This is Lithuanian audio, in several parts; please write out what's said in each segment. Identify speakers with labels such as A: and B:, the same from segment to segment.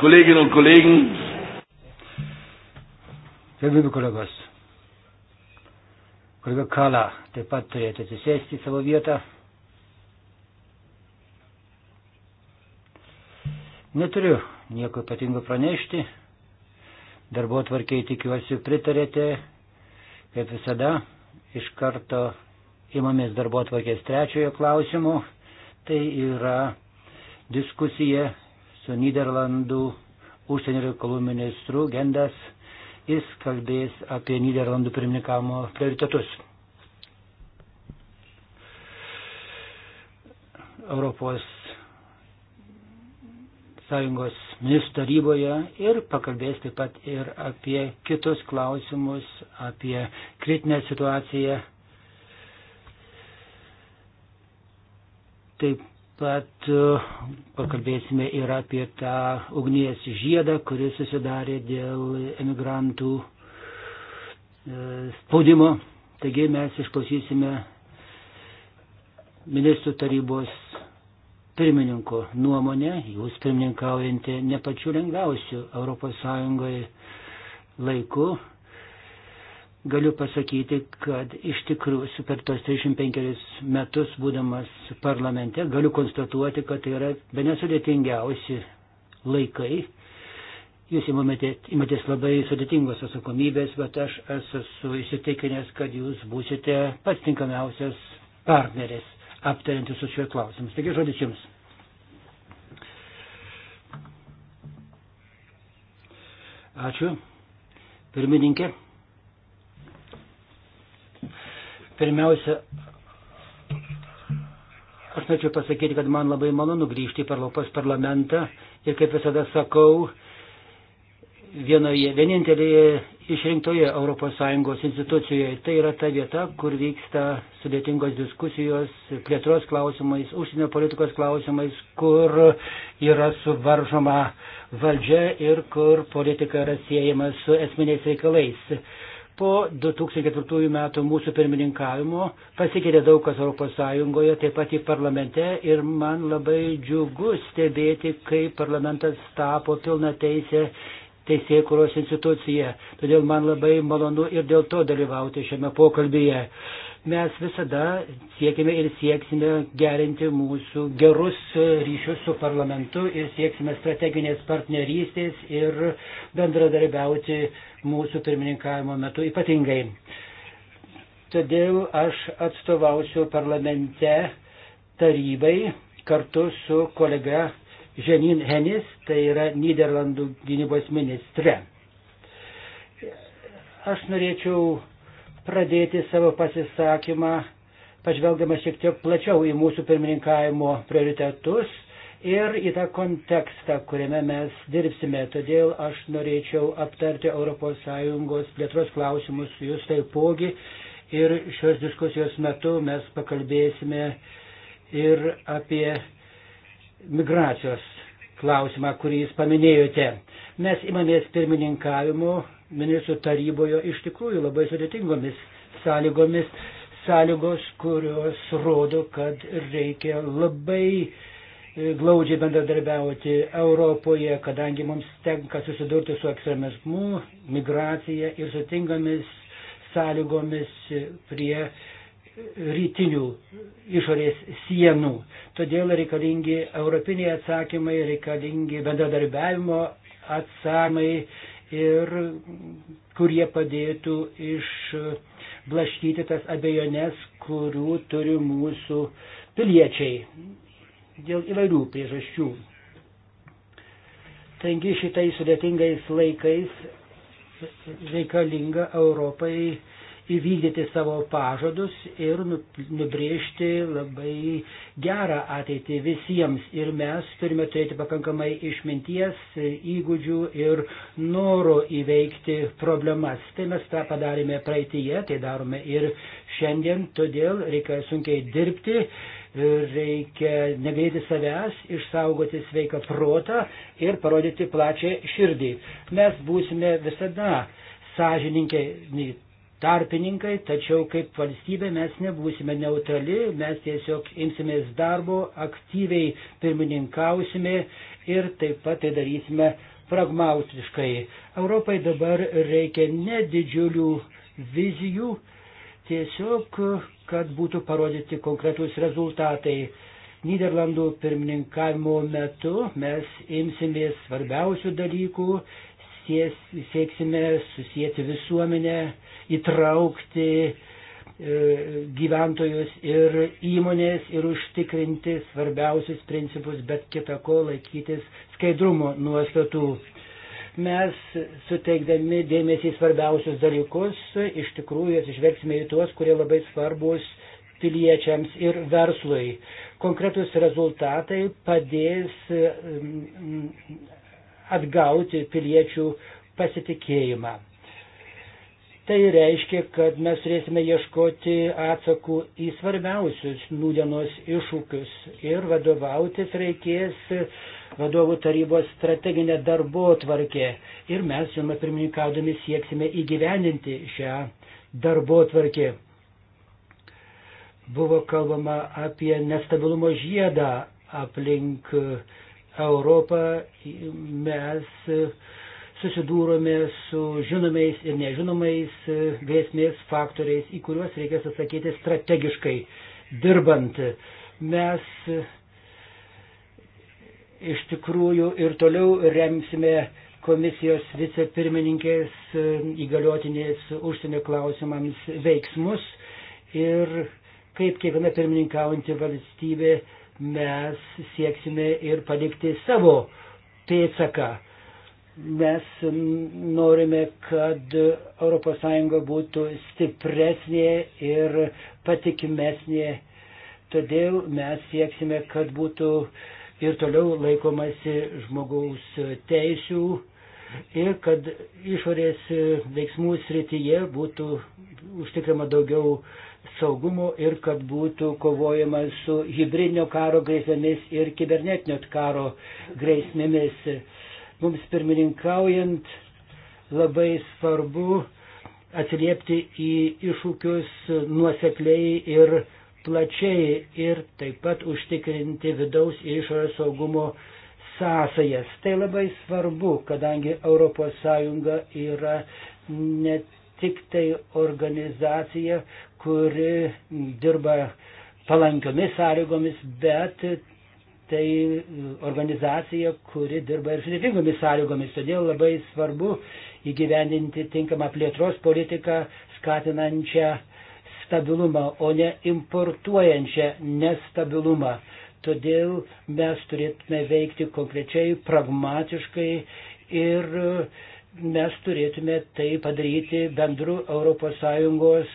A: Kolleginnen und
B: Kollegen. Gerbiami kolegos. Kolega Kala taip pat turėtų atsisėsti į savo vietą. Neturiu nieko ypatingo pranešti. Darbo tvarkiai tikiuosi pritarėte. Kaip visada, iš karto imamės darbo tvarkės trečiojo klausimo. Tai yra diskusija su Niderlandų užsienio reikalų ministru Gendas. Jis kalbės apie Niderlandų pirmininkamo prioritetus. Europos Sąjungos ministrų taryboje ir pakalbės taip pat ir apie kitus klausimus, apie kritinę situaciją. Taip pat e, pakalbėsime ir apie tą ugnies žiedą, kuris susidarė dėl emigrantų e, spaudimo. Taigi mes išklausysime ministrų tarybos pirmininko nuomonę, jūs pirmininkaujantį ne pačiu lengviausiu ES laiku, galiu pasakyti, kad iš tikrųjų per tos 35 metus būdamas parlamente galiu konstatuoti, kad tai yra be nesudėtingiausi laikai. Jūs imatės labai sudėtingos atsakomybės, bet aš esu įsitikinęs, kad jūs būsite pats tinkamiausias partneris aptariant visus šiuo klausimus. Taigi žodis jums. Ačiū. Pirmininkė. Pirmiausia, aš norėčiau pasakyti, kad man labai malonu grįžti per Europos parlamentą ir kaip visada sakau, vienoje, vienintelėje išrinktoje ES institucijoje. Tai yra ta vieta, kur vyksta sudėtingos diskusijos plėtros klausimais, užsienio politikos klausimais, kur yra suvaržoma valdžia ir kur politika yra siejama su esminiais reikalais. Po 2004 metų mūsų pirmininkavimo pasikeitė daug kas ES, taip pat į parlamente ir man labai džiugu stebėti, kaip parlamentas tapo pilna teisė teisėkuros institucija. Todėl man labai malonu ir dėl to dalyvauti šiame pokalbėje. Mes visada siekime ir sieksime gerinti mūsų gerus ryšius su parlamentu ir sieksime strateginės partnerystės ir bendradarbiauti mūsų pirmininkavimo metu ypatingai. Todėl aš atstovausiu parlamente tarybai kartu su kolega Ženin Henis, tai yra Niderlandų gynybos ministre. Aš norėčiau pradėti savo pasisakymą, pažvelgdama šiek tiek plačiau į mūsų pirmininkavimo prioritetus ir į tą kontekstą, kuriame mes dirbsime. Todėl aš norėčiau aptarti ES plėtros klausimus jūs taipogi ir šios diskusijos metu mes pakalbėsime ir apie migracijos klausimą, kurį jūs paminėjote. Mes imamės pirmininkavimo ministrų taryboje iš tikrųjų labai sudėtingomis sąlygomis, sąlygos, kurios rodo, kad reikia labai e, glaudžiai bendradarbiauti Europoje, kadangi mums tenka susidurti su ekstremizmu, migracija ir sutingomis sąlygomis prie rytinių išorės sienų. Todėl reikalingi europiniai atsakymai, reikalingi bendradarbiavimo atsakymai, ir kurie padėtų išblaškyti tas abejonės, kurių turi mūsų piliečiai dėl įvairių priežasčių. Taigi šitais sudėtingais laikais reikalinga Europai įvykdyti savo pažadus ir nu, nubrėžti labai gerą ateitį visiems. Ir mes turime turėti pakankamai išminties, įgūdžių ir noro įveikti problemas. Tai mes tą padarėme praeitie, tai darome ir šiandien, todėl reikia sunkiai dirbti. Reikia negailėti savęs, išsaugoti sveiką protą ir parodyti plačią širdį. Mes būsime visada sąžininkai tarpininkai, tačiau kaip valstybė mes nebūsime neutrali, mes tiesiog imsimės darbo, aktyviai pirmininkausime ir taip pat tai darysime pragmatiškai. Europai dabar reikia nedidžiulių vizijų, tiesiog, kad būtų parodyti konkretūs rezultatai. Niderlandų pirmininkavimo metu mes imsimės svarbiausių dalykų sies, sieksime susijęti visuomenę, įtraukti e, gyventojus ir įmonės ir užtikrinti svarbiausius principus, bet kita ko laikytis skaidrumo nuostatų. Mes suteikdami dėmesį į svarbiausius dalykus, iš tikrųjų atsižvelgsime į tuos, kurie labai svarbus piliečiams ir verslui. Konkretus rezultatai padės atgauti piliečių pasitikėjimą. Tai reiškia, kad mes turėsime ieškoti atsakų į svarbiausius nūdienos iššūkius ir vadovautis reikės vadovų tarybos strateginė darbo tvarkė. Ir mes, žinoma, pirmininkaudami sieksime įgyveninti šią darbo tvarkę. Buvo kalbama apie nestabilumo žiedą aplink Europą mes susidūrome su žinomais ir nežinomais grėsmės faktoriais, į kuriuos reikės atsakyti strategiškai dirbant. Mes iš tikrųjų ir toliau remsime komisijos vicepirmininkės įgaliotinės užsienio klausimams veiksmus ir kaip kiekviena pirmininkaujanti valstybė mes sieksime ir palikti savo pėtsaką. Mes norime, kad ES būtų stipresnė ir patikimesnė. Todėl mes sieksime, kad būtų ir toliau laikomasi žmogaus teisių ir kad išorės veiksmų srityje būtų užtikrama daugiau saugumu ir kad būtų kovojama su hybridinio karo grėsmėmis ir kibernetinio karo grėsmėmis. Mums pirmininkaujant labai svarbu atsiliepti į iššūkius nuosekliai ir plačiai ir taip pat užtikrinti vidaus ir išorės saugumo sąsajas. Tai labai svarbu, kadangi ES yra net tik tai organizacija, kuri dirba palankiomis sąlygomis, bet tai organizacija, kuri dirba ir sudėtingomis sąlygomis. Todėl labai svarbu įgyvendinti tinkamą plėtros politiką, skatinančią stabilumą, o ne importuojančią nestabilumą. Todėl mes turėtume veikti konkrečiai, pragmatiškai ir uh, mes turėtume tai padaryti bendru ES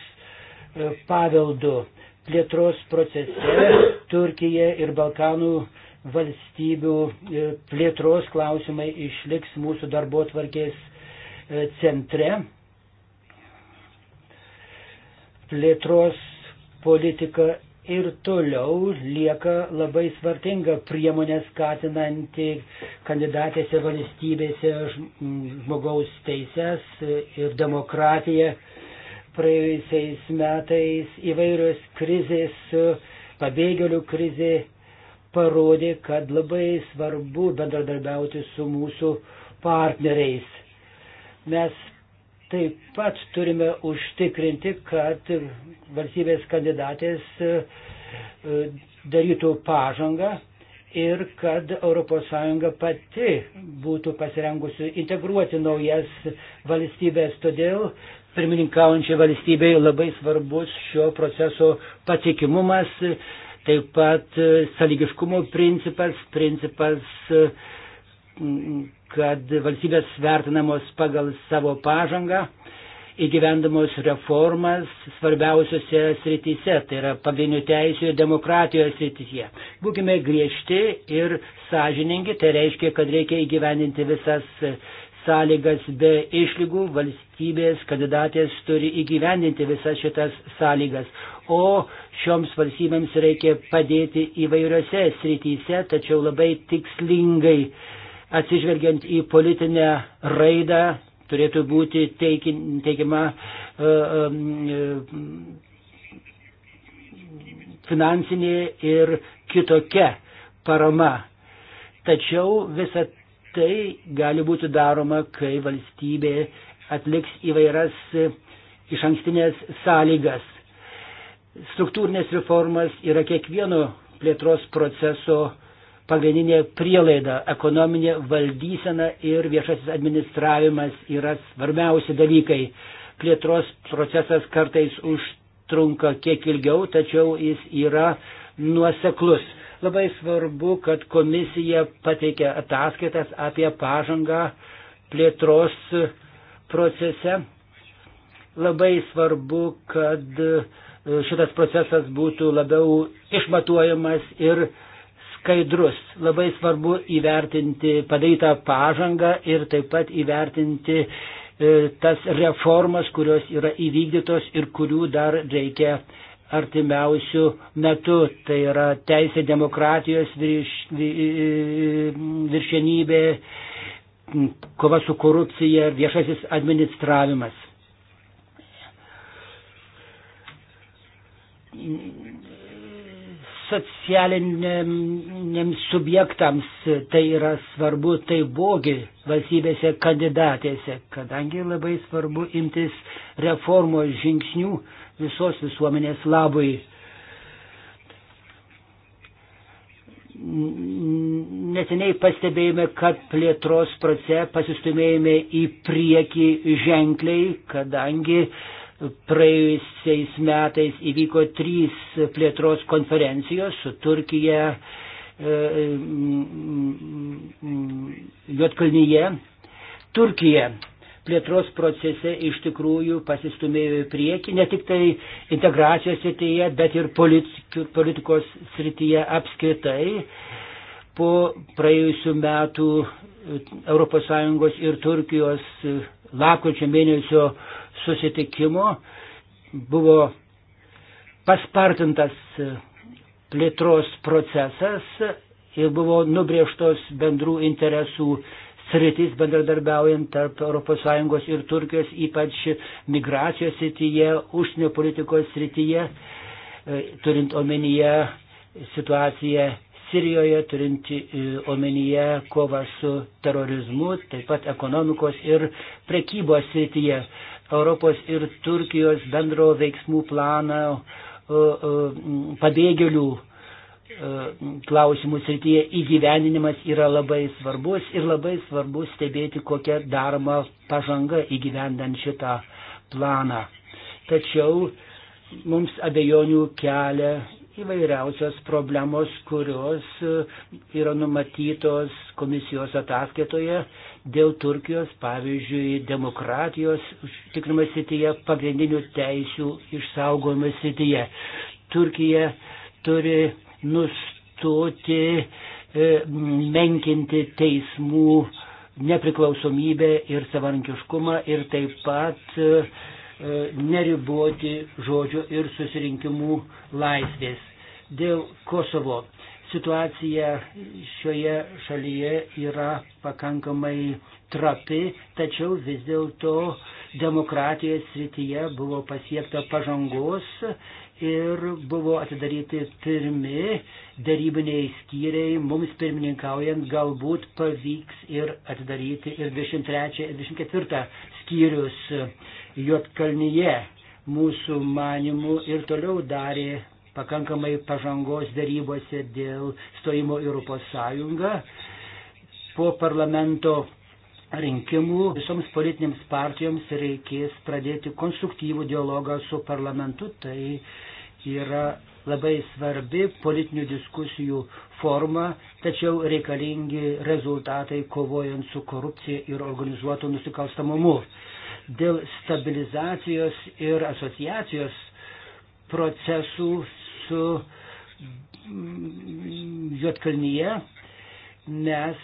B: e, paveldu. Plėtros procese Turkija ir Balkanų valstybių e, plėtros klausimai išliks mūsų darbo tvarkės e, centre. Plėtros politika ir toliau lieka labai svartinga priemonė skatinanti kandidatėse valstybėse žmogaus teises ir demokratiją. Praėjusiais metais įvairios krizės, pabėgėlių krizė parodė, kad labai svarbu bendradarbiauti su mūsų partneriais. Mes Taip pat turime užtikrinti, kad valstybės kandidatės e, e, darytų pažangą ir kad ES pati būtų pasirengusi integruoti naujas valstybės. Todėl pirmininkaujančiai valstybei labai svarbus šio proceso patikimumas, taip pat e, saligiškumo principas, principas kad valstybės vertinamos pagal savo pažangą, įgyvendamos reformas svarbiausiose srityse, tai yra pagrindinių teisų ir demokratijos srityje. Būkime griežti ir sąžiningi, tai reiškia, kad reikia įgyvendinti visas sąlygas be išlygų, valstybės kandidatės turi įgyvendinti visas šitas sąlygas. O šioms valstybėms reikia padėti įvairiose srityse, tačiau labai tikslingai atsižvelgiant į politinę raidą turėtų būti teikiama e, e, finansinė ir kitokia parama. Tačiau visa tai gali būti daroma, kai valstybė atliks įvairias iš ankstinės sąlygas. Struktūrinės reformas yra kiekvieno plėtros proceso uh, pagrindinė prielaida - ekonominė valdysena ir viešasis administravimas yra svarbiausi dalykai. Plėtros procesas kartais užtrunka kiek ilgiau, tačiau jis yra nuoseklus. Labai svarbu, kad komisija pateikia ataskaitas apie pažangą plėtros procese. Labai svarbu, kad šitas procesas būtų labiau išmatuojamas ir skaidrus. Labai svarbu įvertinti padarytą pažangą ir taip pat įvertinti e, tas reformas, kurios yra įvykdytos ir kurių dar reikia artimiausių metų. Tai yra teisė demokratijos virš, e, viršienybė, kova su korupcija, viešasis administravimas socialiniams subjektams tai yra svarbu taipogi valstybėse kandidatėse, kadangi labai svarbu imtis reformos žingsnių visos visuomenės labui. Neseniai pastebėjome, kad plėtros procese pasistumėjome į priekį ženkliai, kadangi Praėjusiais metais įvyko trys plėtros konferencijos su Turkija, e, Jotkalnyje. Turkija plėtros procese iš tikrųjų pasistumėjo į priekį, ne tik tai integracijos srityje, bet ir politikos srityje apskritai. Po praėjusių metų ES ir Turkijos e, lakočio mėnesio susitikimo buvo paspartintas plėtros procesas ir buvo nubrėžtos bendrų interesų sritis bendradarbiaujant tarp ES ir Turkijos, ypač migracijos srityje, užsienio politikos srityje, e, turint omenyje situaciją Sirijoje, turint e, omenyje kovą su terorizmu, taip pat ekonomikos ir prekybos srityje. Europos ir Turkijos bendro veiksmų planą pabėgėlių klausimų srityje įgyveninimas yra labai svarbus ir labai svarbus stebėti, kokia daroma pažanga įgyvendant šitą planą. Tačiau mums abejonių kelia įvairiausios problemos, kurios e, yra numatytos komisijos ataskaitoje dėl Turkijos, pavyzdžiui, demokratijos užtikrimo sityje, pagrindinių teisių išsaugojimo sityje. Turkija turi nustoti e, menkinti teismų nepriklausomybę ir savarankiškumą ir taip pat e, E, neriboti žodžio ir susirinkimų laisvės. Dėl Kosovo situacija šioje šalyje yra pakankamai trapi, tačiau vis dėlto demokratijos srityje buvo pasiekta pažangos ir buvo atidaryti pirmi darybiniai skyriai, mums pirmininkaujant galbūt pavyks ir atidaryti ir 23 ir 24 skyrius. Jotkalnyje mūsų manimų ir toliau darė pakankamai pažangos darybose dėl stojimo Europos Sąjungą. Po parlamento rinkimų visoms politinėms partijoms reikės pradėti konstruktyvų dialogą su parlamentu. Tai yra labai svarbi politinių diskusijų forma, tačiau reikalingi rezultatai kovojant su korupcija ir organizuotu nusikalstamumu dėl stabilizacijos ir asociacijos procesų su Jotkalnyje, mes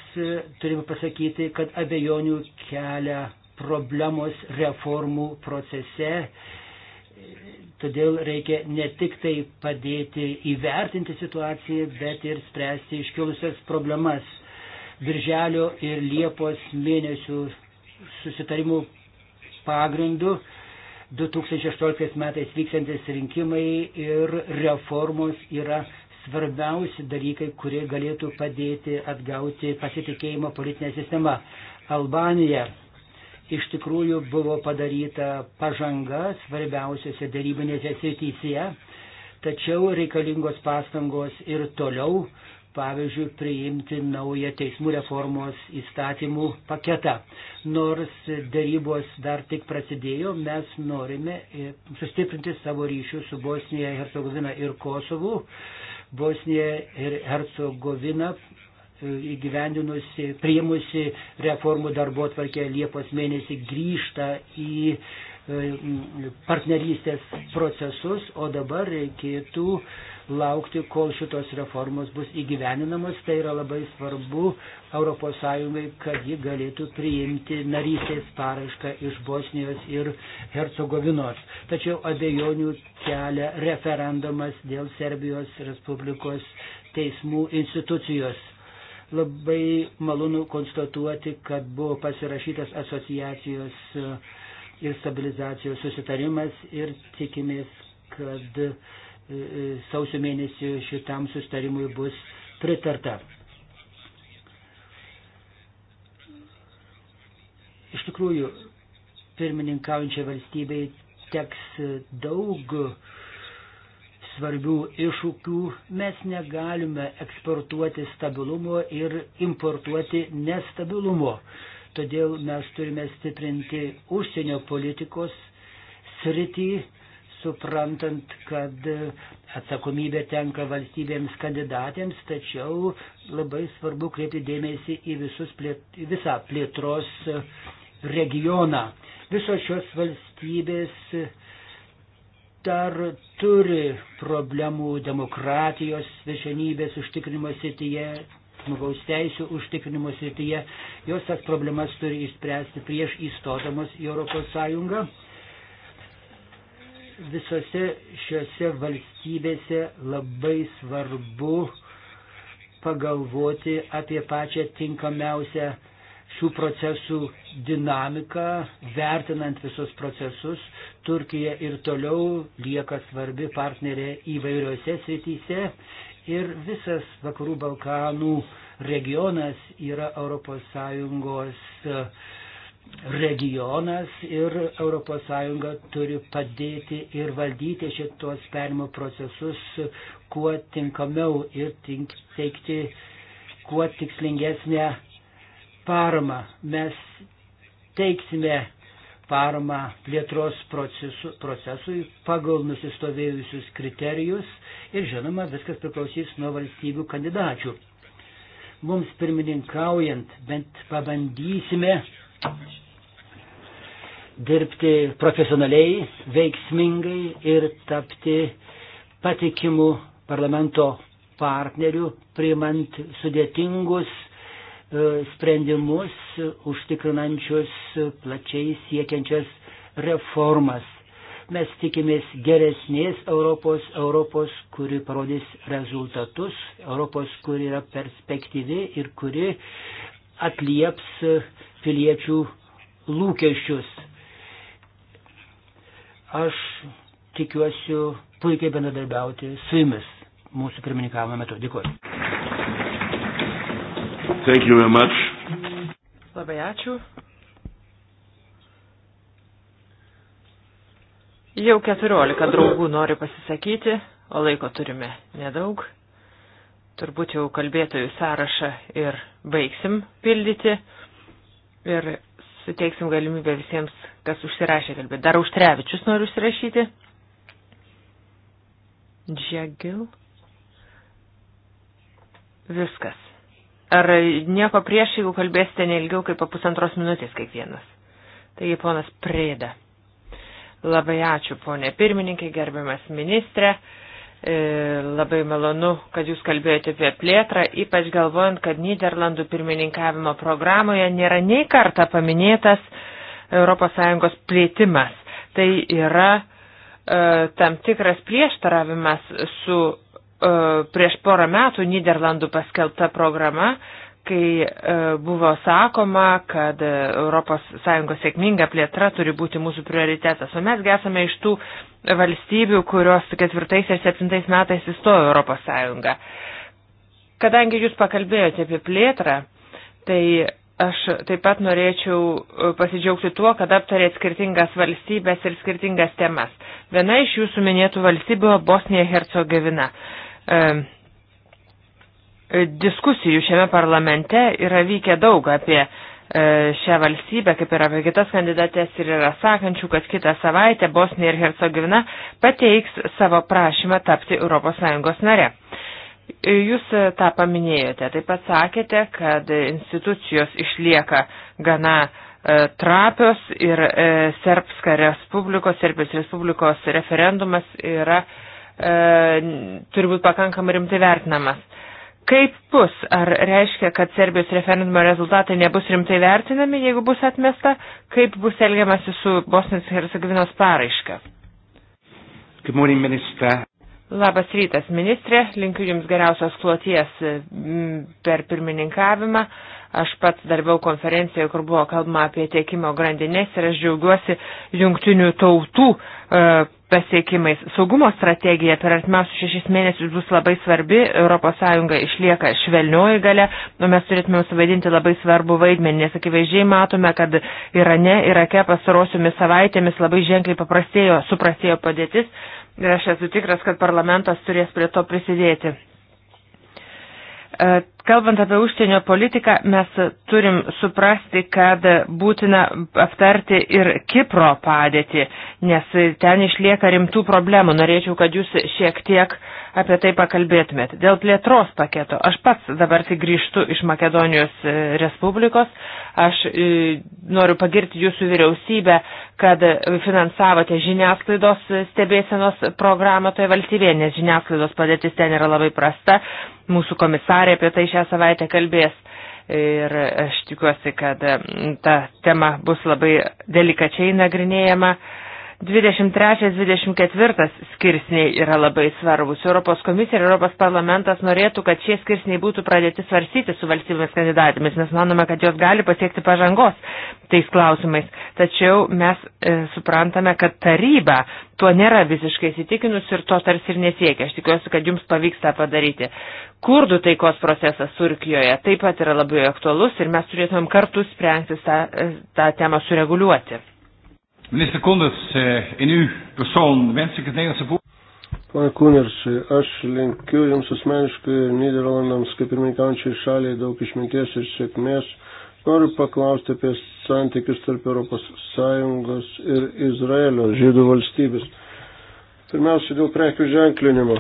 B: turime pasakyti, kad abejonių kelia problemos reformų procese. Todėl reikia ne tik tai padėti įvertinti situaciją, bet ir spręsti iškilusias problemas. Birželio ir Liepos mėnesių susitarimų pagrindu 2018 metais vyksiantis rinkimai ir reformos yra svarbiausi dalykai, kurie galėtų padėti atgauti pasitikėjimą politinę sistemą. Albanija iš tikrųjų buvo padaryta pažanga svarbiausiose darybinėse srityse, tačiau reikalingos pastangos ir toliau pavyzdžiui, priimti naują teismų reformos įstatymų paketą. Nors darybos dar tik prasidėjo, mes norime sustiprinti savo ryšių su Bosnija, Hercegovina ir Kosovu. Bosnija ir Hercegovina įgyvendinusi, priimusi reformų darbo atvarkę Liepos mėnesį grįžta į partnerystės procesus, o dabar reikėtų uh, laukti, kol šitos reformos bus įgyveninamos. Tai yra labai svarbu ES, kad ji galėtų priimti narystės paraišką iš Bosnijos ir Hercegovinos. Tačiau abejonių kelia referendumas dėl Serbijos Respublikos teismų institucijos. Labai malonu konstatuoti, kad buvo pasirašytas asociacijos e, ir stabilizacijos susitarimas ir tikimės, kad E, e, sausio mėnesį šitam sustarimui bus pritarta. Iš tikrųjų, pirmininkaujančiai valstybei teks daug svarbių iššūkių. Mes negalime eksportuoti stabilumo ir importuoti nestabilumo. Todėl mes turime stiprinti užsienio politikos sritį suprantant, kad atsakomybė tenka valstybėms kandidatėms, tačiau labai svarbu kreipti dėmesį į visus plėt, visą plėtros regioną. Visos šios valstybės dar turi problemų demokratijos viešenybės užtikrinimo srityje, žmogaus teisų užtikrinimo srityje. Jos tas problemas turi išspręsti prieš įstodamos į ES visose šiuose valstybėse labai svarbu pagalvoti apie pačią tinkamiausią šių procesų dinamiką, vertinant visus procesus. Turkija ir toliau lieka svarbi partnerė įvairiose srityse ir visas Vakarų Balkanų regionas yra ES regionas ir ES turi padėti ir valdyti šitos perimo procesus kuo tinkamiau ir tink, teikti kuo tikslingesnę paramą. Mes teiksime paramą plėtros procesu, procesui pagal nusistovėjusius kriterijus ir žinoma viskas priklausys nuo valstybių kandidačių. Mums pirmininkaujant bent pabandysime dirbti profesionaliai, veiksmingai ir tapti patikimu parlamento partneriu, priimant sudėtingus e, sprendimus, užtikrinančius plačiai siekiančias reformas. Mes tikimės geresnės Europos, Europos, kuri parodys rezultatus, Europos, kuri yra perspektyvi ir kuri atlieps piliečių lūkesčius. Aš tikiuosi puikiai bendradarbiauti su jumis mūsų pirmininkavimo metu. Dėkuoju.
C: Thank you very
D: much. Labai ačiū. Jau 14 draugų nori pasisakyti, o laiko turime nedaug. Turbūt jau kalbėtojų sąrašą ir baigsim pildyti ir suteiksim galimybę visiems, kas užsirašė kalbėti. Dar Užtrevičius noriu užsirašyti. Džegil. Viskas. Ar nieko prieš, jeigu kalbėsite neilgiau kaip po pusantros minutės kiekvienas? Taigi, ponas Prėda. Labai ačiū, ponė pirmininkė, gerbiamas ministrė. E, labai malonu, kad jūs kalbėjote apie plėtrą, ypač galvojant, kad Niderlandų pirmininkavimo programoje nėra nei kartą paminėtas ES plėtimas. Tai yra e, tam tikras prieštaravimas su e, prieš porą metų Niderlandų paskelbta programa, e, kai e, buvo sakoma, kad ES sėkminga plėtra turi būti mūsų prioritetas. O mesgi esame iš tų valstybių, kurios ketvirtais ir septintais metais įstojo ES. Kadangi jūs pakalbėjote apie plėtrą, tai aš taip pat norėčiau e, pasidžiaugti tuo, kad aptarėt skirtingas valstybės ir skirtingas temas. Viena iš jūsų minėtų valstybių - Bosnija Hercegovina. E, Diskusijų šiame parlamente yra vykę daug apie e, šią valstybę, kaip ir apie kitas kandidatės, ir yra sakančių, kad kitą savaitę Bosnija ir Hercegovina pateiks savo prašymą tapti ES nare. E, jūs tą paminėjote, taip pat sakėte, kad institucijos išlieka gana e, trapios ir Serbska Respublikos, Serbijos Respublikos referendumas yra, turi būti pakankamai rimtai vertinamas. Kaip bus? Ar reiškia, kad Serbijos referendumo rezultatai nebus rimtai vertinami, jeigu bus atmesta? Kaip bus elgiamasi su Bosnijos ir Hercegovinos paraiška?
B: Good morning,
A: minister.
D: Labas rytas, ministrė. Linkiu Jums geriausios kloties mm, per pirmininkavimą. Aš pats darbiau konferencijoje, kur buvo kalbama apie tiekimo grandinės ir aš džiaugiuosi jungtinių tautų e, pasiekimais. Saugumo strategija per artimiausius šešis mėnesius bus labai svarbi, ES išlieka švelnioji gale, o nu, mes turėtume suvaidinti labai svarbu vaidmenį, nes akivaizdžiai matome, kad Irane, Irake pasarosiomis savaitėmis labai ženkliai paprastėjo, suprastėjo padėtis ir aš esu tikras, kad parlamentas turės prie to prisidėti e, Kalbant apie užsienio politiką, mes turim suprasti, kad būtina aptarti ir Kipro padėtį, nes ten išlieka rimtų problemų. Norėčiau, kad jūs šiek tiek apie tai pakalbėtumėt. Dėl plėtros paketo. Aš pats dabar tik grįžtu iš Makedonijos e, Respublikos. Aš e, noriu pagirti jūsų vyriausybę, kad finansavote žiniasklaidos stebėsenos programą toje valstybėje, nes žiniasklaidos padėtis ten yra labai prasta. Mūsų komisarė apie tai šią savaitę kalbės. Ir aš tikiuosi, kad ta tema bus labai delikačiai nagrinėjama. 23-24 skirsniai yra labai svarbus. Europos komisija ir Europos parlamentas norėtų, kad šie skirsniai būtų pradėti svarstyti su valstybėmis kandidatėmis, nes manome, kad jos gali pasiekti pažangos tais klausimais. Tačiau mes e, suprantame, kad taryba tuo nėra visiškai įsitikinus ir to tarsi ir nesiekia. Aš tikiuosi, kad jums pavyks tą padaryti. Kurdų taikos procesas Turkijoje taip pat yra labai aktualus ir mes turėtumėm kartu spręsti tą, e, tą temą sureguliuoti.
A: Minister Kunders, eh, in uw persoon wens ik het Nederlandse voetbal.
C: Pane Kuners, aš linkiu Jums asmeniškai ir Niderlandams, kaip ir minkaujančiai šaliai, daug išminties ir sėkmės. Noriu paklausti apie santykius tarp ES ir Izraelio žydų valstybės. Pirmiausia, dėl prekių ženklinimo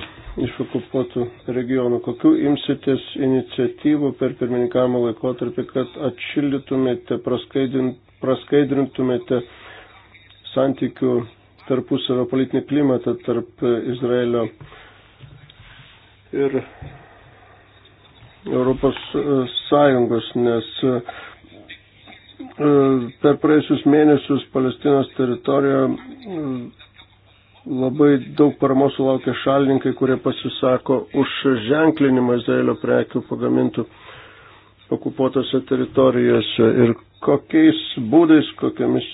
C: iš okupuotų regionų. Kokiu imsitės iniciatyvų per pirmininkavimo laikotarpį, kad atšildytumėte, praskaidrintumėte santykių tarpusavio politinį klimatą tarp Izraelio ir Europos Sąjungos, nes e, per praėjusius mėnesius Palestinos teritorijoje labai daug paramos sulaukė šalininkai, kurie pasisako už ženklinimą Izraelio prekių pagamintų okupuotose teritorijose ir kokiais būdais, kokiamis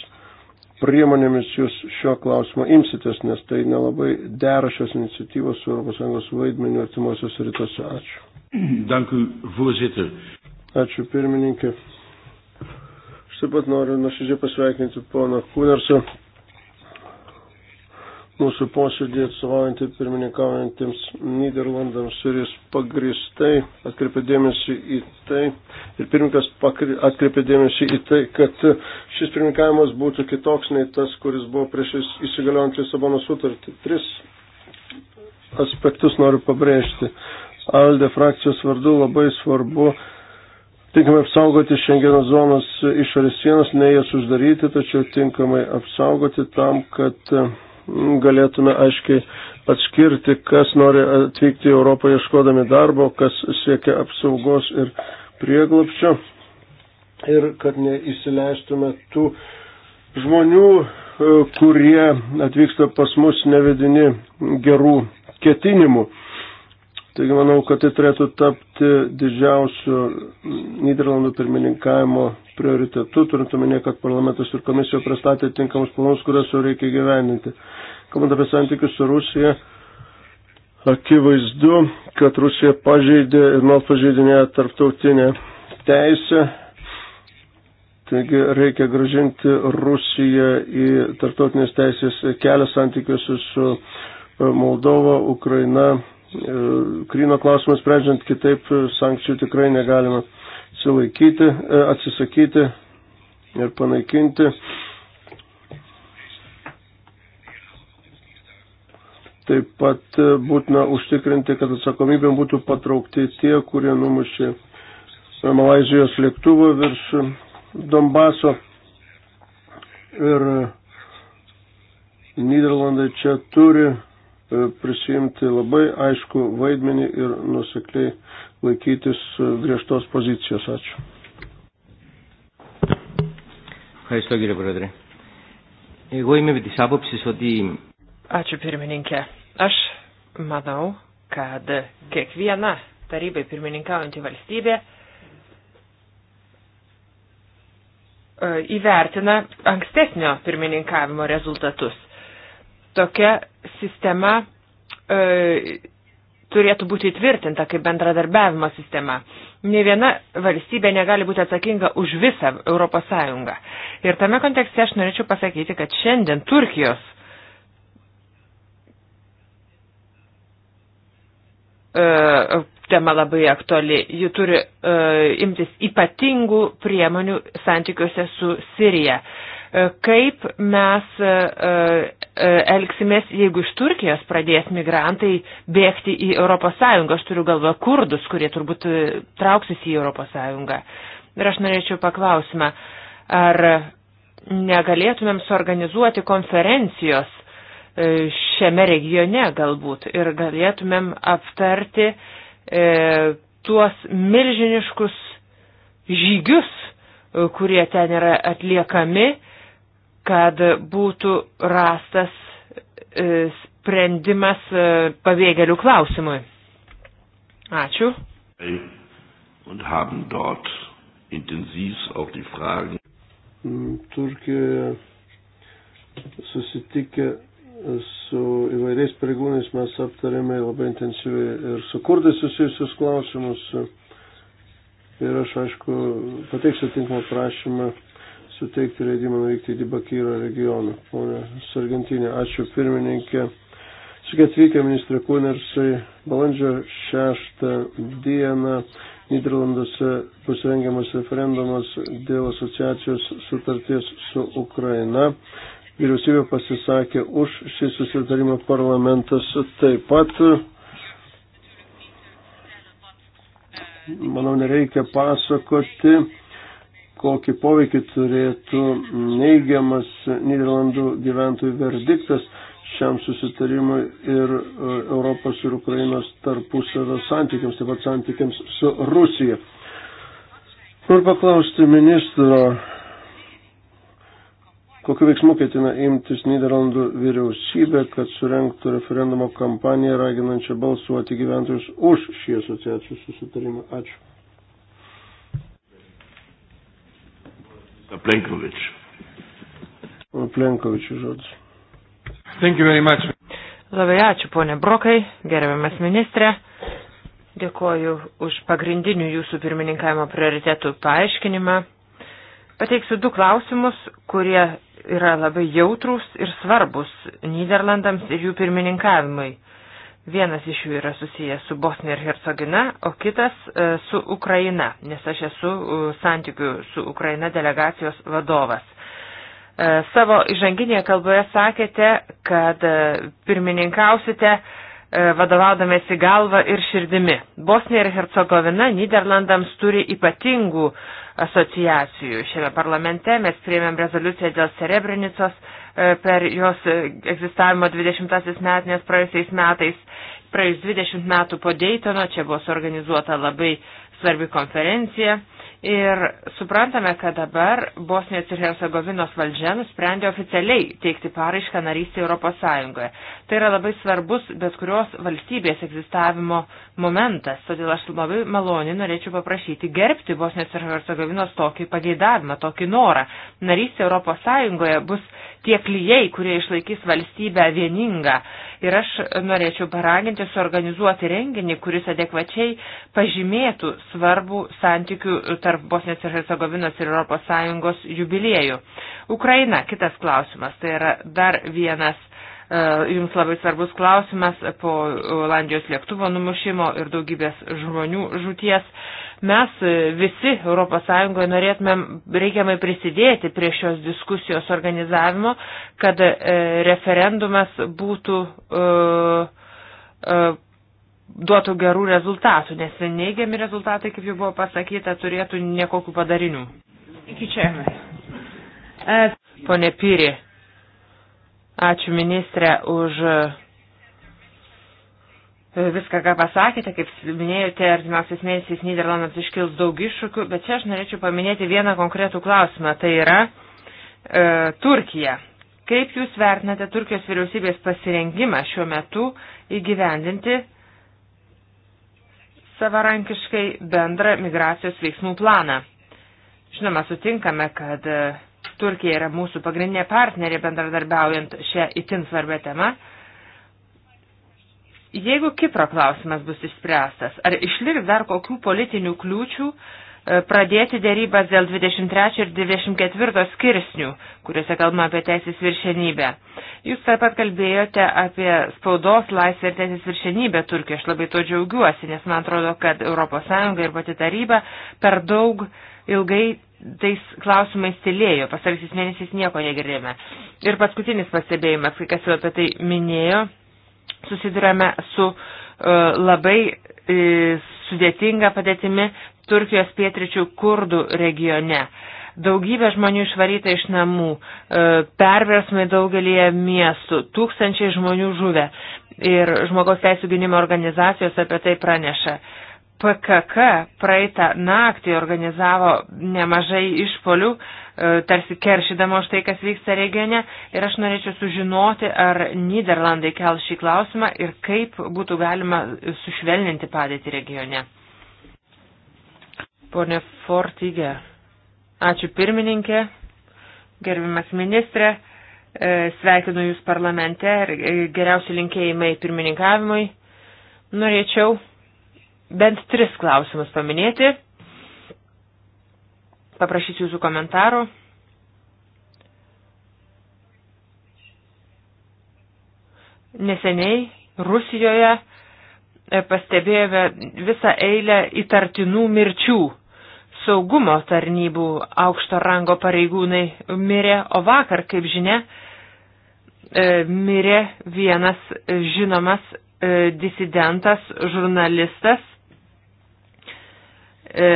C: priemonėmis jūs šio klausimo imsitės, nes tai nelabai dera šios iniciatyvos su ES vaidmeniu artimuosios rytuose. Ačiū. Dankui, voorzitter. Ačiū, pirmininkė. Aš taip pat noriu nuoširdžiai pasveikinti poną Kunersą mūsų posėdį atstovaujantį pirmininkaujantiems Niderlandams ir jis pagristai atkreipė dėmesį į tai ir pirmininkas atkreipė dėmesį į tai, kad šis pirmininkavimas būtų kitoks nei tas, kuris buvo prieš įsigaliojant Lisabono sutartį. Tris aspektus noriu pabrėžti. Alde frakcijos vardu labai svarbu tinkamai apsaugoti Šengeno zonos išorės sienas, ne jas uždaryti, tačiau tinkamai apsaugoti tam, kad galėtume aiškiai atskirti, kas nori atvykti į Europą ieškodami darbo, kas siekia apsaugos ir prieglapščio ir kad neįsileistume tų žmonių, e, kurie atvyksta pas mus nevedini gerų ketinimų. Taigi manau, kad tai turėtų tapti didžiausiu Niderlandų pirmininkavimo prioritetu, turint omenyje, kad parlamentas ir komisija pristatė tinkamus planus, kuriuos jau reikia gyveninti. Kalbant apie santykius su Rusija, akivaizdu, kad Rusija pažeidė ir nuolat pažeidinėja tarptautinę teisę. Taigi reikia gražinti Rusiją į tarptautinės teisės kelią santykius su Moldova, Ukraina, Krymo klausimas sprendžiant kitaip, sankcijų tikrai negalima atsilaikyti, e, atsisakyti ir panaikinti. Taip pat e, būtina užtikrinti, kad atsakomybėm būtų patraukti tie, kurie numušė Malazijos lėktuvą virš Donbaso. Ir e, Niderlandai čia turi E, prisijimti labai aišku vaidmenį ir nusikliai laikytis e, griežtos pozicijos. Ačiū. Ευχαριστώ κύριε Πρόεδρε. Εγώ είμαι με της άποψης ότι...
D: Ačiū pirmininkė. Aš manau, kad kiekviena tarybai pirmininkaujanti valstybė e, įvertina ankstesnio pirmininkavimo rezultatus tokia sistema e, turėtų būti įtvirtinta kaip bendradarbiavimo sistema. Ne viena valstybė negali būti atsakinga už visą Europos Sąjungą. Ir tame kontekste aš norėčiau pasakyti, kad šiandien Turkijos e, tema labai aktuali. Ji turi e, imtis ypatingų priemonių santykiuose su Sirija. E, E, kaip mes e, e, elgsimės, jeigu iš Turkijos pradės migrantai bėgti į ES, aš turiu galvą kurdus, kurie turbūt trauksis į ES. Ir aš norėčiau paklausimą, ar negalėtumėm suorganizuoti konferencijos šiame regione galbūt ir galėtumėm aptarti e, tuos milžiniškus žygius, kurie ten yra atliekami kad būtų rastas e, sprendimas e, pabėgėlių klausimui. Ačiū.
C: Und haben dort intensiv auch die Fragen. Mm, Turkijoje susitikę su įvairiais pareigūnais mes aptarėme labai intensyviai ir su kurdai susijusius klausimus. Ir aš, aišku, pateiksiu tinkamą prašymą suteikti leidimą vykti į Dibakyro regioną. Pone Sargentinė, ačiū pirmininkė. Sveiki atvykę, ministrė Kūnersai. Balandžio 6 dieną Niderlanduose pasirengiamas referendumas dėl asociacijos sutarties su Ukraina. Vyriausybė pasisakė už šį susitarimą, parlamentas taip pat. Manau, nereikia pasakoti kokį poveikį turėtų neigiamas Niderlandų gyventojų verdiktas šiam susitarimui ir e, Europos ir Ukrainos tarpusavio santykiams, taip pat santykiams su Rusija. Noriu paklausti ministro, kokiu veiksmu ketina imtis Niderlandų vyriausybė, kad surenktų referendumo kampaniją raginančią balsuoti gyventojus už šį asociacijų susitarimą. Ačiū. Plenkovič. Plenkovičių žodis. Thank you very much.
D: Labai ačiū, ponė Brokai, gerbiamas ministrė. Dėkoju už pagrindinių jūsų pirmininkavimo prioritetų paaiškinimą. Pateiksiu du klausimus, kurie yra labai jautrus ir svarbus Niderlandams ir jų pirmininkavimui. Vienas iš jų yra susijęs su Bosnija ir Hercogina, o kitas e, su Ukraina, nes aš esu e, santykių su Ukraina delegacijos vadovas. E, savo įžanginėje kalboje sakėte, kad pirmininkausite vadovaudomėsi galva ir širdimi. Bosnija ir Hercegovina Niderlandams turi ypatingų asociacijų. Šiame parlamente mes priėmėm rezoliuciją dėl Serebrenicos per jos egzistavimo 20-asis metinės praėjusiais metais. Praėjus 20 metų po Daytono čia buvo suorganizuota labai svarbi konferencija ir suprantame, kad dabar Bosnijos ir Hercegovinos valdžia nusprendė oficialiai teikti paraišką narystį Europos Sąjungoje. Tai yra labai svarbus bet kurios valstybės egzistavimo momentas, todėl aš labai maloniai norėčiau paprašyti gerbti Bosnijos ir Hercegovinos tokį pageidavimą, tokį norą. Narystė Europos Sąjungoje bus tie klyjei, kurie išlaikys valstybę vieningą. Ir aš norėčiau paraginti suorganizuoti renginį, kuris adekvačiai pažymėtų svarbų santykių tarp Bosnijos ir Hercegovinos ir ES jubiliejų. Ukraina, kitas klausimas, tai yra dar vienas e, jums labai svarbus klausimas po Olandijos lėktuvo numušimo ir daugybės žmonių žūties. Mes e, visi ES norėtumėm reikiamai prisidėti prie šios diskusijos organizavimo, kad e, referendumas būtų uh, uh, duotų gerų rezultatų, nes neigiami rezultatai, kaip jau buvo pasakyta, turėtų nekokių padarinių. Iki čia. Uh, Pone Pyri, ačiū ministrė už viską, ką pasakėte, kaip minėjote, artimiausiais mėnesiais Niderlandams iškils daug iššūkių, bet čia aš norėčiau paminėti vieną konkretų klausimą, tai yra e, Turkija. Kaip Jūs vertinate Turkijos vyriausybės pasirengimą šiuo metu įgyvendinti savarankiškai bendrą migracijos veiksmų planą? Žinoma, sutinkame, kad e, Turkija yra mūsų pagrindinė partnerė bendradarbiaujant šią itin svarbę temą Jeigu Kipro klausimas bus išspręstas, ar išliks dar kokių politinių kliūčių e, pradėti dėrybas dėl 23 ir 24 skirsnių, kuriuose kalbama apie teisės viršenybę? Jūs taip pat kalbėjote apie spaudos laisvę ir teisės viršenybę Turkijoje. Aš labai to džiaugiuosi, nes man atrodo, kad ES ir pati taryba per daug ilgai tais klausimais tylėjo. Pasarysis mėnesiais nieko negirdėjome. Ir paskutinis pastebėjimas, kai kas jau apie tai minėjo susidurėme su e, labai e, sudėtinga padėtimi Turkijos pietričių kurdų regione. Daugybė žmonių išvaryta iš namų, e, perversmai daugelie miestų, tūkstančiai žmonių žuvę ir žmogaus teisų gynimo organizacijos apie tai praneša. PKK praeitą naktį organizavo nemažai išpolių, tarsi keršydama už tai, kas vyksta regione. Ir aš norėčiau sužinoti, ar Niderlandai kel šį klausimą ir kaip būtų galima sušvelninti padėtį regione. Pone Fortige, ačiū pirmininkė, gerbimas ministrė, e, sveikinu Jūs parlamente ir e, geriausi linkėjimai pirmininkavimui. Norėčiau bent tris klausimus paminėti Paprašysiu jūsų komentarų. Neseniai Rusijoje e, pastebėjome visą eilę įtartinų mirčių. Saugumo tarnybų aukšto rango pareigūnai mirė, o vakar, kaip žinia, e, mirė vienas žinomas e, disidentas, žurnalistas, E,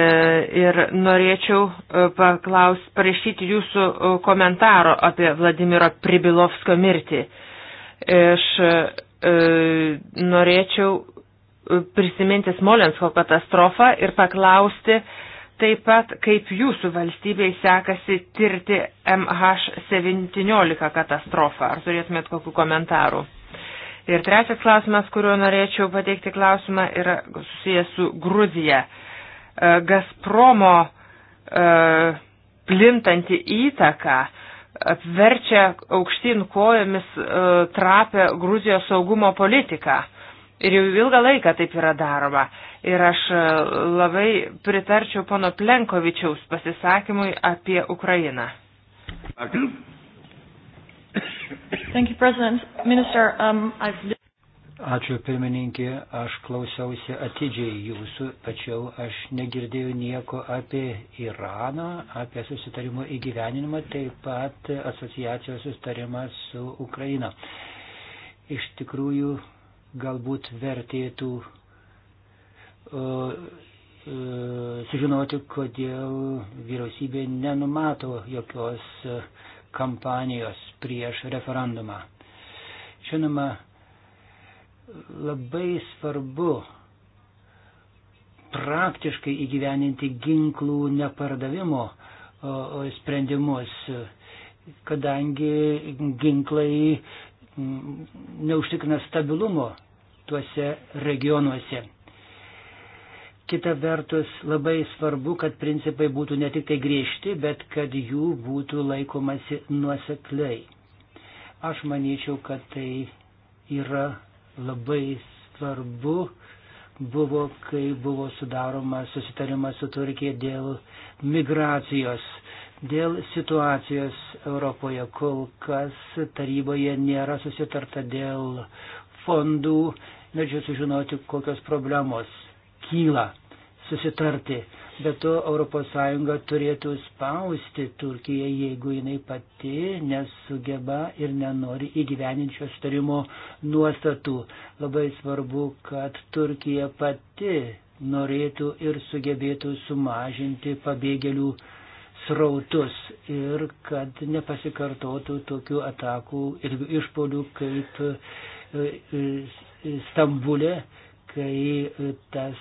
D: ir norėčiau e, paklaus, parašyti jūsų e, komentaro apie Vladimiro Pribilovskio mirtį. Aš norėčiau prisiminti Smolensko katastrofą ir paklausti taip pat, kaip jūsų valstybei sekasi tirti MH17 katastrofą. Ar turėtumėt kokių komentarų? Ir trečias klausimas, kuriuo norėčiau pateikti klausimą, yra susijęs su Gruzija. Uh, E, Gazpromo e, plintanti įtaka apverčia aukštyn kojomis e, trapę Gruzijos saugumo politiką. Ir jau ilgą laiką taip yra daroma. Ir aš labai pritarčiau pono Plenkovičiaus pasisakymui apie Ukrainą. Thank you, President. Minister, um, I've...
B: Ačiū pirmininkė, aš klausiausi atidžiai jūsų, tačiau aš negirdėjau nieko apie Iraną, apie susitarimo įgyveninimą, taip pat asociacijos susitarimą su Ukraina. Iš tikrųjų, galbūt vertėtų uh, uh, sužinoti, kodėl vyriausybė nenumato jokios kampanijos prieš referendumą. Žinoma, labai svarbu praktiškai įgyveninti ginklų nepardavimo sprendimus, kadangi ginklai neužtikrina stabilumo tuose regionuose. Kita vertus, labai svarbu, kad principai būtų ne tik tai griežti, bet kad jų būtų laikomasi nuosekliai. Aš manyčiau, kad tai yra labai svarbu buvo, kai buvo sudaromas susitarimas su Turkija dėl migracijos. Dėl situacijos Europoje kol kas taryboje nėra susitarta dėl fondų. Norėčiau sužinoti, kokios problemos kyla susitarti. Bet to ES turėtų spausti Turkiją, jeigu jinai pati nesugeba ir nenori įgyveninti šio starimo nuostatų. Labai svarbu, kad Turkija pati norėtų ir sugebėtų sumažinti pabėgėlių srautus ir kad nepasikartotų tokių atakų ir išpolių kaip e, e, Stambulė kai tas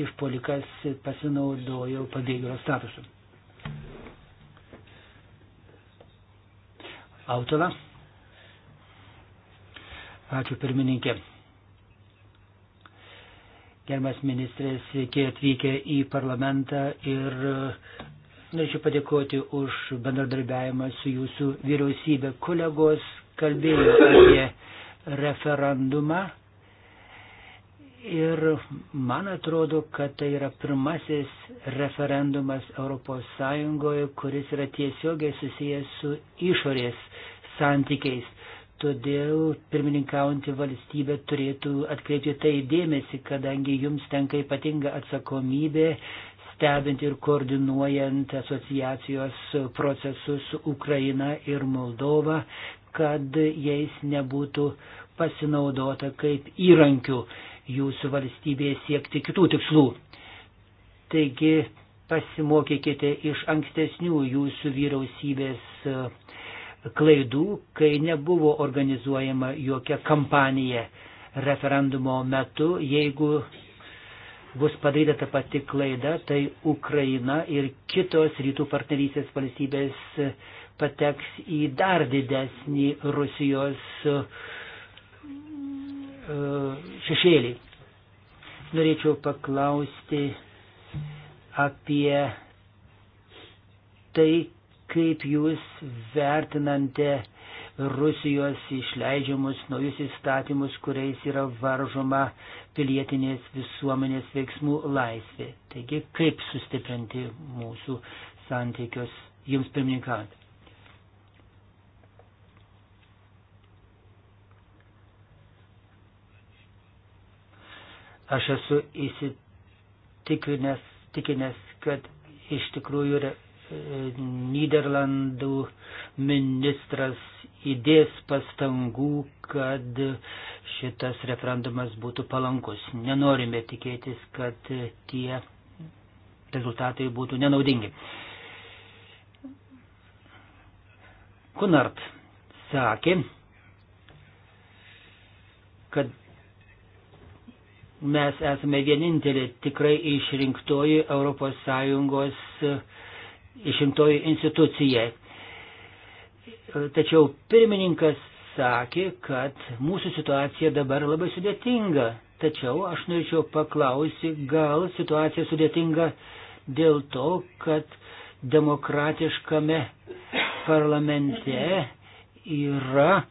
B: išpolikas pasinaudojo pabėgėlio statusu. Autola. Ačiū pirmininkė. Gerbiamas ministrės, sveiki atvykę į parlamentą ir e, norėčiau padėkoti už bendradarbiavimą su jūsų vyriausybė. Kolegos kalbėjo apie referendumą Ir man atrodo, kad tai yra pirmasis referendumas ES, kuris yra tiesiogiai susijęs su išorės santykiais. Todėl pirmininkaujantį valstybę turėtų atkreipti tai dėmesį, kadangi jums tenka ypatinga atsakomybė stebint ir koordinuojant asociacijos procesus su Ukraina ir Moldova, kad jais nebūtų pasinaudota kaip įrankių jūsų valstybėje siekti kitų tikslų. Taigi pasimokykite iš ankstesnių jūsų vyriausybės e, klaidų, kai nebuvo organizuojama jokia kampanija referendumo metu. Jeigu bus padaryta ta pati klaida, tai Ukraina ir kitos rytų partnerysės valstybės e, pateks į dar didesnį Rusijos uh, šešėlį. Norėčiau paklausti apie tai, kaip jūs vertinate Rusijos išleidžiamus naujus įstatymus, kuriais yra varžoma pilietinės visuomenės veiksmų laisvė. Taigi, kaip sustiprinti mūsų santykius jums pirmininkant? Aš esu įsitikinęs, tikinęs, kad iš tikrųjų re, e, Niderlandų ministras įdės pastangų, kad šitas referendumas būtų palankus. Nenorime tikėtis, kad tie rezultatai būtų nenaudingi. Kunart sakė, kad mes esame vienintelė tikrai išrinktoji ES e, išrinktoji institucija. Tačiau pirmininkas sakė, kad mūsų situacija dabar labai sudėtinga. Tačiau aš norėčiau paklausti, gal situacija sudėtinga dėl to, kad demokratiškame parlamente yra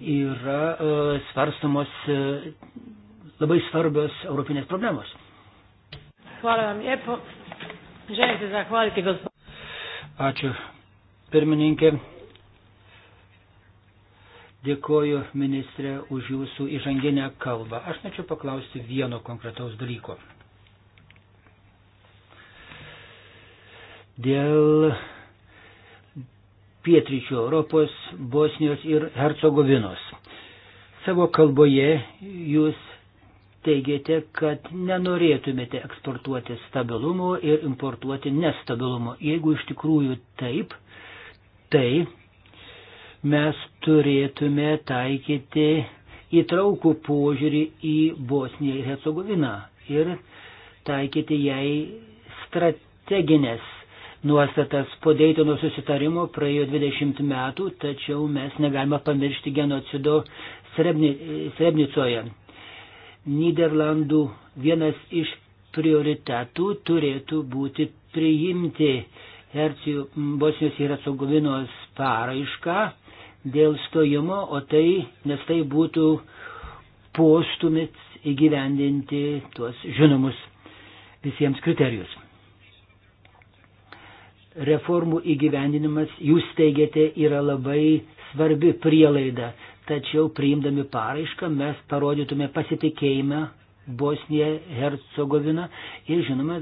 B: yra e, svarstamos e, labai svarbios europinės problemos.
D: Hvala vam lijepo. Želim se zahvaliti gospodinu.
B: Ačiū pirmininkė. Dėkoju ministrė už jūsų įžanginę kalbą. Aš norėčiau paklausti vieno konkretaus dalyko. Dėl pietryčių Europos, Bosnijos ir Hercegovinos. Savo kalboje jūs teigiate, kad nenorėtumėte eksportuoti stabilumo ir importuoti nestabilumo. Jeigu iš tikrųjų taip, tai mes turėtume taikyti įtraukų požiūrį į Bosniją ir Hercegoviną ir taikyti jai strateginės nuostatas. Po Deitono susitarimo praėjo 20 metų, tačiau mes negalime pamiršti genocido Srebni, Srebnicoje. Niderlandų vienas iš prioritetų turėtų būti priimti Hercijų Bosnijos ir Atsogovinos paraišką dėl stojimo, o tai, nes tai būtų postumit įgyvendinti tuos žinomus visiems kriterijus reformų įgyvendinimas, jūs teigiate, yra labai svarbi prielaida. Tačiau priimdami paraišką mes parodytume pasitikėjimą Bosniją, Hercegoviną ir, žinoma,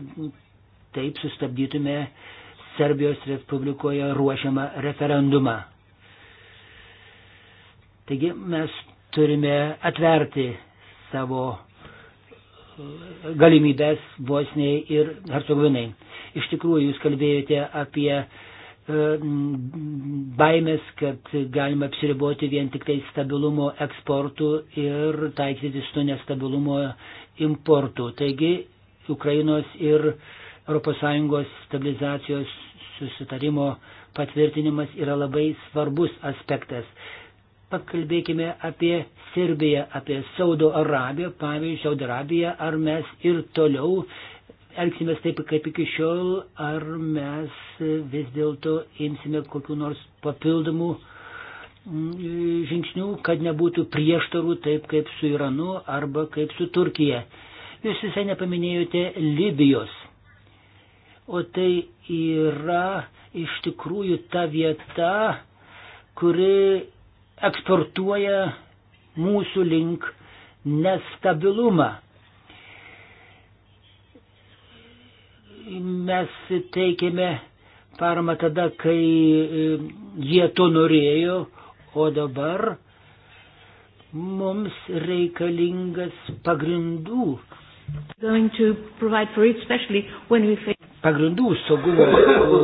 B: taip sustabdytume Serbijos Respublikoje ruošiamą referendumą. Taigi mes turime atverti savo galimybės Bosniai ir Hercegovinai. Iš tikrųjų, jūs kalbėjote apie e, baimės, kad galima apsiriboti vien tik tai stabilumo eksportų ir taikyti su nestabilumo importų. Taigi, Ukrainos ir ES stabilizacijos susitarimo patvirtinimas yra labai svarbus aspektas. Pakalbėkime apie Serbiją, apie Saudo Arabiją, pavyzdžiui, Saudo Arabiją, ar mes ir toliau elgsimės taip kaip iki šiol, ar mes vis dėlto imsime kokiu nors papildomu mm, žingsnių, kad nebūtų prieštarų taip kaip su Iranu arba kaip su Turkija. Jūs visai nepaminėjote Libijos. O tai yra iš tikrųjų ta vieta, kuri eksportuoja mūsų link nestabilumą. Mes teikėme paramą tada, kai e, jie to norėjo, o dabar mums reikalingas pagrindų. Pagrindų saugumo e,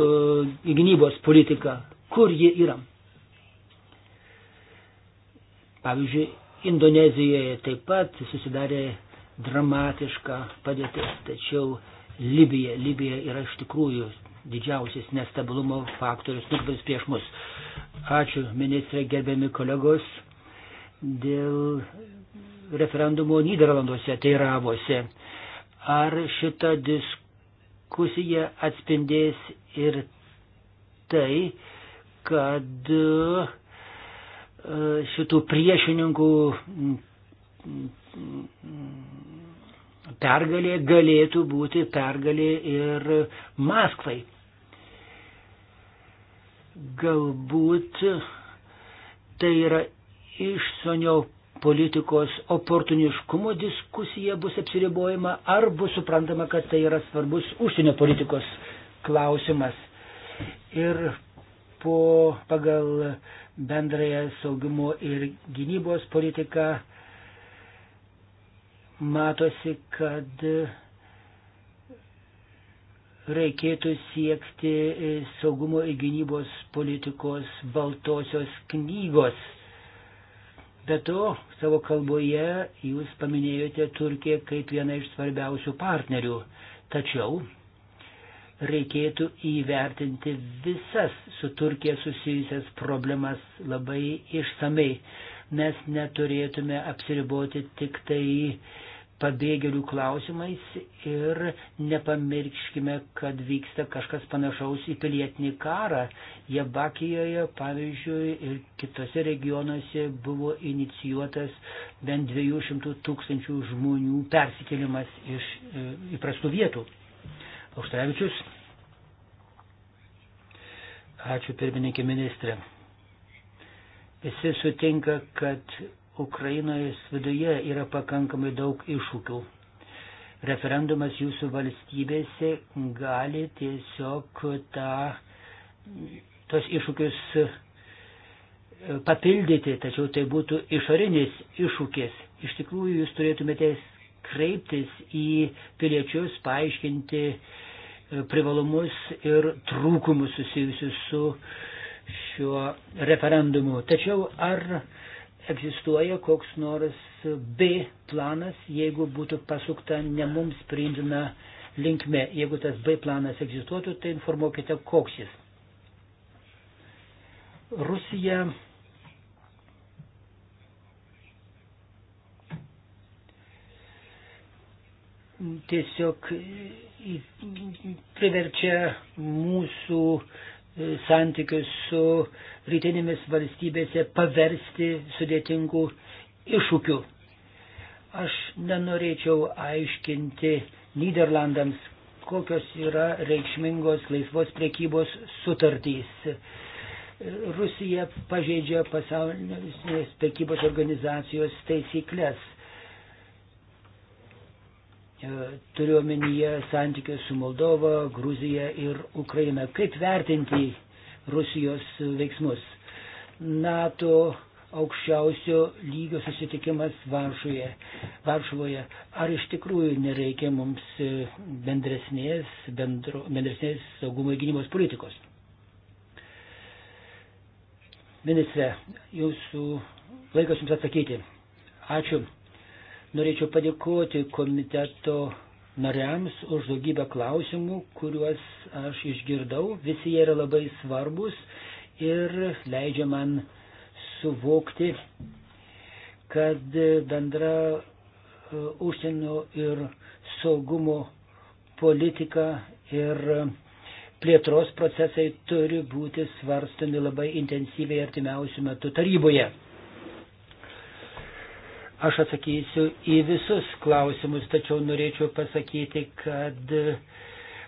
B: gynybos politika, kur ji yra. Pavyzdžiui, Indonezijoje taip pat susidarė dramatiška padėtis, tačiau Libija, Libija yra iš tikrųjų didžiausias nestabilumo faktorius nukreiptas prieš mus. Ačiū, ministrė, gerbiami kolegos, dėl referendumo Niderlanduose teiravosi. Ar šita diskusija atspindės ir tai, kad uh, šitų priešininkų pergalė galėtų būti pergalė ir Maskvai. Galbūt tai yra išsonio politikos oportuniškumo diskusija bus apsiribojama, ar bus suprantama, kad tai yra svarbus užsienio politikos klausimas. Ir po, pagal bendrąją saugumo ir gynybos politiką matosi, kad reikėtų siekti saugumo ir gynybos politikos baltosios knygos. Be to, savo kalboje jūs paminėjote Turkiją kaip vieną iš svarbiausių partnerių. Tačiau reikėtų įvertinti visas su Turkija susijusias problemas labai išsamei. Mes neturėtume apsiriboti tik tai pabėgėlių klausimais ir nepamirškime, kad vyksta kažkas panašaus į pilietinį karą. Jebakijoje, pavyzdžiui, ir kitose regionuose buvo inicijuotas bent 200 tūkstančių žmonių persikėlimas iš e, įprastų vietų. Auštrevičius. Ačiū pirmininkė ministrė. Visi sutinka, kad Ukrainoje viduje yra pakankamai daug iššūkių. Referendumas jūsų valstybėse gali tiesiog tą, tos iššūkius e, papildyti, tačiau tai būtų išorinis iššūkis. Iš tikrųjų, jūs turėtumėte kreiptis į piliečius, paaiškinti e, privalumus ir trūkumus susijusius su šiuo referendumu. Tačiau ar egzistuoja koks nors B planas, jeigu būtų pasukta ne mums priimtina linkme. Jeigu tas B planas egzistuotų, tai informuokite, koks jis. Rusija tiesiog priverčia mūsų e, santykius su rytinėmis valstybėse paversti sudėtingų iššūkių. Aš nenorėčiau aiškinti Niderlandams, kokios yra reikšmingos laisvos priekybos sutartys. Rusija pažeidžia pasaulinės prekybos organizacijos taisyklės. E, turiu omenyje santykius su Moldova, Gruzija ir Ukraina. Kaip vertinti Rusijos veiksmus? NATO aukščiausio lygio susitikimas Varšuje, Varšuvoje. Ar iš tikrųjų nereikia mums e, bendresnės, bendro, bendresnės saugumo ir gynybos politikos? Ministre, jūsų laikas jums atsakyti. Ačiū. Norėčiau padėkoti komiteto nariams už daugybę klausimų, kuriuos aš išgirdau. Visi jie yra labai svarbus ir leidžia man suvokti, kad bendra e, užsienio ir saugumo politika ir plėtros procesai turi būti svarstomi labai intensyviai artimiausių metų taryboje. Aš atsakysiu į visus klausimus, tačiau norėčiau pasakyti, kad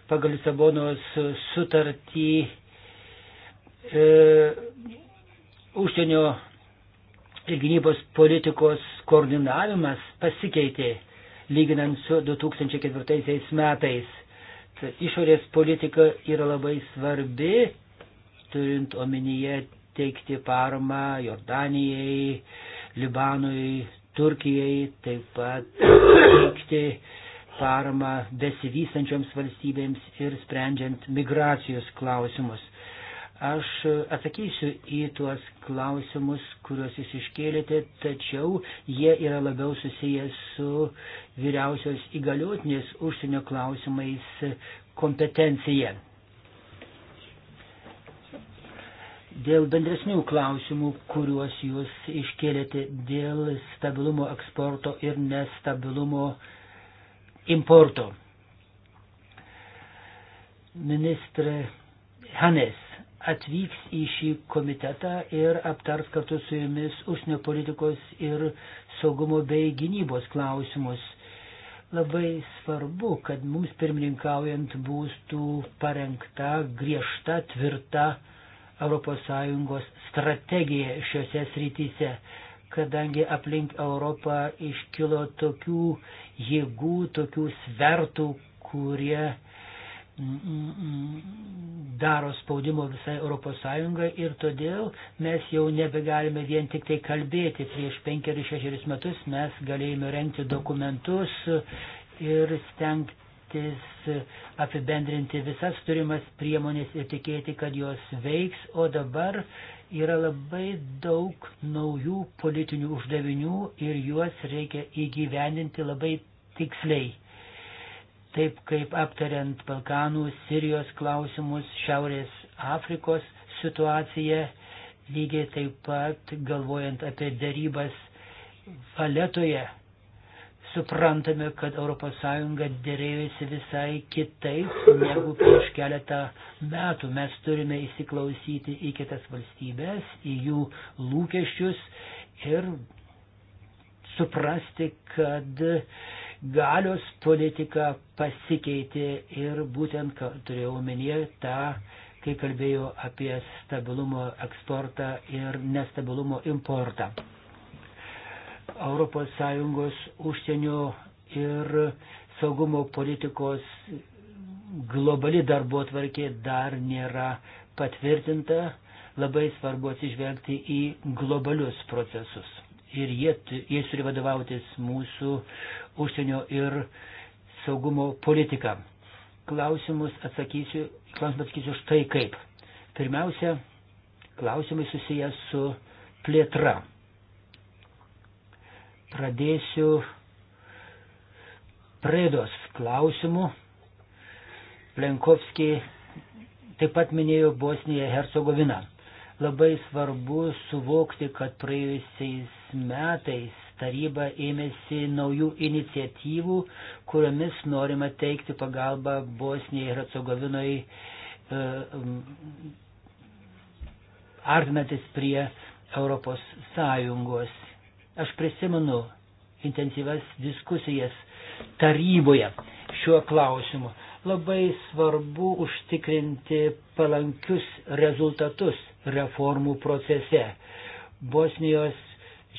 B: pagal Lisabonos sutartį e, užsienio ir gynybos politikos koordinavimas pasikeitė lyginant su 2004 metais. Išorės politika yra labai svarbi, turint omenyje teikti paramą Jordanijai, Libanui, Turkijai, taip pat teikti paramą besivystančioms valstybėms ir sprendžiant migracijos klausimus. Aš atsakysiu į tuos klausimus, kuriuos jūs iškėlėte, tačiau jie yra labiau susiję su vyriausios įgaliotinės užsienio klausimais kompetencija. dėl bendresnių klausimų, kuriuos jūs iškėlėte dėl stabilumo eksporto ir nestabilumo importo. Ministrė Hanes atvyks į šį komitetą ir aptars kartu su jumis užsienio politikos ir saugumo bei gynybos klausimus. Labai svarbu, kad mums pirmininkaujant būtų parengta griežta, tvirta, ES strategiją šiuose srityse, kadangi aplink Europą iškilo tokių jėgų, tokių svertų, kurie daro spaudimo visai ES ir todėl mes jau nebegalime vien tik tai kalbėti. Prieš penkerius šešerius metus mes galėjome renkti dokumentus ir stengti stengtis apibendrinti visas turimas priemonės ir tikėti, kad jos veiks, o dabar yra labai daug naujų politinių uždavinių ir juos reikia įgyvendinti labai tiksliai. Taip kaip aptariant Balkanų, Sirijos klausimus, Šiaurės Afrikos situaciją, lygiai taip pat galvojant apie darybas Valetoje suprantame, kad ES dėrėjosi visai kitaip negu prieš keletą metų. Mes turime įsiklausyti į kitas valstybės, į jų lūkesčius ir suprasti, kad galios politika pasikeitė ir būtent turėjau omenyje tą, kai kalbėjau apie stabilumo eksportą ir nestabilumo importą. ES užsienio ir saugumo politikos globali darbo tvarkė dar nėra patvirtinta, labai svarbu atsižvelgti į globalius procesus. Ir jie, jie turi vadovautis mūsų užsienio ir saugumo politika. Klausimus atsakysiu, klausimus atsakysiu štai kaip. Pirmiausia, klausimai susijęs su plėtra. Pradėsiu Predos klausimu. Plenkovskiai taip pat minėjo Bosniją Hercegoviną. Labai svarbu suvokti, kad praėjusiais metais taryba ėmėsi naujų iniciatyvų, kuriomis norima teikti pagalbą Bosnijai ir Hercegovinai e, artinantis prie Europos Sąjungos. Aš prisimenu intensyves diskusijas taryboje šiuo klausimu. Labai svarbu užtikrinti palankius rezultatus reformų procese. Bosnijos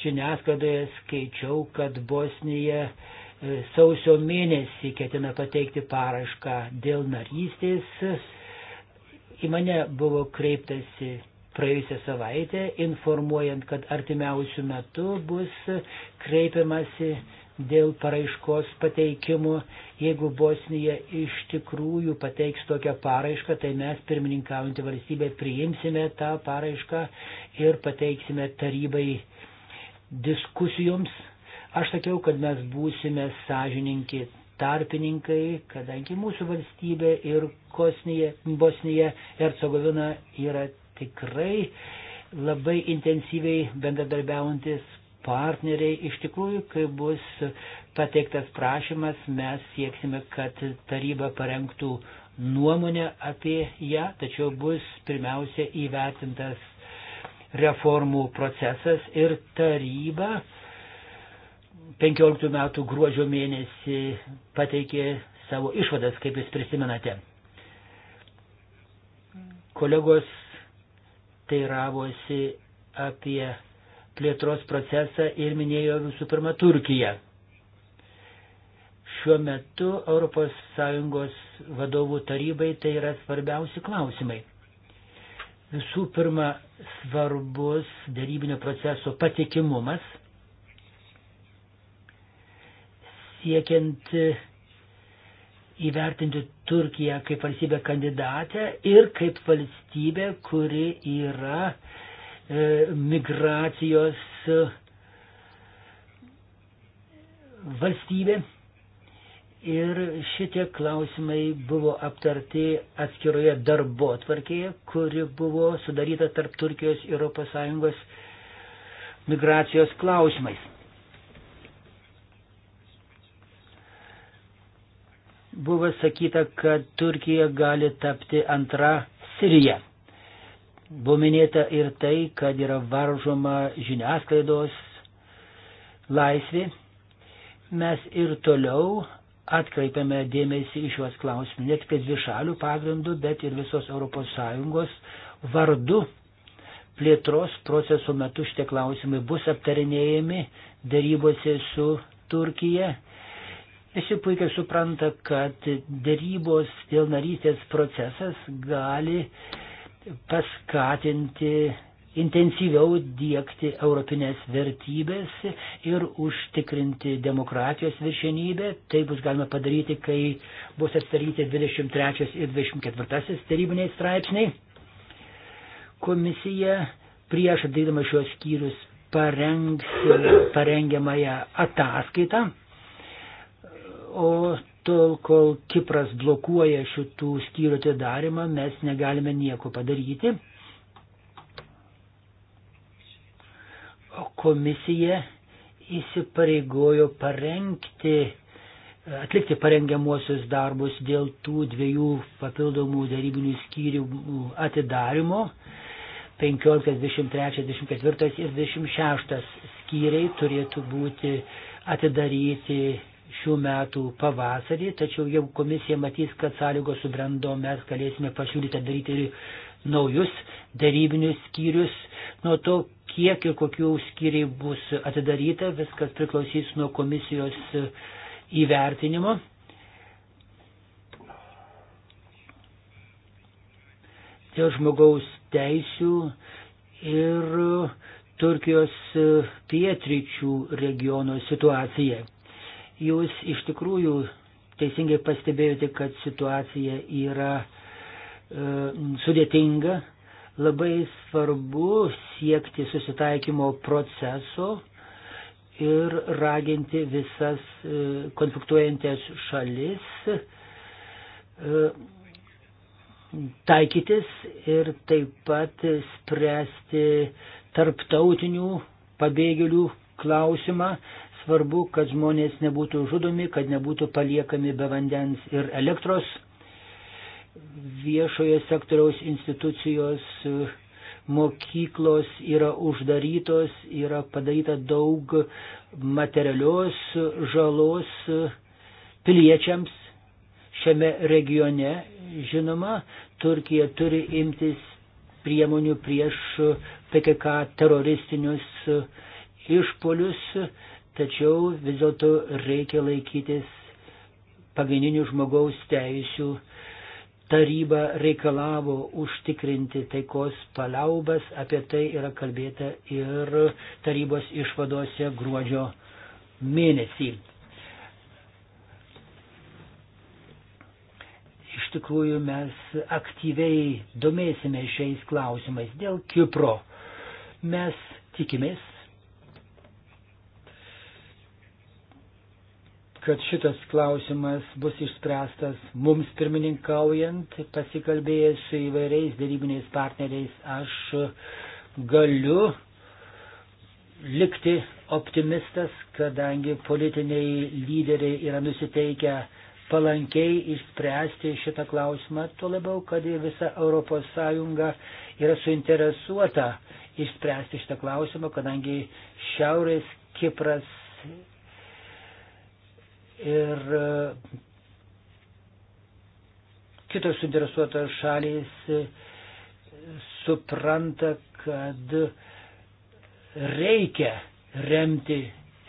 B: žiniasklaidoje skaičiau, kad Bosnija e, sausio mėnesį ketina pateikti parašką dėl narystės. Į mane buvo kreiptasi praėjusią savaitę, informuojant, kad artimiausių metų bus kreipiamasi dėl paraiškos pateikimo. Jeigu Bosnija iš tikrųjų pateiks tokią paraišką, tai mes pirmininkaujantį valstybę priimsime tą paraišką ir pateiksime tarybai diskusijoms. Aš sakiau, kad mes būsime sąžininki tarpininkai, kadangi mūsų valstybė ir Kosnija, Bosnija ir Hercegovina yra tikrai labai intensyviai bendradarbiaujantis partneriai. Iš tikrųjų, kai bus pateiktas prašymas, mes sieksime, kad taryba parengtų nuomonę apie ją, tačiau bus pirmiausia įvertintas reformų procesas ir taryba 15 metų gruodžio mėnesį pateikė savo išvadas, kaip jūs prisimenate. Kolegos teiravosi apie plėtros procesą ir minėjo visų pirma Turkiją. Šiuo metu ES vadovų tarybai tai yra svarbiausi klausimai. Visų pirma, svarbus dėrybinio proceso patikimumas, siekiant įvertinti Turkiją kaip valstybę kandidatę ir kaip valstybę, kuri yra e, migracijos e, valstybė. Ir šitie klausimai buvo aptarti atskiroje darbo tvarkėje, kuri buvo sudaryta tarp Turkijos ir ES migracijos klausimais. buvo sakyta, kad Turkija gali tapti antra Sirija. Buvo minėta ir tai, kad yra varžoma žiniasklaidos laisvė. Mes ir toliau atkreipiame dėmesį į šiuos klausimus, ne tik tai dvi šalių pagrindų, bet ir visos ES vardu. Plėtros proceso metu šitie klausimai bus aptarinėjami darybose su Turkija Visi puikiai supranta, kad dėrybos dėl narystės procesas gali paskatinti intensyviau dėkti europinės vertybės ir užtikrinti demokratijos viršenybę. Tai bus galima padaryti, kai bus atstaryti 23 ir 24 tarybiniai straipsniai. Komisija prieš atdarydama šios skyrius parengs parengiamąją ataskaitą o tol, kol Kipras blokuoja šitų skyrių atidarimą, mes negalime nieko padaryti. O komisija įsipareigojo parengti, atlikti parengiamuosius darbus dėl tų dviejų papildomų darybinių skyrių atidarimo. 15, 23, 24 ir 26 skyriai turėtų būti atidaryti šių metų pavasarį, tačiau jeigu komisija matys, kad sąlygos subrendo, mes galėsime pasiūlyti daryti ir naujus darybinius skyrius. Nuo to, kiek ir kokių skyriai bus atidaryta, viskas priklausys nuo komisijos įvertinimo. Dėl žmogaus teisių ir Turkijos pietryčių regiono situacija. Jūs iš tikrųjų teisingai pastebėjote, kad situacija yra e, sudėtinga. Labai svarbu siekti susitaikymo proceso ir raginti visas e, konfliktuojančias šalis e, taikytis ir taip pat spręsti tarptautinių pabėgėlių klausimą, Svarbu, kad žmonės nebūtų žudomi, kad nebūtų paliekami be vandens ir elektros. Viešojo sektoriaus institucijos, mokyklos yra uždarytos, yra padaryta daug materialios žalos piliečiams šiame regione. Žinoma, Turkija turi imtis priemonių prieš PKK teroristinius išpolius tačiau vis dėlto reikia laikytis pagrindinių žmogaus teisių. Taryba reikalavo užtikrinti taikos paliaubas, apie tai yra kalbėta ir tarybos išvadose gruodžio mėnesį. Iš tikrųjų mes aktyviai domėsime šiais klausimais dėl Kipro. Mes tikimės, kad šitas klausimas bus išspręstas mums pirmininkaujant, pasikalbėjęs su įvairiais dėrybiniais partneriais, aš galiu likti optimistas, kadangi politiniai lyderiai yra nusiteikę palankiai išspręsti šitą klausimą, tuo labiau, kad visa ES yra suinteresuota išspręsti šitą klausimą, kadangi Šiaurės Kipras ir e, kitos suinteresuotos šalys e, supranta, kad reikia remti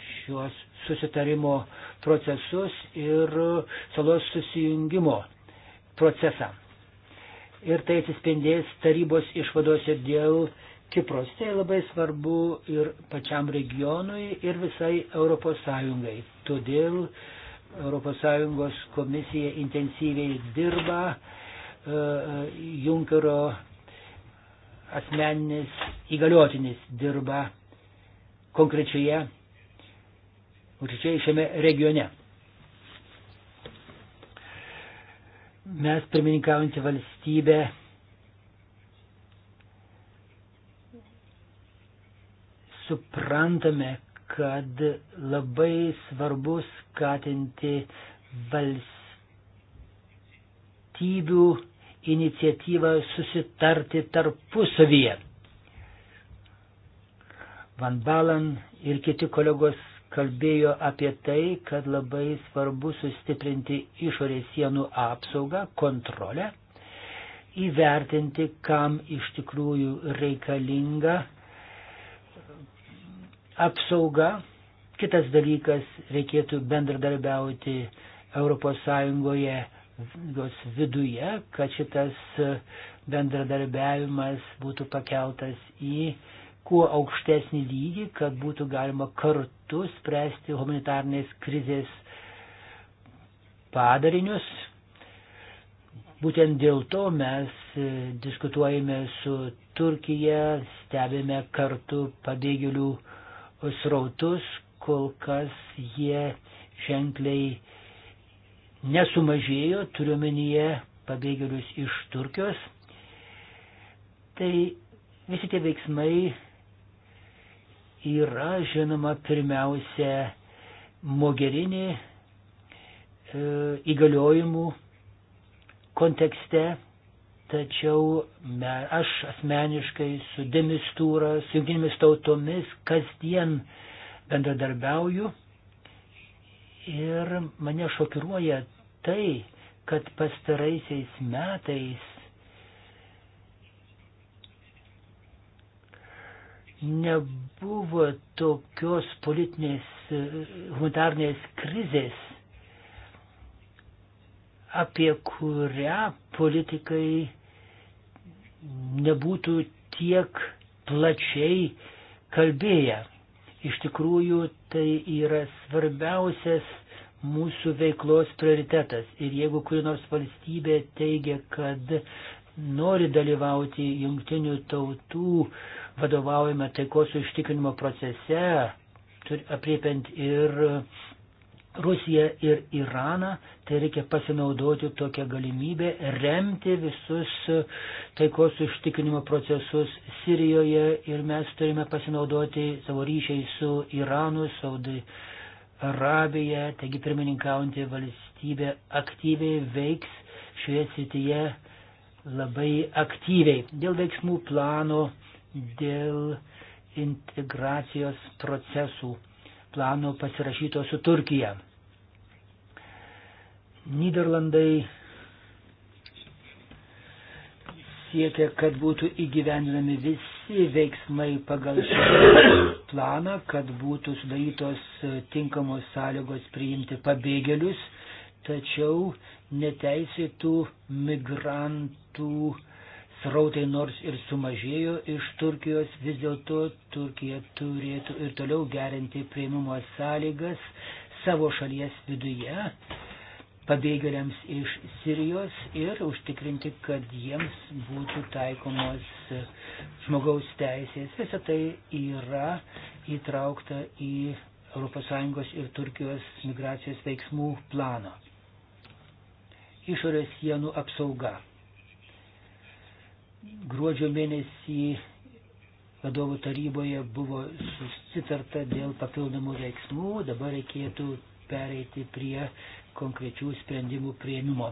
B: šios susitarimo procesus ir salos susijungimo procesą. Ir tai atsispindės tarybos išvadose dėl Kipros. Tai labai svarbu ir pačiam regionui, ir visai Europos Sąjungai. Todėl ES komisija intensyviai dirba e, e, Junkero asmeninis įgaliotinis dirba konkrečioje, konkrečiai šiame regione. Mes pirmininkaujantį valstybę suprantame, kad labai svarbu skatinti valstybių iniciatyvą susitarti tarpusavyje. Van Balan ir kiti kolegos kalbėjo apie tai, kad labai svarbu sustiprinti išorės sienų apsaugą, kontrolę, įvertinti, kam iš tikrųjų reikalinga apsauga. Kitas dalykas, reikėtų bendradarbiauti ES viduje, kad šitas bendradarbiavimas būtų pakeltas į kuo aukštesnį lygį, kad būtų galima kartu spręsti humanitarnės krizės padarinius. Būtent dėl to mes diskutuojame su Turkija, stebime kartu pabėgėlių srautus, kol kas jie ženkliai nesumažėjo, turiuomenyje pabėgėlius iš Turkijos. Tai visi tie veiksmai yra, žinoma, pirmiausia, mogerinį e, įgaliojimų kontekste Tačiau me, aš asmeniškai su demistūra, su jungtinėmis tautomis kasdien bendradarbiauju ir mane šokiruoja tai, kad pastaraisiais metais nebuvo tokios politinės humanitarnės krizės apie kurią politikai nebūtų tiek plačiai kalbėję. Iš tikrųjų, tai yra svarbiausias mūsų veiklos prioritetas. Ir jeigu kuri nors valstybė teigia, kad nori dalyvauti jungtinių tautų vadovaujame taikos užtikrinimo procese, apriepiant ir Rusiją ir Iraną, tai reikia pasinaudoti tokią galimybę remti visus taikos užtikrinimo procesus Sirijoje ir mes turime pasinaudoti savo ryšiai su Iranu, Saudi Arabija, taigi pirmininkaujantį valstybę aktyviai veiks šioje srityje labai aktyviai dėl veiksmų plano, dėl integracijos procesų plano pasirašyto su Turkija. Niderlandai siekia, kad būtų įgyvendinami visi veiksmai pagal planą, kad būtų sudarytos e, tinkamos sąlygos priimti pabėgėlius, tačiau neteisėtų migrantų srautai nors ir sumažėjo iš Turkijos, vis dėlto Turkija turėtų ir toliau gerinti prieimimo sąlygas savo šalies viduje pabėgėliams iš Sirijos ir užtikrinti, kad jiems būtų taikomos žmogaus teisės. Visą tai yra įtraukta į ES ir Turkijos migracijos veiksmų planą. Išorės sienų apsauga. Gruodžio mėnesį vadovų taryboje buvo susitarta dėl papildomų veiksmų, dabar reikėtų pereiti prie uh, konkrečių sprendimų prieimimo,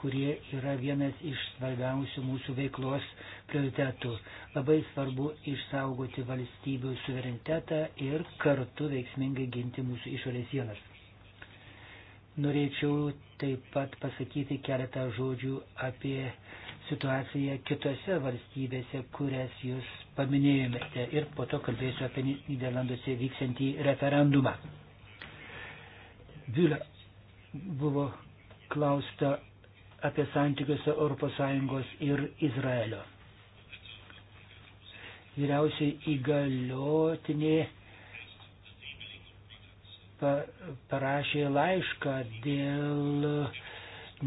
B: kurie yra vienas iš svarbiausių mūsų veiklos prioritetų. Labai svarbu išsaugoti valstybių suverenitetą ir kartu veiksmingai ginti mūsų išorės sienas. Norėčiau taip pat pasakyti keletą žodžių apie situaciją kitose valstybėse, kurias jūs paminėjomėte ir po to kalbėsiu apie Niderlanduose vyksantį referendumą. Vilio buvo klausta apie santykius ES ir Izraelio. Vyriausiai įgaliotinė parašė laišką dėl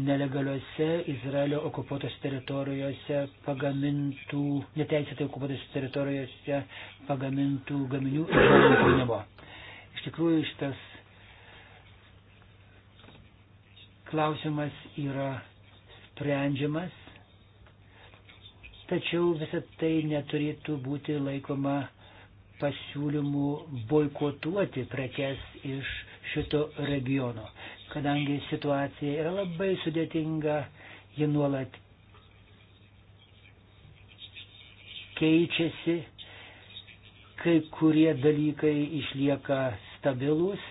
B: nelegaliuose Izraelio okupuotos teritorijose pagamintų, neteisėtai okupuotos teritorijose pagamintų gaminių išnaudojimo. Iš tikrųjų šitas klausimas yra sprendžiamas, tačiau visą tai neturėtų būti laikoma pasiūlymų boikotuoti prekes iš šito regiono, kadangi situacija yra labai sudėtinga, ji nuolat keičiasi, kai kurie dalykai išlieka stabilus,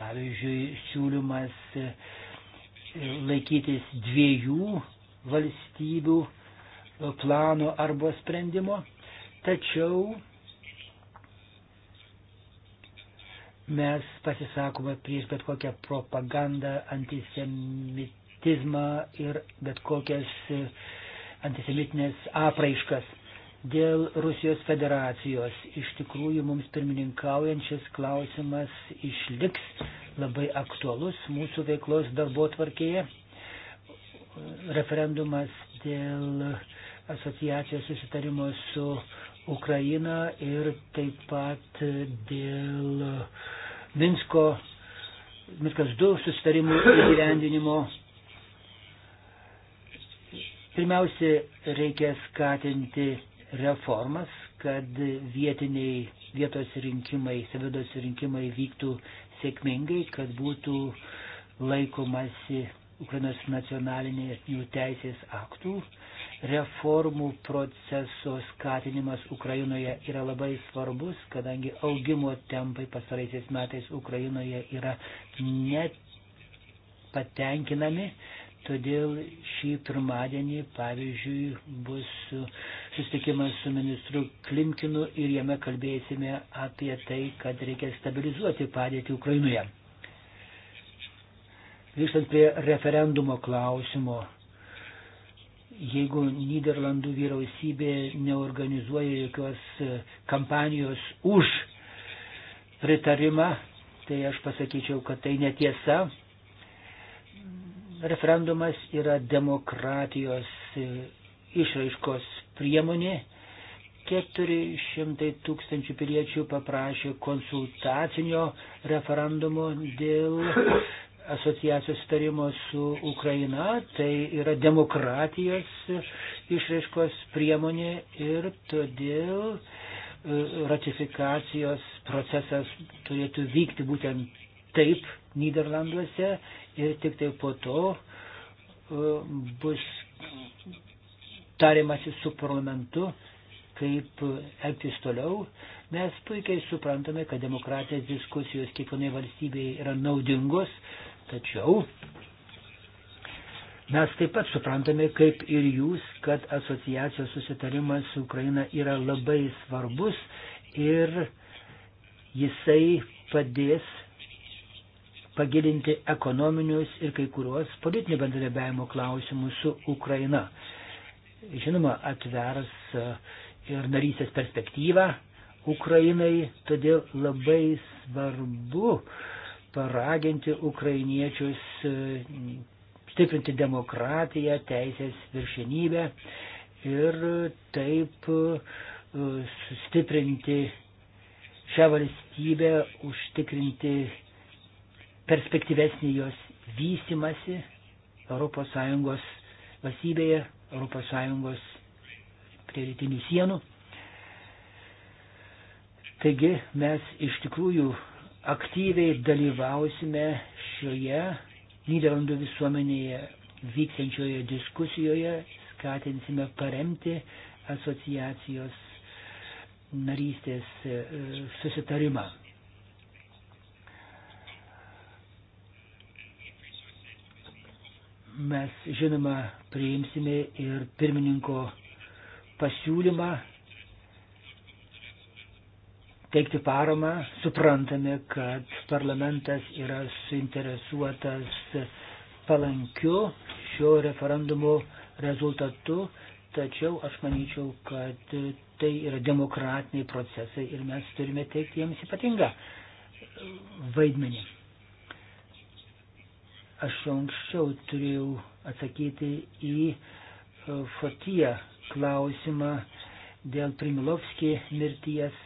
B: pavyzdžiui, siūlymas laikytis dviejų valstybių plano arba sprendimo, tačiau mes pasisakome prieš bet kokią propagandą, antisemitizmą ir bet kokias e, antisemitinės apraiškas. Dėl Rusijos federacijos iš tikrųjų mums pirmininkaujančias klausimas išliks labai aktualus mūsų veiklos darbo tvarkėje. Referendumas dėl asociacijos susitarimo su Ukraina ir taip pat dėl Minsko, Minskas 2 susitarimų įgyvendinimo. Pirmiausia, reikia skatinti reformas, kad vietiniai vietos rinkimai, savidos rinkimai vyktų sėkmingai, kad būtų laikomasi Ukrainos nacionalinės jų teisės aktų. Reformų proceso skatinimas Ukrainoje yra labai svarbus, kadangi augimo tempai pastaraisiais metais Ukrainoje yra nepatenkinami. Todėl šį pirmadienį, pavyzdžiui, bus susitikimas su ministru Klimkinu ir jame kalbėsime apie tai, kad reikia stabilizuoti padėtį Ukrainoje. Grįžtant prie referendumo klausimo, jeigu Niderlandų vyriausybė neorganizuoja jokios kampanijos už pritarimą, tai aš pasakyčiau, kad tai netiesa. Referendumas yra demokratijos išraiškos priemonė. 400 tūkstančių piliečių paprašė konsultacinio referendumo dėl asociacijos sutarimo su Ukraina, tai yra demokratijos išraiškos priemonė ir todėl e, ratifikacijos procesas turėtų vykti būtent taip Niderlanduose ir tik tai po to e, bus tarimasi su parlamentu, kaip elgtis toliau. Mes puikiai suprantame, kad demokratijos diskusijos kiekvienai valstybei yra naudingos, tačiau Mes taip pat suprantame, kaip ir jūs, kad asociacijos susitarimas su Ukraina yra labai svarbus ir jisai padės pagilinti ekonominius ir kai kuriuos politinio bendradarbiavimo klausimus su Ukraina žinoma, atvers e, ir narysės perspektyvą Ukrainai, todėl labai svarbu paraginti ukrainiečius e, stiprinti demokratiją, teisės viršenybę ir taip e, sustiprinti šią valstybę, užtikrinti perspektyvesnį jos vystimasi ES valstybėje ES prie rytinių sienų. Taigi mes iš tikrųjų aktyviai dalyvausime šioje Niderlandų visuomenėje vyksiančioje diskusijoje, skatinsime paremti asociacijos narystės e, susitarimą. Mes, žinoma, priimsime ir pirmininko pasiūlymą teikti paramą. Suprantame, kad parlamentas yra suinteresuotas palankiu šio referendumo rezultatu, tačiau aš manyčiau, kad tai yra demokratiniai procesai ir mes turime teikti jiems ypatingą vaidmenį. Aš jau anksčiau turėjau atsakyti į e, Fotiją klausimą dėl Primilovskį mirties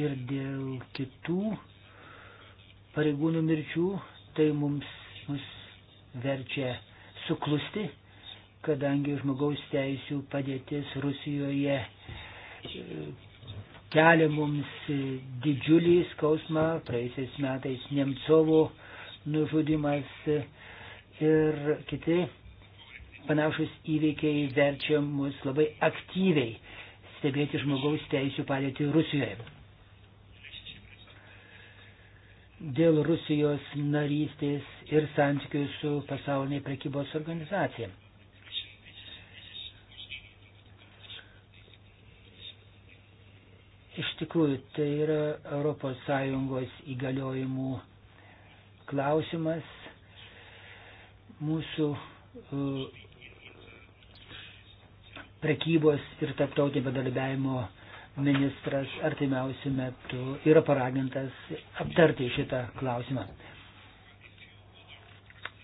B: ir dėl kitų pareigūnų mirčių. Tai mums, mus verčia suklusti, kadangi žmogaus teisų padėtis Rusijoje e, kelia mums didžiulį skausmą. Praėjusiais metais Nemcovo nužudimas ir kiti panašus įveikiai verčia mus labai aktyviai stebėti žmogaus teisų padėtį Rusijoje. Dėl Rusijos narystės ir santykių su pasaulinė prekybos organizacija. Iš tikrųjų, tai yra ES įgaliojimų klausimas mūsų e, prekybos ir tarptautinio bendradarbiavimo ministras artimiausių metų yra paragintas aptarti šitą klausimą.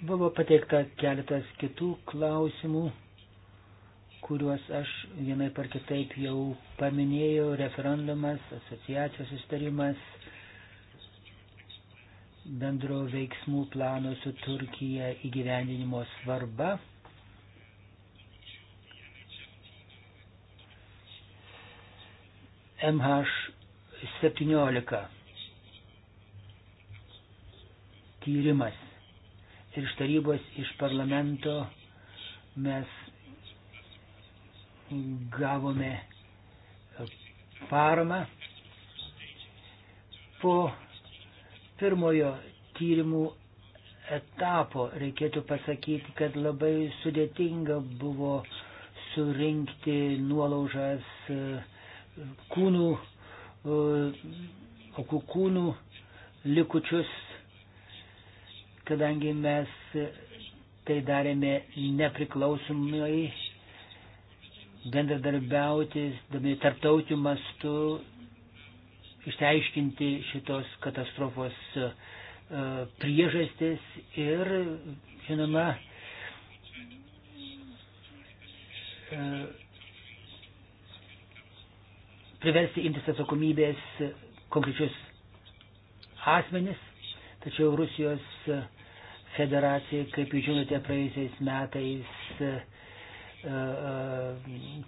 B: Buvo pateikta keletas kitų klausimų, kuriuos aš vienai par kitaip jau paminėjau, referendumas, asociacijos sustarimas, bendro veiksmų plano su Turkija įgyvendinimo svarba. MH17 tyrimas ir iš tarybos iš parlamento mes gavome paramą po pirmojo tyrimų etapo reikėtų pasakyti, kad labai sudėtinga buvo surinkti nuolaužas e, kūnų, e, aukų kūnų likučius, kadangi mes tai darėme nepriklausomai bendradarbiauti, tarptautiniu mastu išsiaiškinti šitos katastrofos e, priežastis ir, žinoma, e, priversti imtis atsakomybės konkrečius asmenis, tačiau Rusijos federacija, kaip jūs žinote, praėjusiais metais e,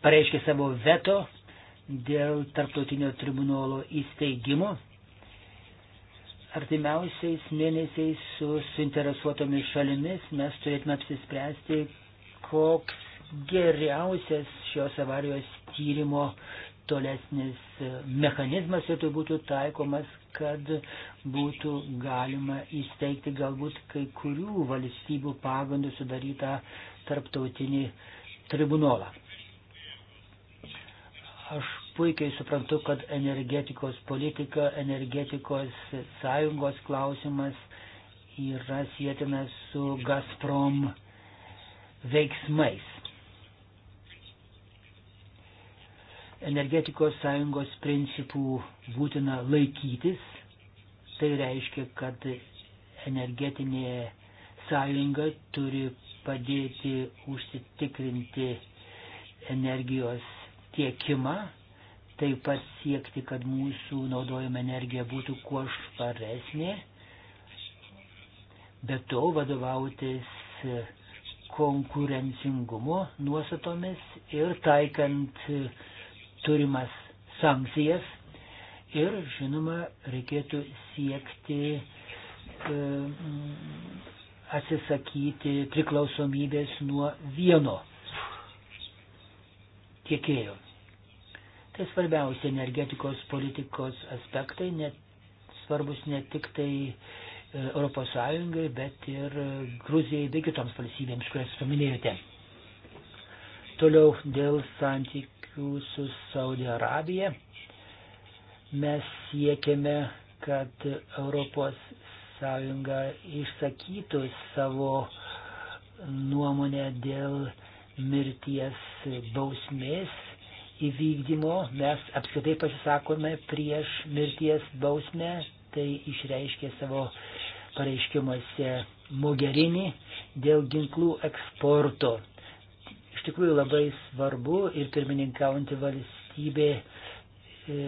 B: pareiškė savo veto dėl tarptautinio tribunolo įsteigimo. Artimiausiais mėnesiais su suinteresuotomis šalimis mes turėtume apsispręsti, koks geriausias šios avarijos tyrimo tolesnis mechanizmas turėtų būti taikomas, kad būtų galima įsteigti galbūt kai kurių valstybių pagrindų sudarytą tarptautinį tribunolą. Aš puikiai suprantu, kad energetikos politika, energetikos sąjungos klausimas yra sėtinas su Gazprom veiksmais. Energetikos sąjungos principų būtina laikytis. Tai reiškia, kad energetinė sąjunga turi padėti užsitikrinti energijos tiekimą, taip pat siekti, kad mūsų naudojama energija būtų kuo švaresnė, bet to vadovautis konkurencingumo nuostatomis ir taikant turimas sankcijas. Ir, žinoma, reikėtų siekti e, atsisakyti priklausomybės nuo vieno tiekėjo. Tai svarbiausia energetikos politikos aspektai, net, svarbus ne tik tai e, Europos Sąjungai, bet ir e, Gruzijai bei kitoms valstybėms, kurias paminėjote. Toliau dėl santykių su Saudi Arabija. Mes siekiame, kad Europos Sąjunga išsakytų savo nuomonę dėl mirties bausmės įvykdymo mes apskritai pasisakome prieš mirties bausmę, tai išreiškė savo pareiškimuose Mogherini dėl ginklų eksporto. Iš tikrųjų labai svarbu ir pirmininkaujantį valstybė e,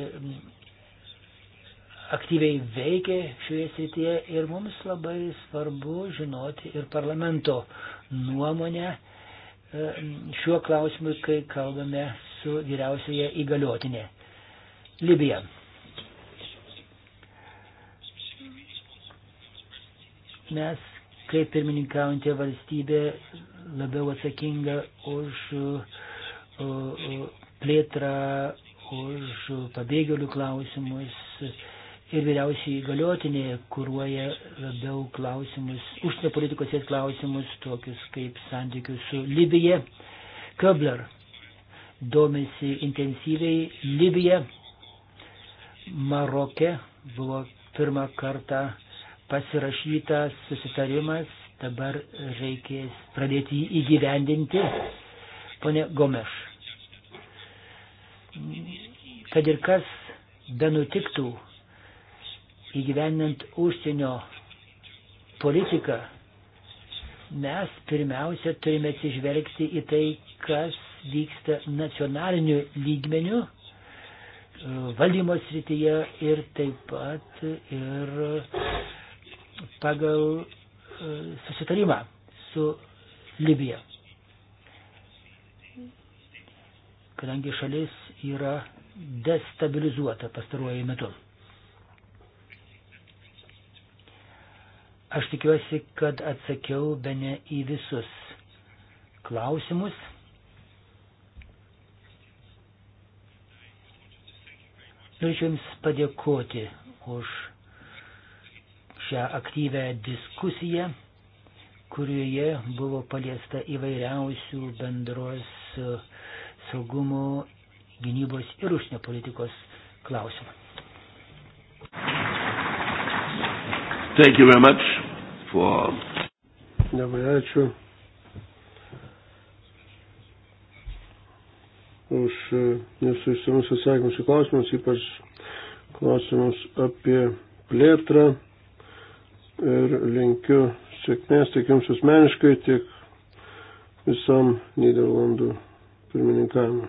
B: aktyviai veikia šioje srityje ir mums labai svarbu žinoti ir parlamento nuomonę e, šiuo klausimu, kai kalbame su vyriausioje įgaliotinė. Libija. Mes, kaip pirmininkaujantė valstybė, labiau atsakinga už plėtrą, už pabėgėlių klausimus ir vyriausiai įgaliotinė kūruoja labiau klausimus, užsienio politikos klausimus, tokius kaip santykius su Libija. Köbler domisi intensyviai Libija. Maroke buvo pirmą kartą pasirašytas susitarimas, dabar reikės pradėti jį įgyvendinti. Pone Gomeš, kad ir kas benutiktų įgyvendinant užsienio politiką, mes pirmiausia turime atsižvelgti į tai, kas vyksta nacionaliniu lygmeniu e, valdymo srityje ir taip pat ir pagal e, susitarimą su Libija. Kadangi šalis yra destabilizuota pastaruoju metu. Aš tikiuosi, kad atsakiau be ne į visus klausimus. Norėčiau Jums padėkoti už šią aktyvę diskusiją, kurioje buvo paliesta įvairiausių bendros e, saugumo, gynybos ir užsienio politikos klausimų.
C: Thank you very much for. Labai ačiū. už e, jūsų išsamius atsakymus į klausimus, ypač klausimus apie plėtrą. Ir linkiu sėkmės tiek jums asmeniškai, tiek visam Niderlandų pirmininkavimui.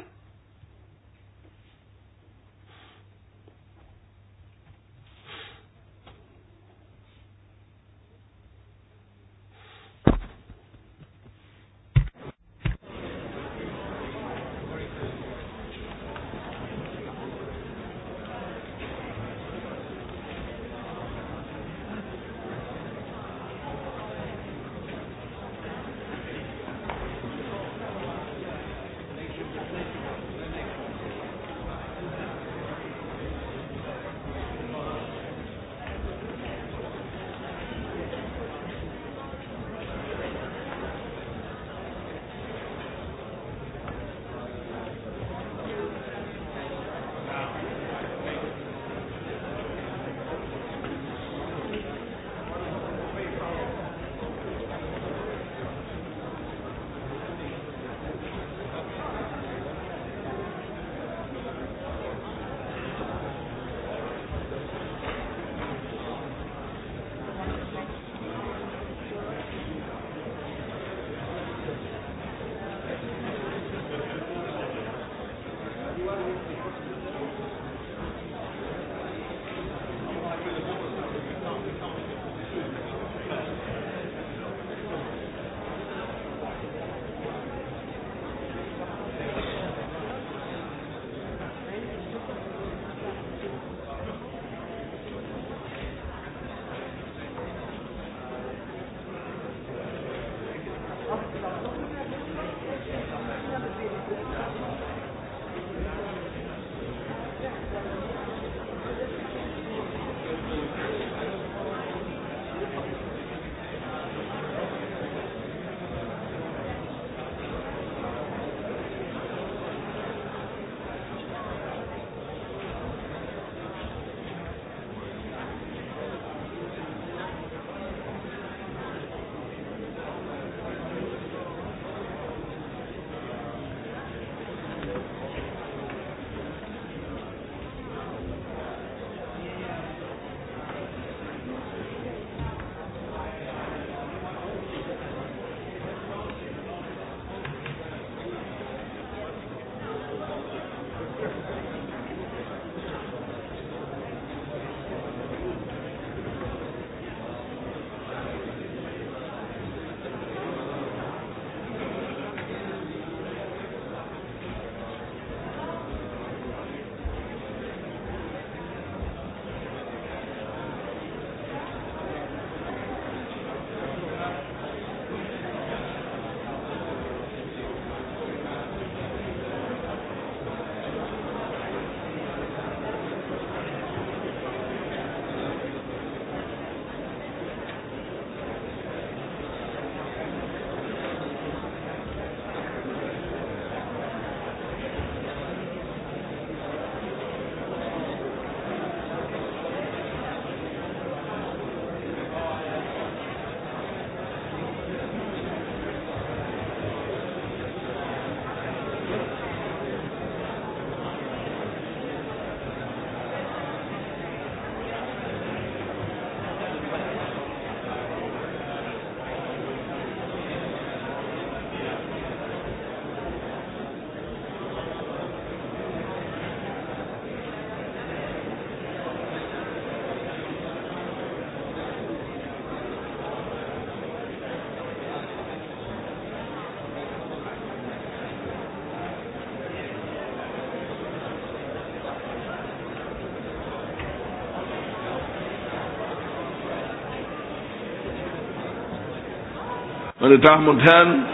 C: Meine Damen und Herren,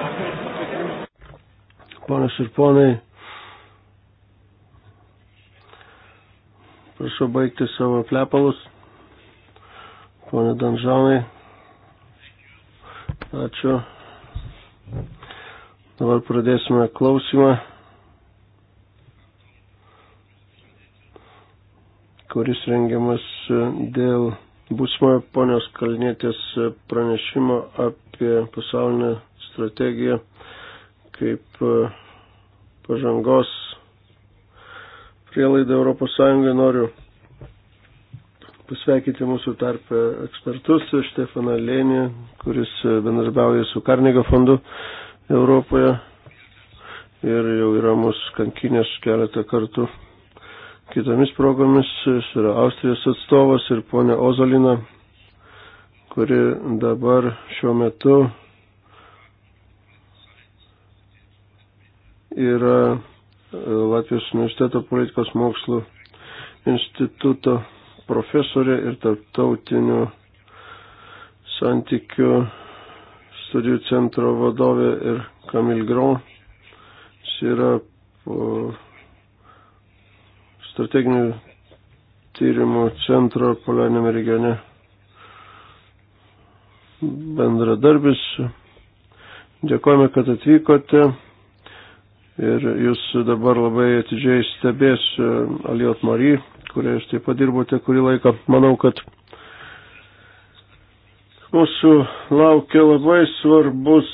C: Ponas ir ponai, prašau baigti savo plepalus. Pone Danžanai, ačiū. Dabar pradėsime klausimą, kuris rengiamas dėl būsimojo ponios Kalnėtės pranešimo apie pasaulinę strategiją kaip e, pažangos prielaidą ES noriu pasveikyti mūsų tarpę ekspertus Štefaną Lėnį, kuris bendradarbiauja su Karnego fondu Europoje ir jau yra mūsų kankinės keletą kartų kitomis progomis yra Austrijos atstovas ir ponė Ozolina, kuri dabar šiuo metu yra e, Latvijos universiteto politikos mokslų instituto profesorė ir tarptautinių santykių studijų centro vadovė ir Kamil Gron. Jis yra po strateginių tyrimų centro poliarinėme regione bendradarbis. Dėkojame, kad atvykote ir jūs dabar labai atidžiai stebės e, Aliot Mary, kurioje jūs taip pat dirbote kurį laiką. Manau, kad mūsų laukia labai svarbus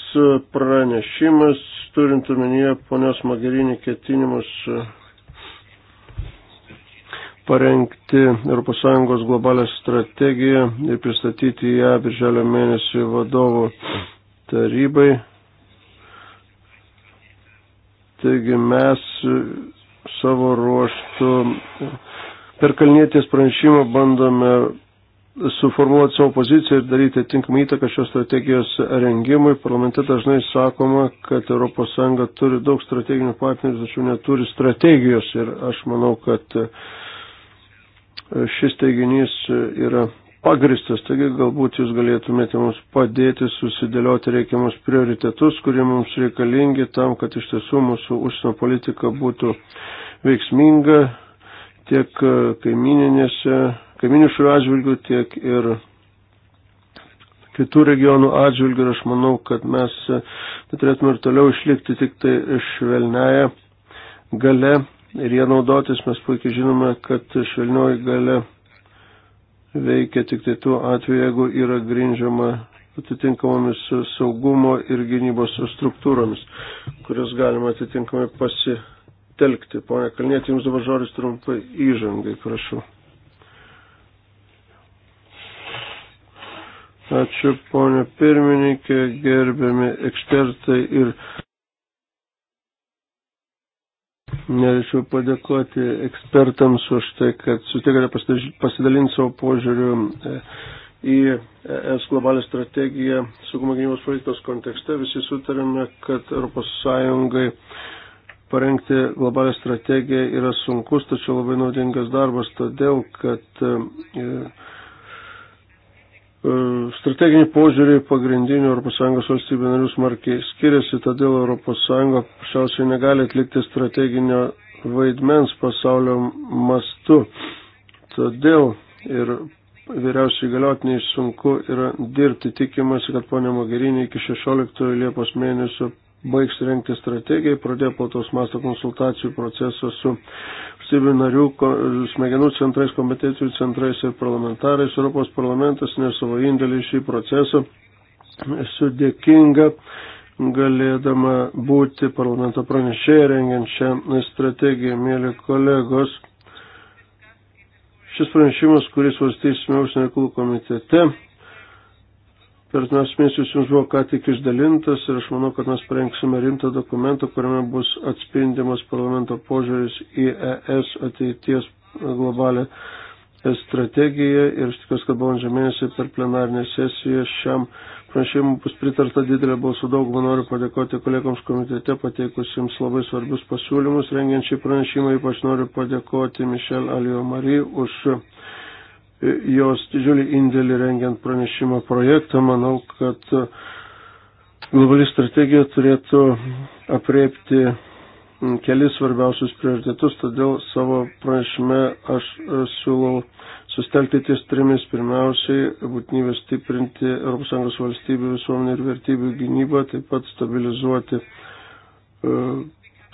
C: pranešimas, turint omenyje ponios Magerinį ketinimus e, parengti ES globalę strategiją ir pristatyti ją birželio mėnesį vadovų tarybai. Taigi mes savo ruoštų per kalnietės pranešimą bandome suformuoti savo poziciją ir daryti tinkamą įtaką šios strategijos rengimui. Parlamente dažnai sakoma, kad ES turi daug strateginių partnerių, tačiau neturi strategijos ir aš manau, kad šis teiginys yra pagristas, taigi galbūt jūs galėtumėte mums padėti susidėlioti reikiamus prioritetus, kurie mums reikalingi tam, kad iš tiesų mūsų užsienio politika būtų veiksminga tiek kaimininėse, kaiminių šalių atžvilgių, tiek ir kitų regionų atžvilgių. Ir aš manau, kad mes turėtume ir toliau išlikti tik tai švelnėje gale ir jie naudotis mes puikiai žinome, kad švelnioji gale veikia tik tai tuo atveju, jeigu yra grindžiama atitinkamomis saugumo ir gynybos struktūromis, kurias galima atitinkamai pasitelkti. Pone Kalnėti, jums dabar žodis trumpai įžangai, prašau. Ačiū, ponė pirmininkė, gerbiami ekspertai ir Norėčiau padėkoti ekspertams už tai, kad sutikote pasidalinti savo požiūriu e, į ES globalią strategiją saugumo gynybos politikos kontekste. Visi sutarėme, kad ES parengti globalią strategiją yra sunkus, tačiau labai naudingas darbas, todėl kad. E, E, strateginiai požiūriai pagrindinių ES valstybių narių smarkiai skiriasi, todėl ES paprasčiausiai negali atlikti strateginio vaidmens pasaulio mastu. Todėl ir vyriausiai galiotiniai sunku yra dirbti. Tikimasi, kad ponė Mogherini iki 16 Liepos mėnesio baigs rengti strategiją, pradėjo plataus masto konsultacijų procesą su valstybių narių smegenų centrais, kompetencijų centrais ir parlamentarais. Europos parlamentas nesavo indėlį į šį procesą. Esu dėkinga galėdama būti parlamento pranešėja rengiant šią strategiją, mėly kolegos. Šis pranešimas, kurį svarstysime užsienio reikalų komitete, Per mes mėnesius jums buvo ką tik išdalintas ir aš manau, kad mes parengsime rimtą dokumentą, kuriame bus atspindimas parlamento požiūris į ES ateities globalę strategiją ir aš tikiuosi, kad balandžio mėnesį per plenarinę sesiją šiam pranešimui bus pritarta didelė balsų dauguma. Noriu padėkoti kolegoms komitete pateikusiems labai svarbius pasiūlymus rengiančiai pranešimą. Ypač noriu padėkoti Mišel Alio Mari už jos didžiulį indėlį rengiant pranešimo projektą. Manau, kad e, globali strategija turėtų apriepti kelis svarbiausius prioritetus, todėl savo pranešime aš e, siūlau sustelkti ties trimis. Pirmiausiai, būtinybė stiprinti ES valstybių visuomenį ir vertybių gynybą, taip pat stabilizuoti e,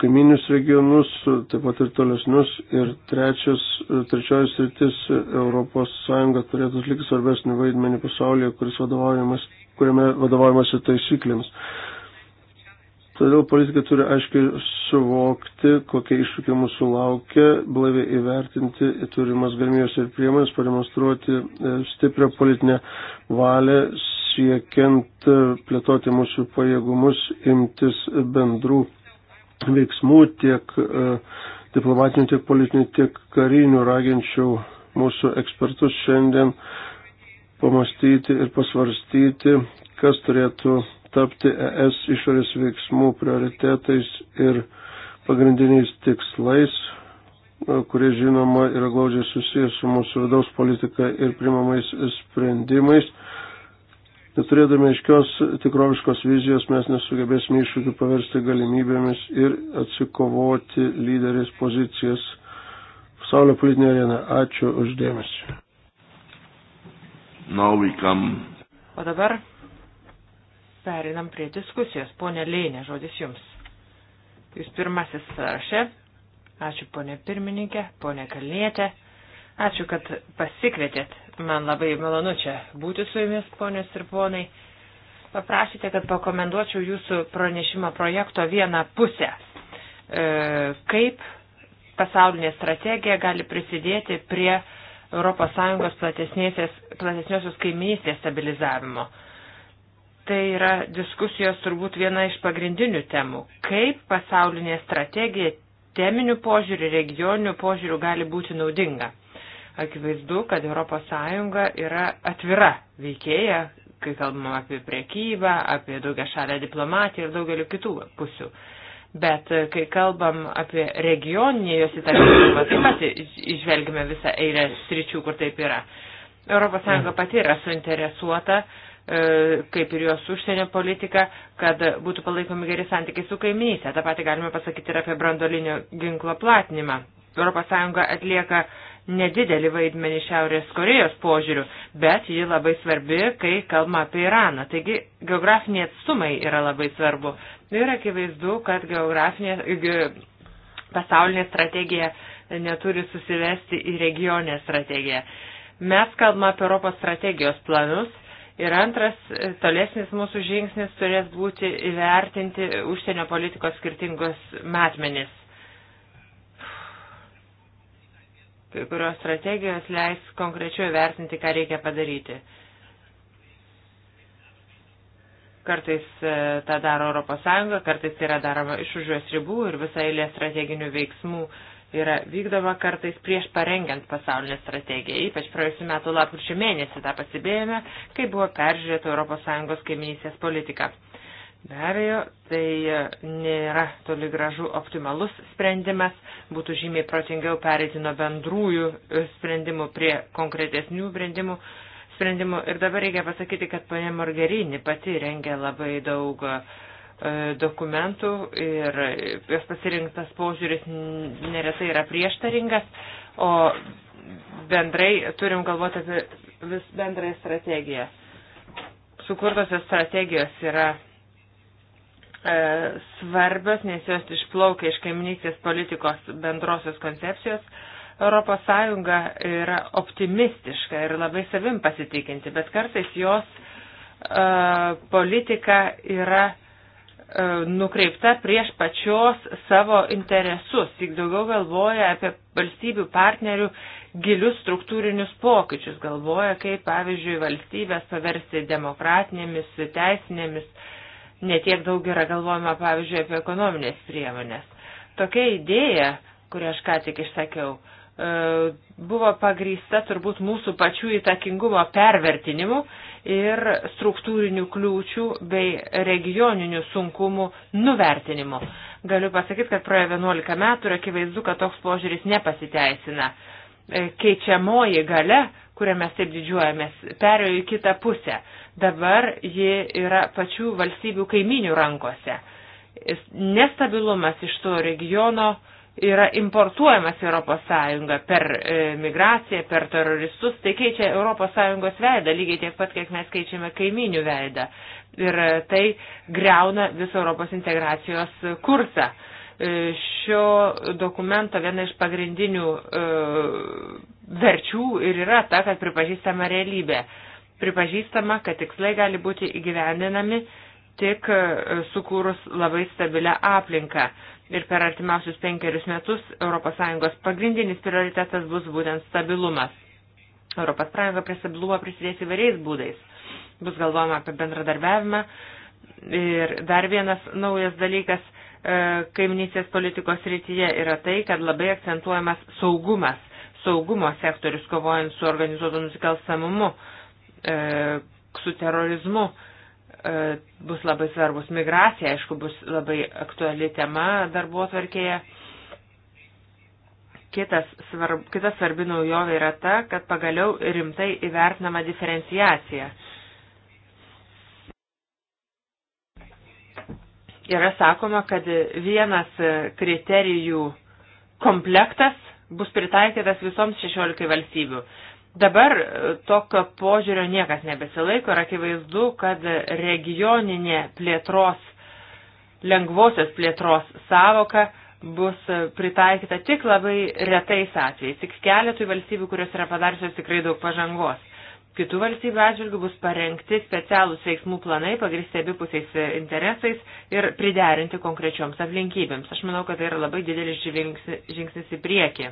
C: kaiminius regionus, taip pat ir tolesnius. Ir trečias, trečioji sritis ES turėtų atlikti svarbesnį vaidmenį pasaulyje, kuris vadovaujamas, kuriame vadovaujamasi taisyklėms. Todėl politikai turi aiškiai suvokti, kokie iššūkiai mūsų laukia, blaiviai įvertinti turimas galimybės ir priemonės, pademonstruoti e, stiprią politinę valią, siekiant e, plėtoti mūsų pajėgumus, imtis bendrų veiksmų tiek e, diplomatinių, tiek politinių, tiek karinių raginčiau mūsų ekspertus šiandien pamastyti ir pasvarstyti, kas turėtų tapti ES išorės veiksmų prioritetais ir pagrindiniais tikslais, e, kurie žinoma yra glaudžiai susijęs su mūsų vidaus politika ir primamais sprendimais. Neturėdami aiškios tikroviškos vizijos mes nesugebėsime iššūkių paversti galimybėmis ir atsikovoti lyderės pozicijas pasaulio politinė arena. Ačiū uždėmesi. O
D: dabar perinam prie diskusijos. Pone Leinė, žodis jums. Jūs pirmasis sąraše. Ačiū ponė pirmininkė, ponė Kalnietė. Ačiū, kad pasikvietėt Man labai malonu čia būti su jumis, ponios ir ponai. Paprašyte, kad pakomenduočiau jūsų pranešimo projekto vieną pusę. E, kaip pasaulinė strategija gali prisidėti prie ES platesniosios kaiminystės stabilizavimo. Tai yra diskusijos turbūt viena iš pagrindinių temų. Kaip pasaulinė strategija teminių požiūrių, regioninių požiūrių gali būti naudinga. Akivaizdu, kad ES yra atvira veikėja, kai kalbam apie priekybą, apie daugia šalę diplomatiją ir daugelį kitų pusių. Bet e, kai kalbam apie regioninį jos įtarimą, taip pat išvelgime visą eilę sričių, kur taip yra. ES pati yra suinteresuota, e, kaip ir jos užsienio politika, kad būtų palaikomi geri santykiai su kaimynyse. Ta pati galime pasakyti ir apie brandolinio ginklo platinimą. ES atlieka uh, nedidelį vaidmenį Šiaurės Korejos požiūrių, bet ji labai svarbi, kai kalba apie Iraną. Taigi geografiniai atstumai yra labai svarbu. Ir akivaizdu, kad geografinė pasaulinė strategija neturi susivesti į regioninę strategiją. Mes kalbame apie Europos strategijos planus. Ir antras, tolesnis mūsų žingsnis turės būti įvertinti užsienio politikos skirtingos matmenis. kurios strategijos leis konkrečiau vertinti, ką reikia padaryti. Kartais e, tą daro Europos Sąjunga, kartais tai yra daroma iš už jos ribų ir visa eilė strateginių veiksmų yra vykdoma kartais prieš parengiant pasaulinę strategiją. Ypač praėjusiu metu lapkričio mėnesį tą pasibėjome, kai buvo peržiūrėta ES kaiminysės politika. Be abejo, tai nėra toli gražu optimalus sprendimas, būtų žymiai protingiau pereiti nuo bendrųjų sprendimų prie konkretesnių sprendimų. sprendimų. Ir dabar reikia pasakyti, kad ponė Margerini pati rengia labai daug e, dokumentų ir jos pasirinktas požiūris neretai yra prieštaringas, o bendrai turim galvoti apie vis bendrąją strategiją. Sukurtosios strategijos yra E, svarbios, nes jos išplaukia iš kaiminystės politikos bendrosios koncepcijos. Europos Sąjunga yra optimistiška ir labai savim pasitikinti, bet kartais jos uh, politika yra uh, nukreipta prieš pačios savo interesus, tik daugiau galvoja apie valstybių partnerių gilius struktūrinius pokyčius, galvoja, kaip pavyzdžiui valstybės paversti demokratinėmis, teisinėmis uh, netiek daug yra galvojama, pavyzdžiui, apie ekonominės priemonės. Tokia idėja, kurią aš ką tik išsakiau, e, buvo pagrįsta turbūt mūsų pačių įtakingumo pervertinimu ir struktūrinių kliūčių bei regioninių sunkumų nuvertinimu. Galiu pasakyti, kad praėjo 11 metų ir akivaizdu, kad toks požiūris nepasiteisina. E, keičiamoji gale, kurią mes taip didžiuojamės, perėjo į kitą pusę. Dabar ji yra pačių valstybių kaiminių rankose. Nestabilumas iš to regiono yra importuojamas ES per e, migraciją, per teroristus, tai keičia ES veidą, lygiai tiek pat, kiek mes keičiame kaiminių veidą. Ir e, tai greuna visą Europos integracijos kursą. E, šio dokumento viena iš pagrindinių verčių ir yra ta, kad pripažįstama realybė pripažįstama, kad tikslai gali būti įgyvendinami tik e, sukūrus labai stabilę aplinką. Ir per artimiausius penkerius metus ES pagrindinis prioritetas bus būtent stabilumas. ES prie stabilumo prisidės įvairiais būdais. Bus galvojama apie bendradarbiavimą. Ir dar vienas naujas dalykas e, kaiminysės politikos rytyje yra tai, kad labai akcentuojamas saugumas, saugumo sektorius kovojant su organizuotu nusikalstamumu. E, su terorizmu e, bus labai svarbus. Migracija, aišku, bus labai aktuali tema darbo atvarkėje. Kitas svarb, kita svarbi naujovė yra ta, kad pagaliau rimtai įvertinama diferenciacija. Yra sakoma, kad vienas kriterijų komplektas bus pritaikytas visoms 16 valstybių. Dabar e, tokio požiūrio niekas nebesilaiko ir akivaizdu, kad regioninė plėtros, lengvosios plėtros savoka bus e, pritaikyta tik labai retais atvejais, tik keletui valstybių, kurios yra padariusios tikrai daug pažangos. Kitų valstybių atžvilgių bus parengti specialūs veiksmų planai, pagristi abipusiais e, interesais ir priderinti konkrečioms aplinkybėms. Aš manau, kad tai yra labai didelis žingsnis į priekį.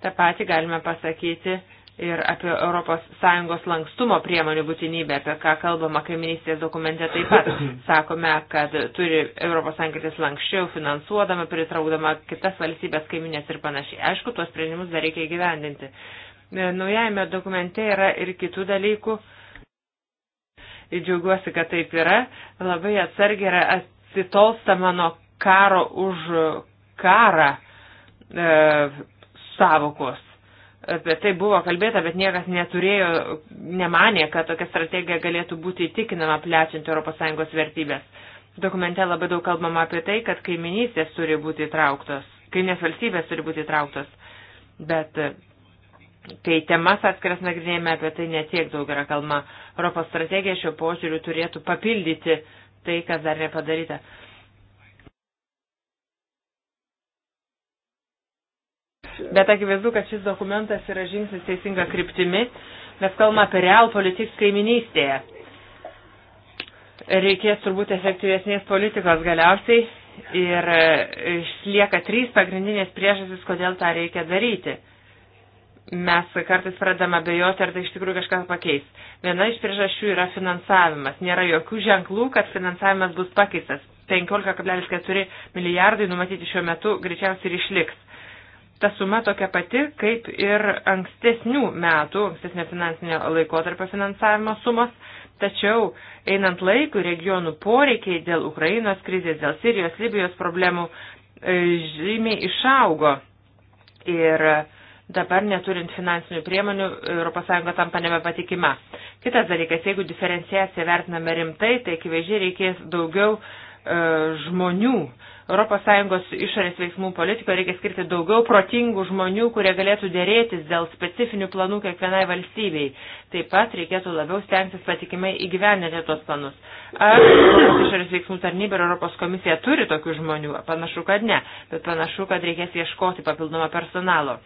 D: Ta pati galime pasakyti ir apie ES lankstumo priemonių būtinybę, apie ką kalbama kaiminystės dokumente taip pat. Sakome, kad turi ES elgtis lankščiau, finansuodama, pritraukdama kitas valstybės kaiminės ir panašiai. Aišku, tuos sprendimus dar reikia gyvendinti. E, naujajame dokumente yra ir kitų dalykų. Džiaugiuosi, kad taip yra. Labai atsargiai yra atsitolsta mano karo už karą e, savokos apie tai buvo kalbėta, bet niekas neturėjo, nemanė, kad tokia strategija galėtų būti įtikinama plečiant ES vertybės. Dokumente labai daug kalbama apie tai, kad kaiminystės turi būti įtrauktos, kaiminės valstybės turi būti įtrauktos, bet e, kai temas atskiras nagrinėjame, apie tai netiek daug yra kalba. Europos strategija šio požiūriu turėtų papildyti tai, kas dar nepadaryta. Uh, Bet akivaizdu, kad šis dokumentas yra žingsnis teisinga kryptimi. Mes kalbame apie real politik kaiminystėje. Reikės turbūt efektyvesnės politikos galiausiai ir išlieka trys pagrindinės priežastys, kodėl tą reikia daryti. Mes kartais pradame abejoti, ar tai iš tikrųjų kažkas pakeis. Viena iš priežasčių yra finansavimas. Nėra jokių ženklų, kad finansavimas bus pakeistas. 15,4 milijardai numatyti šiuo metu greičiausiai ir išliks ta suma tokia pati, kaip ir ankstesnių metų, ankstesnio finansinio laikotarpio finansavimo sumos, tačiau einant laikui regionų poreikiai dėl Ukrainos krizės, dėl Sirijos, Libijos problemų e, žymiai išaugo. Ir dabar neturint finansinių priemonių, ES tampa nebepatikima. Kitas dalykas, jeigu diferenciaciją vertiname rimtai, tai akivaizdžiai reikės daugiau e, žmonių, e, ES išorės veiksmų politikoje reikia skirti daugiau protingų žmonių, kurie galėtų dėrėtis dėl specifinių planų kiekvienai valstybei. Taip pat reikėtų labiau stengtis patikimai įgyvendinti tos planus. Ar Europos išorės veiksmų tarnybė ir Europos komisija turi tokių žmonių? Panašu, kad ne, bet panašu, kad reikės ieškoti papildomą personalo.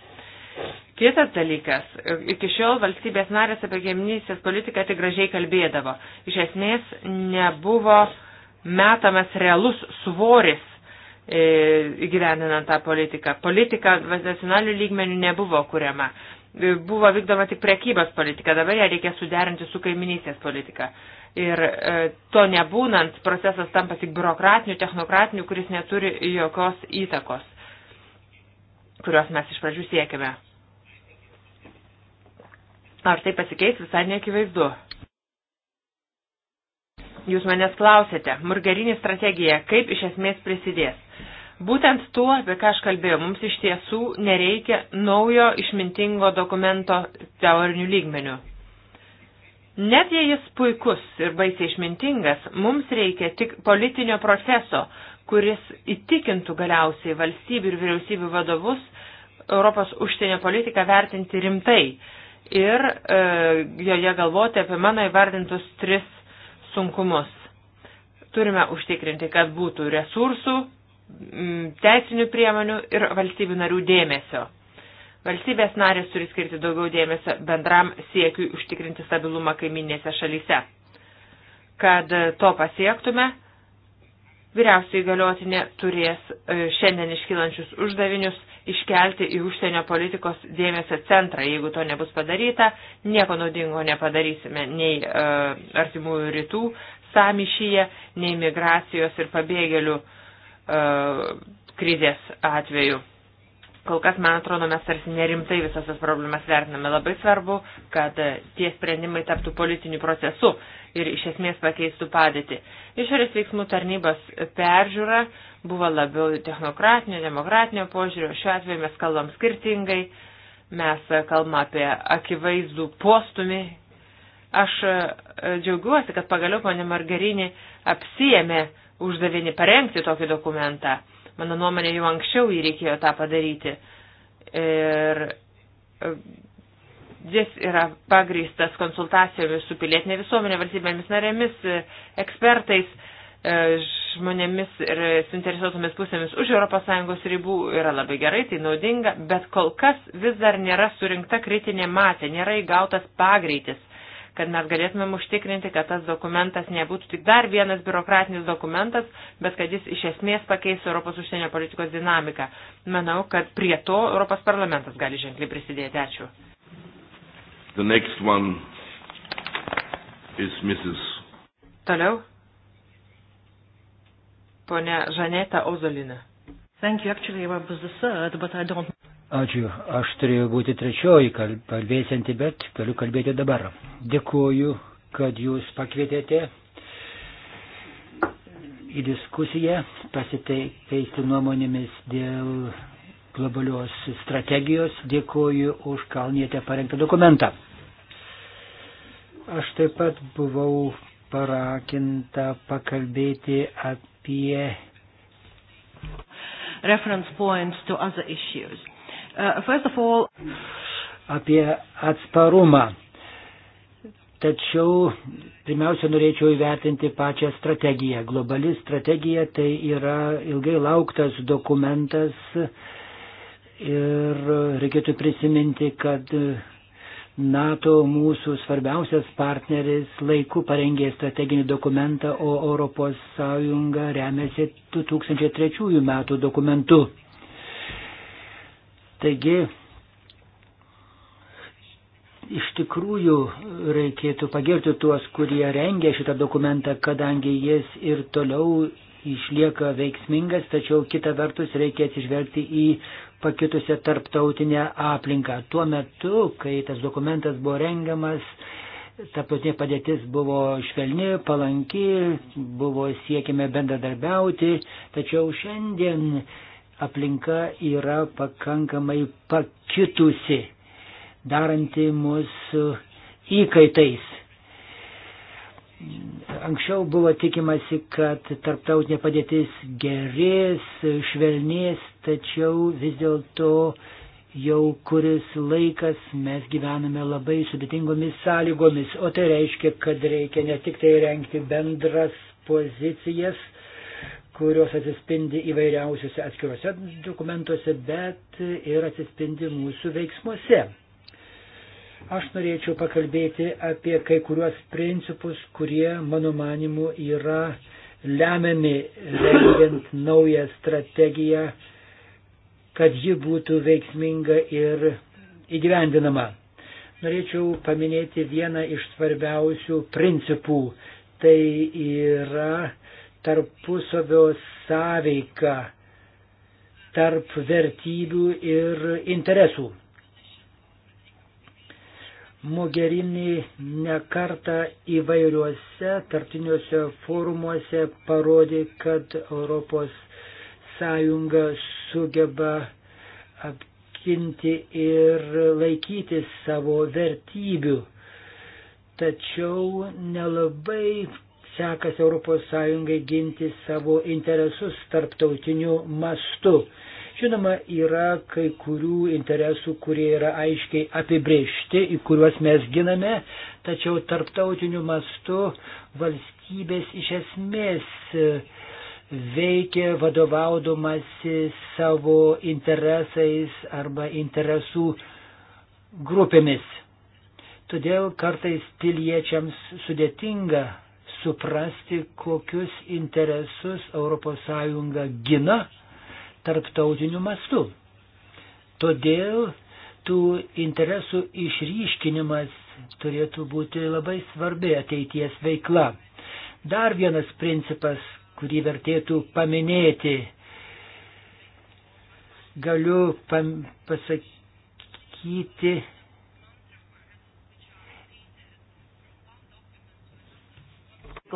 D: Kitas dalykas, iki šiol valstybės narės apie gėminysės politiką tik gražiai kalbėdavo. Iš esmės nebuvo metamas realus svoris E, įgyvendinant tą politiką. Politika nacionalinių lygmenių nebuvo kuriama. E, buvo vykdoma tik prekybos politika, dabar ją reikia suderinti su kaiminystės politika. Ir e, to nebūnant, procesas tampa tik biurokratiniu, technokratiniu, kuris neturi jokios įtakos, kurios mes iš pradžių siekime. Ar tai pasikeis visai neakivaizdu? Jūs manęs klausėte, murgerinė strategija, kaip iš esmės prisidės. Būtent tuo, apie ką aš kalbėjau, mums iš tiesų nereikia naujo išmintingo dokumento teorinių lygmenių. Net jei jis puikus ir baisiai išmintingas, mums reikia tik politinio proceso, kuris įtikintų galiausiai valstybių ir vyriausybių vadovus Europos užsienio politiką vertinti rimtai ir e, joje galvoti apie mano įvardintus tris sunkumus. Turime užtikrinti, kad būtų resursų, Mm, teisinių priemonių ir valstybių narių dėmesio. Valstybės narės turi skirti daugiau dėmesio bendram siekiui užtikrinti stabilumą kaiminėse šalyse. Kad e, to pasiektume, vyriausiai galiotinė turės e, šiandien iškylančius uždavinius iškelti į užsienio politikos dėmesio centrą. Jeigu to nebus padaryta, nieko naudingo nepadarysime nei uh, artimųjų rytų samišyje, nei migracijos ir pabėgėlių uh, E, krizės atveju. Kol kas, man atrodo, mes tarsi nerimtai visas tas problemas vertiname. Labai svarbu, kad tie sprendimai taptų politiniu procesu ir iš esmės pakeistų padėtį. Išorės veiksmų tarnybos peržiūra buvo labiau technokratinio, demokratinio požiūrio. Šiuo atveju mes kalbam skirtingai, mes kalbam apie akivaizdų postumį. Aš e, džiaugiuosi, kad pagaliau ponė Margarinė apsijėmė uh, uždavinį parengti tokį dokumentą. Mano nuomonė, jau anksčiau jį reikėjo tą padaryti. Ir e, jis yra pagrįstas konsultacijomis su pilietinė visuomenė, valstybėmis narėmis, e, ekspertais, e, žmonėmis ir suinteresuotomis pusėmis už ES ribų yra labai gerai, tai naudinga, bet kol kas vis dar nėra surinkta kritinė masė, nėra įgautas pagreitis kad mes galėtumėm užtikrinti, kad tas dokumentas nebūtų tik dar vienas biurokratinis dokumentas, bet kad jis iš esmės pakeis Europos užsienio politikos dinamiką. Manau, kad prie to Europos parlamentas gali ženkliai prisidėti. Ačiū.
A: The next one is Mrs.
D: Toliau. Pone Žaneta Ozolina.
B: Thank you. Actually, I was the third, but I don't Ačiū. Aš turėjau būti trečioji kalbėsianti, bet galiu kalbėti dabar. Dėkuoju, kad jūs pakvietėte į diskusiją pasikeisti nuomonėmis dėl globalios strategijos. Dėkuoju už Kalnietę parengtą dokumentą. Aš taip pat buvau parakinta pakalbėti apie
D: reference points to other issues. Uh, first of all,
B: apie atsparumą. Tačiau pirmiausia, norėčiau įvertinti pačią strategiją. Globali strategija tai yra ilgai lauktas dokumentas ir reikėtų prisiminti, kad NATO mūsų svarbiausias partneris laiku parengė strateginį dokumentą, o ES remiasi 2003 metų dokumentu. Taigi, iš tikrųjų reikėtų pagirti tuos, kurie rengia šitą dokumentą, kadangi jis ir toliau išlieka veiksmingas, tačiau kita vertus reikia atsižvelgti į pakitusią tarptautinę aplinką. Tuo metu, kai tas dokumentas buvo rengiamas, tarptautinė padėtis buvo švelni, palanki, buvo siekime bendradarbiauti, tačiau šiandien aplinka yra pakankamai pakitusi, daranti mūsų įkaitais. Anksčiau buvo tikimasi, kad tarptautinė padėtis gerės, švelnės, tačiau vis dėlto jau kuris laikas mes gyvename labai sudėtingomis sąlygomis, o tai reiškia, kad reikia ne tik tai renkti bendras pozicijas, kurios atsispindi įvairiausiuose atskiruose dokumentuose, bet ir atsispindi mūsų veiksmuose. Aš norėčiau pakalbėti apie kai kuriuos principus, kurie, mano manimu, yra lemiami rengiant naują strategiją, kad ji būtų veiksminga ir įgyvendinama. Norėčiau paminėti vieną iš svarbiausių principų. Tai yra tarpusavio sąveiką tarp vertybių ir interesų. Mogerini nekarta įvairiuose tartiniuose forumuose parodė, kad Europos Sąjunga sugeba apginti ir laikytis savo vertybių. Tačiau nelabai sekas ES ginti savo interesus tarptautiniu mastu. Žinoma, yra kai kurių interesų, kurie yra aiškiai apibriežti, į kuriuos mes giname, tačiau tarptautiniu mastu valstybės iš esmės e, veikia vadovaudamasi savo interesais arba interesų grupėmis. Todėl kartais piliečiams sudėtinga suprasti, kokius interesus ES gina tarptautiniu mastu. Todėl tų interesų išryškinimas turėtų būti labai svarbi ateities veikla. Dar vienas principas, kurį vertėtų paminėti, galiu pam pasakyti,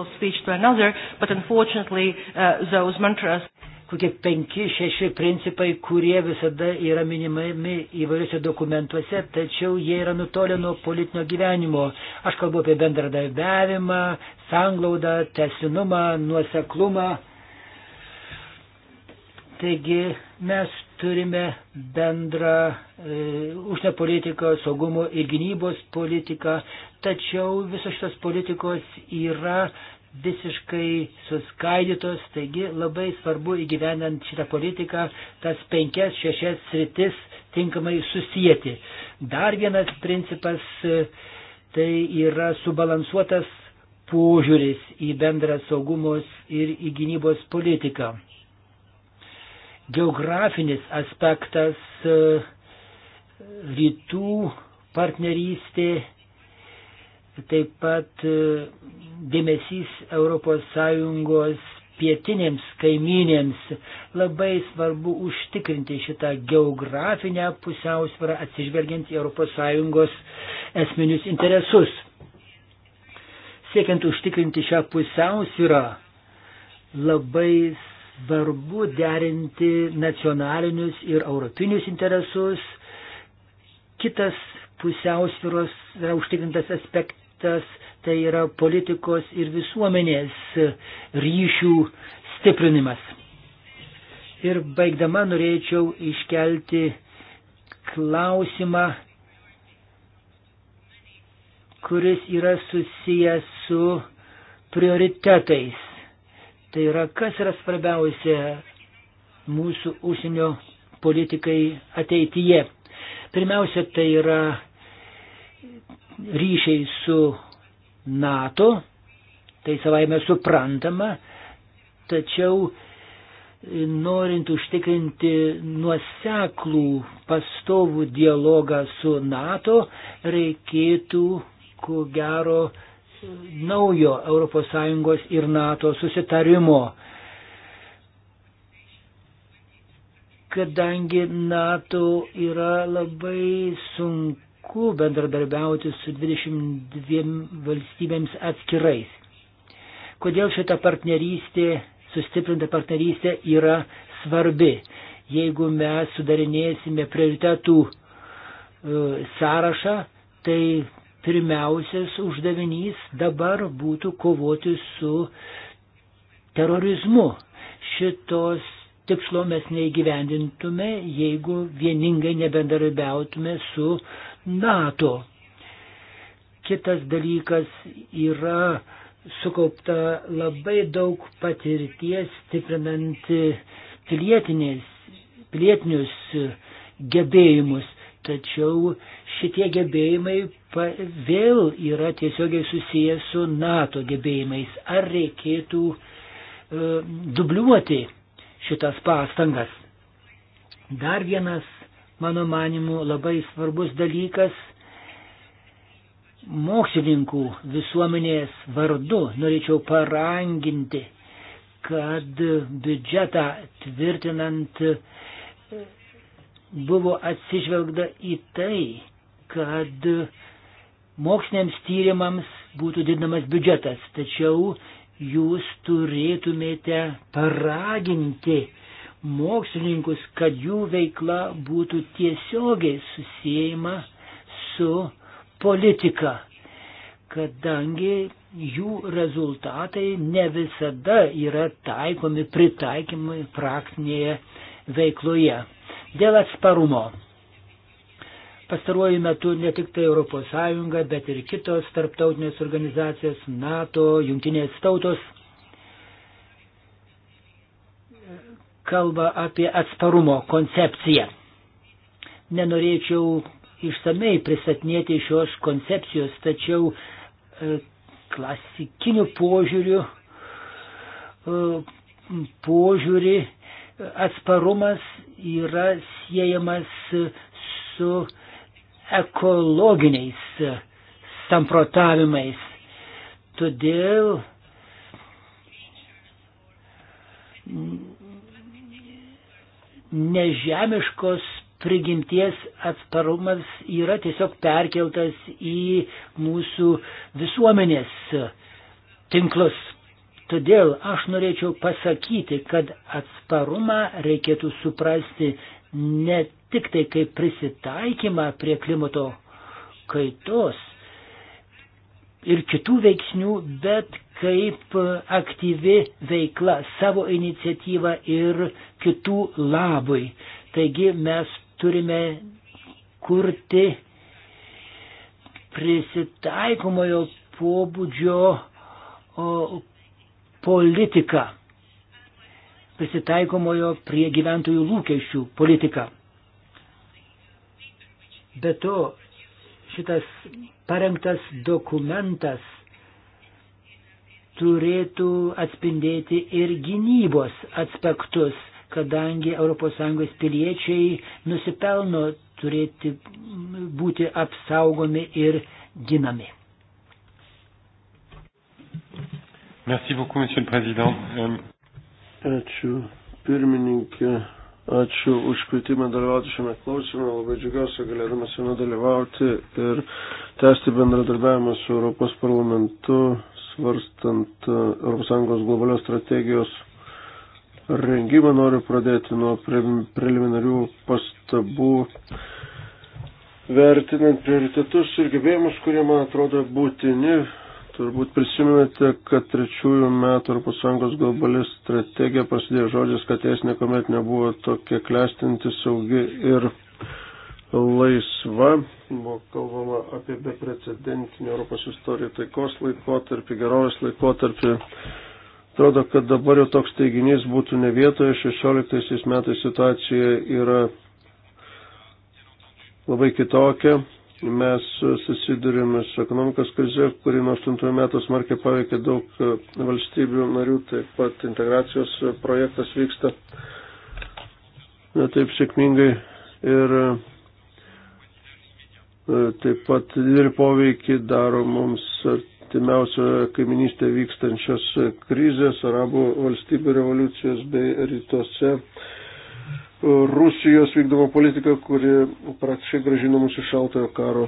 B: political speech to another, but unfortunately uh, those mantras. Kokie penki, šeši principai, kurie visada yra minimami įvairiuose dokumentuose, tačiau jie yra nutolę nuo politinio gyvenimo. Aš kalbu apie bendradarbiavimą, sanglaudą, tesinumą, nuoseklumą. Taigi mes turime bendrą e, užsienio politiką, saugumo ir gynybos politiką, tačiau visos šitos politikos yra visiškai suskaidytos, taigi labai svarbu įgyvenant šitą politiką tas penkias, šešias sritis tinkamai susijęti. Dar vienas principas e, tai yra subalansuotas požiūris į bendrą saugumos ir į gynybos politiką. Geografinis aspektas e, rytų partnerystė Taip pat e, dėmesys ES pietinėms kaimynėms. Labai svarbu užtikrinti šitą geografinę pusiausvyrą atsižvelgiant į ES esminius interesus. Siekiant užtikrinti šią pusiausvyrą, labai svarbu derinti nacionalinius ir europinius interesus. Kitas pusiausvyros yra užtikrintas aspektas aspektas tai yra politikos ir visuomenės ryšių stiprinimas. Ir baigdama norėčiau iškelti klausimą, kuris yra susijęs su prioritetais. Tai yra, kas yra svarbiausia mūsų užsienio politikai ateityje. Pirmiausia, tai yra ryšiai su NATO, tai savaime suprantama, tačiau e, norint užtikrinti nuoseklų pastovų dialogą su NATO, reikėtų, ko gero, naujo ES ir NATO susitarimo. Kadangi NATO yra labai sunku sunku bendradarbiauti su 22 valstybėms atskirais. Kodėl šita partnerystė, sustiprinta partnerystė yra svarbi? Jeigu mes sudarinėsime prioritetų e, sąrašą, tai pirmiausias uždavinys dabar būtų kovoti su terorizmu. Šitos tikslo mes neįgyvendintume, jeigu vieningai nebendarbiautume su NATO. Kitas dalykas yra sukaupta labai daug patirties stiprinant pilietinius gebėjimus, tačiau šitie gebėjimai vėl yra tiesiogiai susiję su NATO gebėjimais. Ar reikėtų e, dubliuoti šitas pastangas? Dar vienas mano manimu, labai svarbus dalykas. Mokslininkų visuomenės vardu norėčiau paranginti, kad biudžetą tvirtinant buvo atsižvelgda į tai, kad moksliniams tyrimams būtų didinamas biudžetas, tačiau jūs turėtumėte paraginti mokslininkus, kad jų veikla būtų tiesiogiai susijęma su politika, kadangi jų rezultatai ne visada yra taikomi, pritaikymai praktinėje veikloje. Dėl atsparumo. Pastaruoju metu ne tik tai ES, bet ir kitos tarptautinės organizacijos, NATO, jungtinės tautos kalba apie atsparumo koncepciją. Nenorėčiau išsamei pristatinėti šios koncepcijos, tačiau e, klasikiniu požiūriu, e, požiūrį atsparumas yra siejamas su ekologiniais samprotavimais. Todėl nežemiškos prigimties atsparumas yra tiesiog perkeltas į mūsų visuomenės tinklus. Todėl aš norėčiau pasakyti, kad atsparumą reikėtų suprasti ne tik tai kaip prisitaikymą prie klimato kaitos ir kitų veiksnių, bet kaip e, aktyvi veikla savo iniciatyva ir kitų labui. Taigi mes turime kurti prisitaikomojo pobūdžio o, politiką, prisitaikomojo prie gyventojų lūkesčių politiką. Be to, šitas parengtas dokumentas turėtų atspindėti ir gynybos aspektus, kadangi ES piliečiai nusipelno turėti būti apsaugomi ir ginami. Merci beaucoup, Monsieur le Président. Euh,
C: Ačiū, pirmininkė. Ačiū už kvietimą dalyvauti šiame klausime. Labai džiugiausia galėdamas jame dalyvauti ir tęsti bendradarbiavimą su Europos parlamentu, svarstant ES globalios strategijos rengimą, noriu pradėti nuo preliminarių pastabų, vertinant prioritetus ir gebėjimus, kurie man atrodo būtini. Turbūt prisiminate, kad trečiųjų metų ES globali strategija prasidėjo žodžiais, kad jais niekuomet nebuvo tokia klestinti, saugi ir laisva. Buvo kalbama apie beprecedentinį Europos istorijų taikos laikotarpį, gerovės laikotarpį. Atrodo, kad dabar jau toks teiginys būtų ne vietoje. 16 metais situacija yra labai kitokia. Mes susidurime su ekonomikos krize, kuri nuo 8 metų smarkiai paveikia daug valstybių narių, taip pat integracijos projektas vyksta ne taip sėkmingai ir E, taip pat didelį poveikį daro mums artimiausioje kaiminystėje vykstančios krizės, arabų valstybių revoliucijos bei rytuose. Rusijos vykdoma politika, kuri praktiškai gražino mūsų šaltojo karo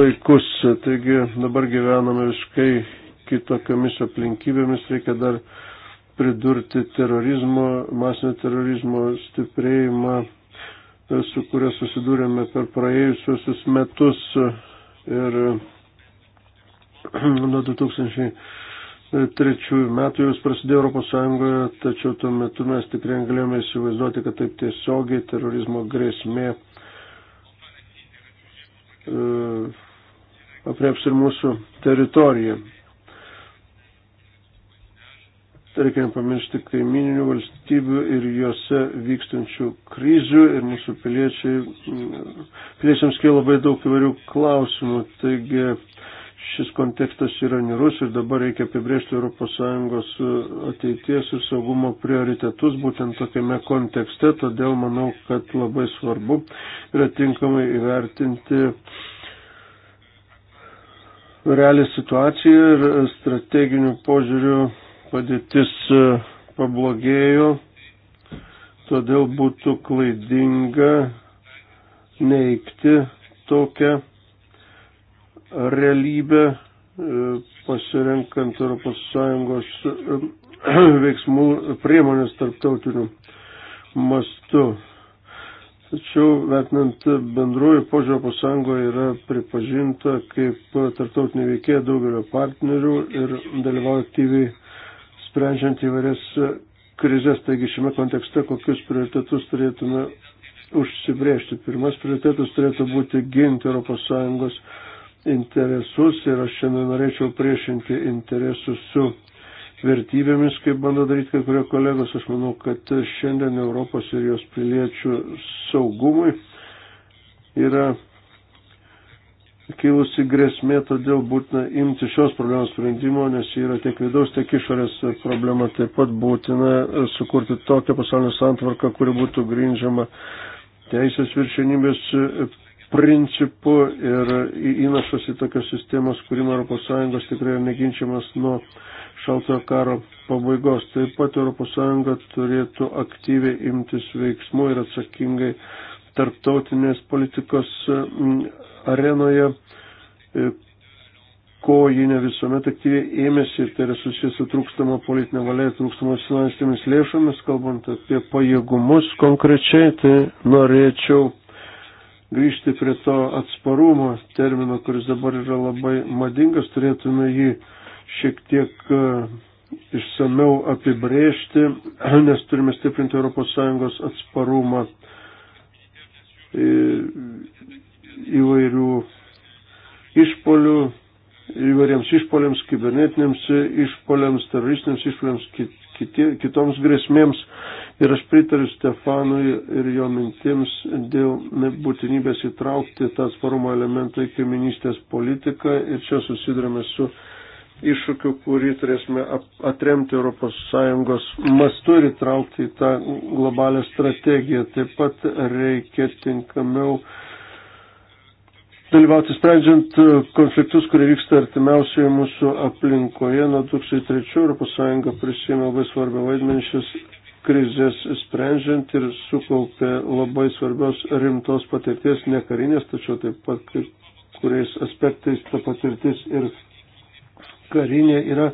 C: laikus. Taigi dabar gyvename visiškai kitokiamis aplinkybėmis. Reikia dar pridurti terorizmo, masinio terorizmo stiprėjimą su kuria susidūrėme per praėjusius metus ir nuo 2003 metų jūs prasidėjo Europos Sąjungoje, tačiau tuo metu mes tikrai galėjome įsivaizduoti, kad taip tiesiogiai terorizmo grėsmė e, aprieps ir mūsų teritoriją. Reikia nepamiršti kaimininių valstybių ir juose vykstančių krizių ir mūsų piliečiai, piliečiams kyla labai daug įvairių klausimų. Taigi šis kontekstas yra nirus ir dabar reikia apibrėžti ES ateities ir saugumo prioritetus būtent tokiame kontekste. Todėl manau, kad labai svarbu yra tinkamai įvertinti realią situaciją ir strateginių požiūrių padėtis e, pablogėjo, todėl būtų klaidinga neikti tokią realybę, e, pasirenkant ES e, veiksmų priemonės tarptautinių mastų. Tačiau, vertinant bendruoju požiūrį, ES yra pripažinta kaip tarptautinė veikėja daugelio partnerių ir dalyvauja aktyviai sprendžiant įvairias e, krizės. Taigi šiame kontekste kokius prioritetus turėtume užsibriežti. Pirmas prioritetas turėtų būti ginti ES interesus ir aš šiandien norėčiau priešinti interesus su vertybėmis, kaip bando daryti kai kurie kolegos. Aš manau, kad šiandien Europos ir jos piliečių saugumui yra kilusi grėsmė, todėl būtina imti šios problemos sprendimo, nes yra tiek vidaus, tiek išorės problema. Taip pat būtina sukurti tokią pasaulinę santvarką, kuri būtų grindžiama teisės viršenybės principu ir įnašas į tokios sistemos kūrimą ES tikrai neginčiamas nuo šaltojo karo pabaigos. Taip pat ES turėtų aktyviai imtis veiksmų ir atsakingai tarptautinės politikos arenoje, e, ko ji ne visuomet aktyviai ėmėsi ir tai yra susijęs su trūkstama politinė valia ir trūkstamos finansinėmis lėšomis, kalbant apie pajėgumus konkrečiai, tai norėčiau grįžti prie to atsparumo termino, kuris dabar yra labai madingas, turėtume jį šiek tiek e, išsameu apibrėžti, nes turime stiprinti ES atsparumą e, įvairių išpolių, įvairiems išpoliams, kibernetiniams išpoliams, teroristiniams išpoliams, kit, kit, kitoms grėsmėms. Ir aš pritariu Stefanui ir jo mintims dėl būtinybės įtraukti tą atsparumo elementą į kaiminystės politiką. Ir čia susidurime su iššūkiu, kurį turėsime atremti ES mastu ir įtraukti į tą globalę strategiją. Taip pat reikia tinkamiau dalyvauti sprendžiant e, konfliktus, kurie vyksta artimiausioje mūsų aplinkoje. Nuo 2003 ES prisėmė labai svarbią vaidmenį šias krizės sprendžiant ir sukaupė labai svarbios rimtos patirties, ne karinės, tačiau taip pat kuriais aspektais ta patirtis ir karinė yra.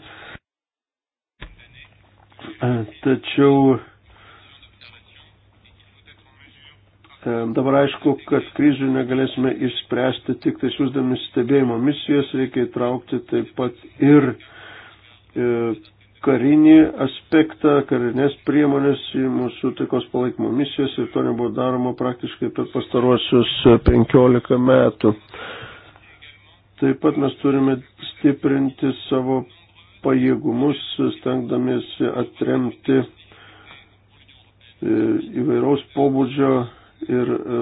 C: E, tačiau E, dabar aišku, kad kryžių negalėsime išspręsti tik tai siūsdami stebėjimo misijas, reikia įtraukti taip pat ir e, karinį aspektą, karinės priemonės į mūsų taikos palaikymo misijas ir to nebuvo daroma praktiškai per pastaruosius 15 metų. Taip pat mes turime stiprinti savo pajėgumus, stengdamiesi atremti e, įvairaus pobūdžio ir e,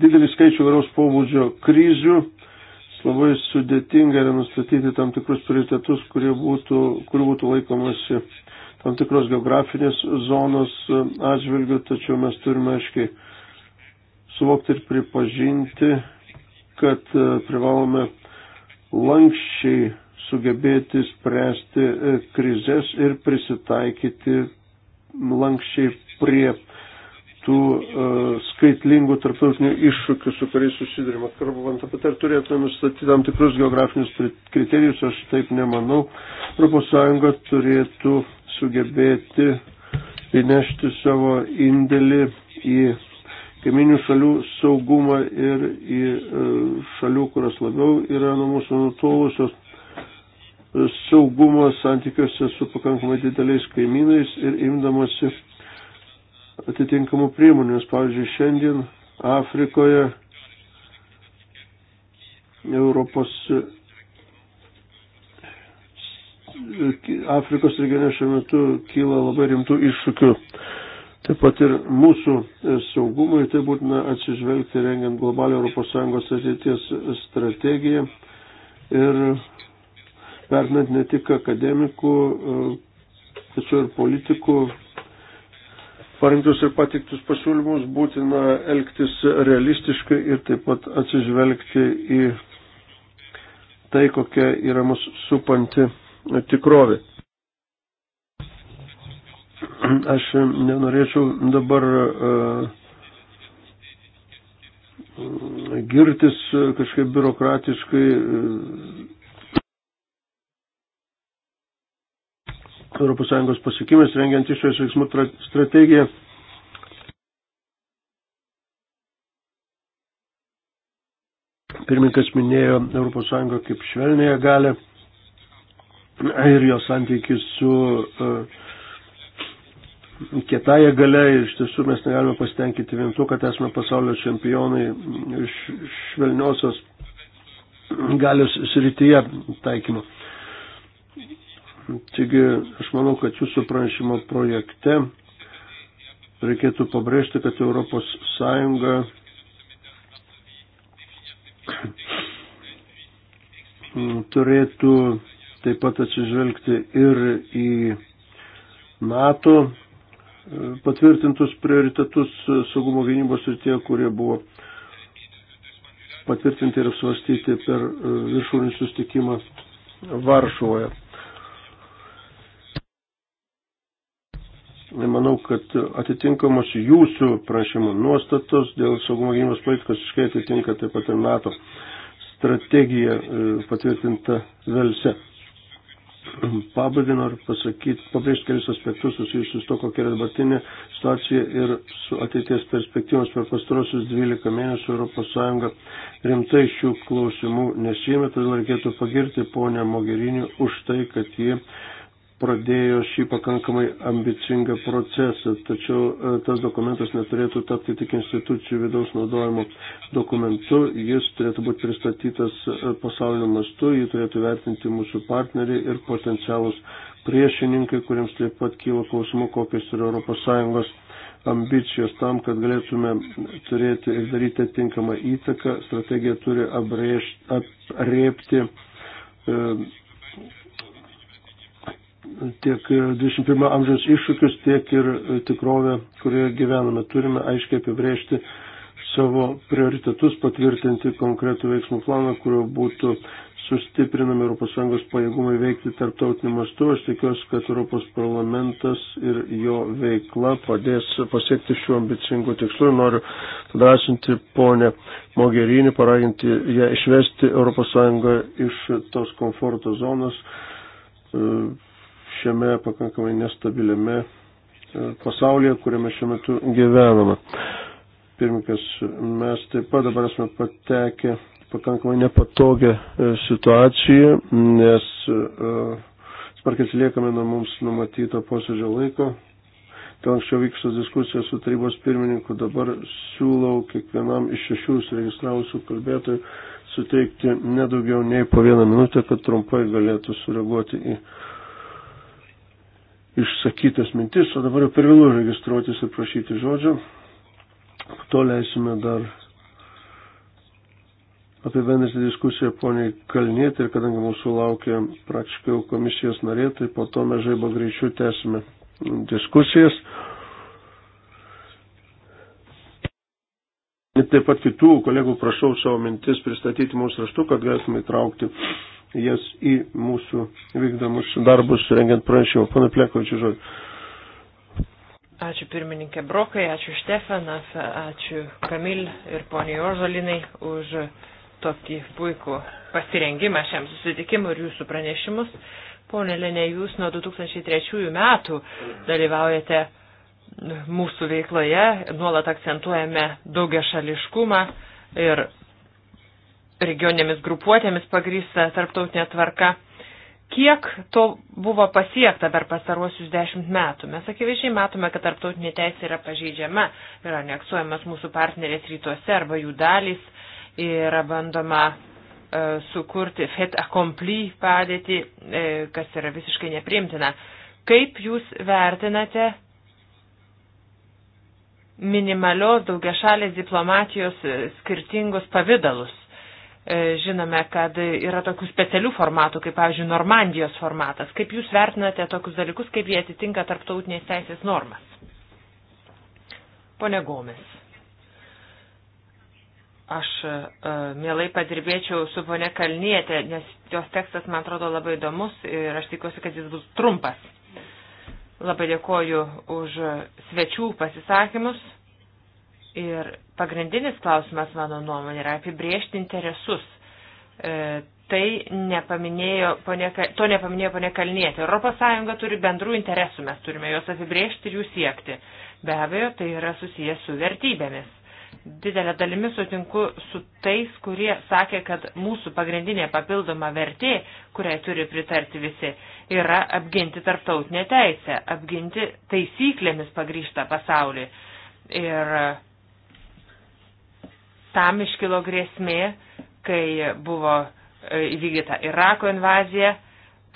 C: didelį skaičių vėraus pobūdžio krizių. Labai sudėtinga yra nustatyti tam tikrus prioritetus, kurie būtų, kurių būtų laikomasi tam tikros geografinės zonos e, atžvilgių, tačiau mes turime aiškiai suvokti ir pripažinti, kad e, privalome lankščiai sugebėti spręsti krizės ir prisitaikyti lankščiai prie tų uh, skaitlingų tarptautinių iššūkių, su kuriais susidurima. Kalbant apie tai, ar turėtume nustatyti tam tikrus geografinius kriterijus, aš taip nemanau. ES turėtų sugebėti įnešti savo indėlį į kaiminių šalių saugumą ir į e, šalių, kurios labiau yra nuo mūsų nutolusios saugumo santykiuose su pakankamai dideliais kaimynais ir imdamasi atitinkamų priemonių. Nes, pavyzdžiui, šiandien Afrikoje Europos Afrikos regione šiuo metu kyla labai rimtų iššūkių. Taip pat ir mūsų saugumui tai būtina atsižvelgti rengiant globalią ES ateities strategiją ir vertinant ne tik akademikų, e, tačiau ir politikų parengtus ir patiktus pasiūlymus, būtina elgtis realistiškai ir taip pat atsižvelgti į tai, kokia yra mūsų supanti tikrovė. Aš nenorėčiau dabar e, girtis kažkaip biurokratiškai ES pasiekimais rengiant išorės veiksmų strategiją. Pirmininkas minėjo ES kaip švelnėje galę ir jos santykis su uh, e, kietąją galę ir iš tiesų mes negalime pasitenkinti vien tuo, kad esame pasaulio čempionai iš švelniosios galios srityje taikymo. Taigi aš manau, kad jūsų pranešimo projekte reikėtų pabrėžti, kad Europos Sąjunga turėtų taip pat atsižvelgti ir į NATO patvirtintus prioritetus saugumo gynybos ir tie, kurie buvo patvirtinti ir apsvastyti per viršūnį sustikimą Varšuvoje. Manau, kad atitinkamos jūsų prašymų nuostatos dėl saugumo gynybos politikos iškai atitinka taip pat ir NATO strategija e, patvirtinta Velse. Pabaigai noriu pasakyti, pabrėžti kelis aspektus susijusius to, kokia yra dabartinė situacija ir su ateities perspektyvos per pastarosius 12 mėnesių ES rimtai šių klausimų nesijėmė, todėl reikėtų pagirti ponę Mogerinį už tai, kad ji pradėjo šį pakankamai ambicingą procesą, tačiau e, tas dokumentas neturėtų tapti tik institucijų vidaus naudojimo dokumentu, jis turėtų būti pristatytas e, pasaulio mastu, jį turėtų vertinti mūsų partneriai ir potencialus priešininkai, kuriems taip pat kyla klausimų, kokios yra ES ambicijos tam, kad galėtume turėti ir daryti tinkamą įtaką. Strategija turi apriepti e, tiek 21 e, amžiaus iššūkius, tiek ir e, tikrovę, kurioje gyvename. Turime aiškiai apibrėžti savo prioritetus, patvirtinti konkretų veiksmų planą, kurio būtų sustiprinami ES pajėgumai veikti tarptautiniu mastu. Aš tikiuosi, kad Europos parlamentas ir jo veikla padės pasiekti šių ambicingų tikslų. Noriu padrasinti ponę Mogerinį, paraginti ją išvesti ES iš tos komforto zonos e, šiame pakankamai nestabiliame e, pasaulyje, kuriame šiuo metu gyvename. Pirmininkas, mes taip pat dabar esame patekę pakankamai nepatogią e, situaciją, nes e, smarkiai atsiliekame nuo mums numatyto posėdžio laiko. Ten anksčiau vyksta diskusija su tarybos pirmininku, dabar siūlau kiekvienam iš šešių užsiregistravusių kalbėtojų suteikti nedaugiau nei po vieną minutę, kad trumpai galėtų sureaguoti į išsakytas mintis, o dabar jau per vėlų registruotis ir prašyti žodžio. Po to leisime dar apibendrinti diskusiją poniai Kalnėti ir kadangi mūsų laukia praktiškai jau komisijos narė, tai po to mes žaibo greičiu tęsime diskusijas. Ir taip pat kitų kolegų prašau savo mintis pristatyti mūsų raštu, kad galėtume įtraukti jas į mūsų vykdomus darbus, rengiant pranešimą. Pana Plekovičiu, žodžiu.
D: Ačiū pirmininkė Brokai, ačiū Štefanas, ačiū Kamil ir poniai Ožalinai už tokį puikų pasirengimą šiam susitikimui ir jūsų pranešimus. Pone Lenė, jūs nuo 2003 metų dalyvaujate mūsų veikloje, nuolat akcentuojame daugia šališkumą ir regioninėmis grupuotėmis pagrįsta tarptautinė tvarka. Kiek to buvo pasiekta per pastaruosius dešimt metų? Mes akivaizdžiai matome, kad tarptautinė teisė yra pažeidžiama, yra aneksuojamas mūsų partnerės rytuose arba jų dalys, yra bandoma e, sukurti fait accompli padėtį, e, kas yra visiškai nepriimtina. Kaip jūs vertinate minimalios daugiašalės diplomatijos e, skirtingus pavydalus? E, žinome, kad yra tokių specialių formatų, kaip, pavyzdžiui, Normandijos formatas. Kaip Jūs vertinate tokius dalykus, kaip jie atitinka tarptautinės teisės normas? Pone Gomes. Aš uh, mielai padirbėčiau su ponė Kalnietė, nes jos tekstas, man atrodo, labai įdomus ir aš tikiuosi, kad jis bus trumpas. Labai dėkoju už svečių pasisakymus. Ir pagrindinis klausimas, mano nuomonė, yra apibriežti interesus. E, tai nepaminėjo ponė, to nepaminėjo ponė Kalnietė. ES turi bendrų interesų, mes turime juos apibriežti ir jų siekti. Be abejo, tai yra susijęs su vertybėmis. Didelė dalimi sutinku su tais, kurie sakė, kad mūsų pagrindinė papildoma vertė, kuriai turi pritarti visi, yra apginti tarptautinę teisę, apginti taisyklėmis pagrįžtą pasaulį. Ir Tam iškilo grėsmė, kai buvo e, įvykdyta Irako invazija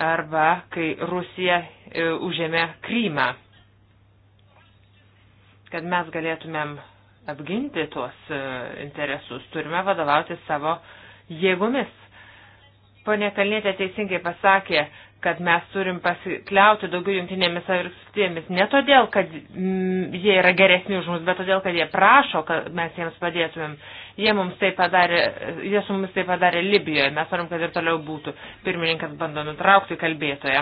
D: arba kai Rusija e, užėmė Krymą. Kad mes galėtumėm apginti tuos e, interesus, turime vadovauti savo jėgomis. Pone Kalnėtė teisingai pasakė, kad mes turim pasikliauti daugiau jungtinėmis valstybėmis. Ne todėl, kad mm, jie yra geresni už mus, bet todėl, kad jie prašo, kad mes jiems padėtumėm. Jie, mums tai padarė, jie su mums tai padarė Libijoje. Mes norim, kad ir toliau būtų. Pirmininkas bando nutraukti kalbėtoją.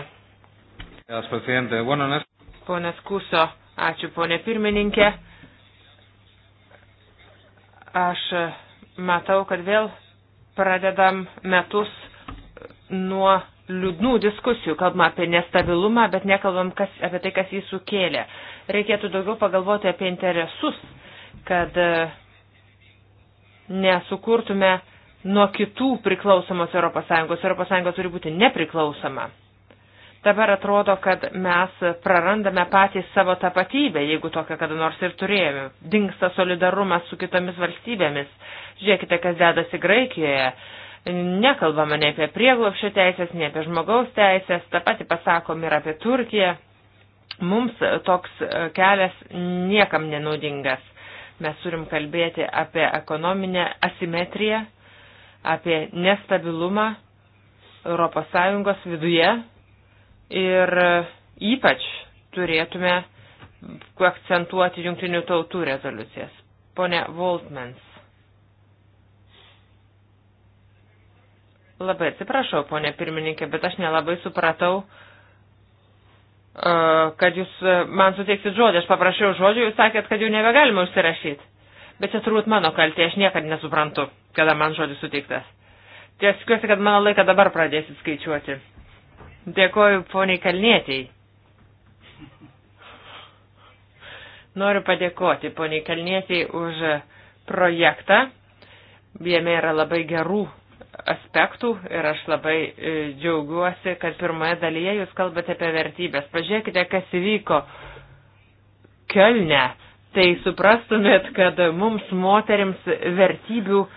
D: Ponas Kuso, ačiū ponė pirmininkė. Aš matau, kad vėl pradedam metus nuo liūdnų diskusijų, kalbam apie nestabilumą, bet nekalbam kas, apie tai, kas jį sukėlė. Reikėtų daugiau pagalvoti apie interesus, kad e, nesukurtume nuo kitų priklausomos ES. ES turi būti nepriklausoma. Dabar atrodo, kad mes prarandame patys savo tapatybę, jeigu tokią kada nors ir turėjome. Dingsta solidarumas su kitomis valstybėmis. Žiūrėkite, kas dedasi Graikijoje Nekalbama ne apie prieglopšio teisės, ne apie žmogaus teisės, tą patį pasakom ir apie Turkiją. Mums toks e, kelias niekam nenaudingas. Mes turim kalbėti apie ekonominę asimetriją, apie nestabilumą ES viduje ir e, ypač turėtume akcentuoti jungtinių tautų rezoliucijas. Pone Voltmans. Labai atsiprašau, ponė pirmininkė, bet aš nelabai supratau, e, kad jūs e, man suteiksit žodį. Aš paprašiau žodžių, jūs sakėt, kad jų nebegalima užsirašyti. Bet čia turbūt mano kaltė, aš niekad nesuprantu, kada man žodis suteiktas. Tiesiuosi, kad mano laiką dabar pradėsit skaičiuoti. Dėkoju poniai Kalnietiai. Noriu padėkoti poniai Kalnietiai už projektą. Jame yra labai gerų aspektų ir aš labai e, džiaugiuosi, kad pirmoje dalyje jūs kalbate apie vertybės. Pažiūrėkite, kas įvyko Kölne. Tai suprastumėt, kad mums moterims vertybių e,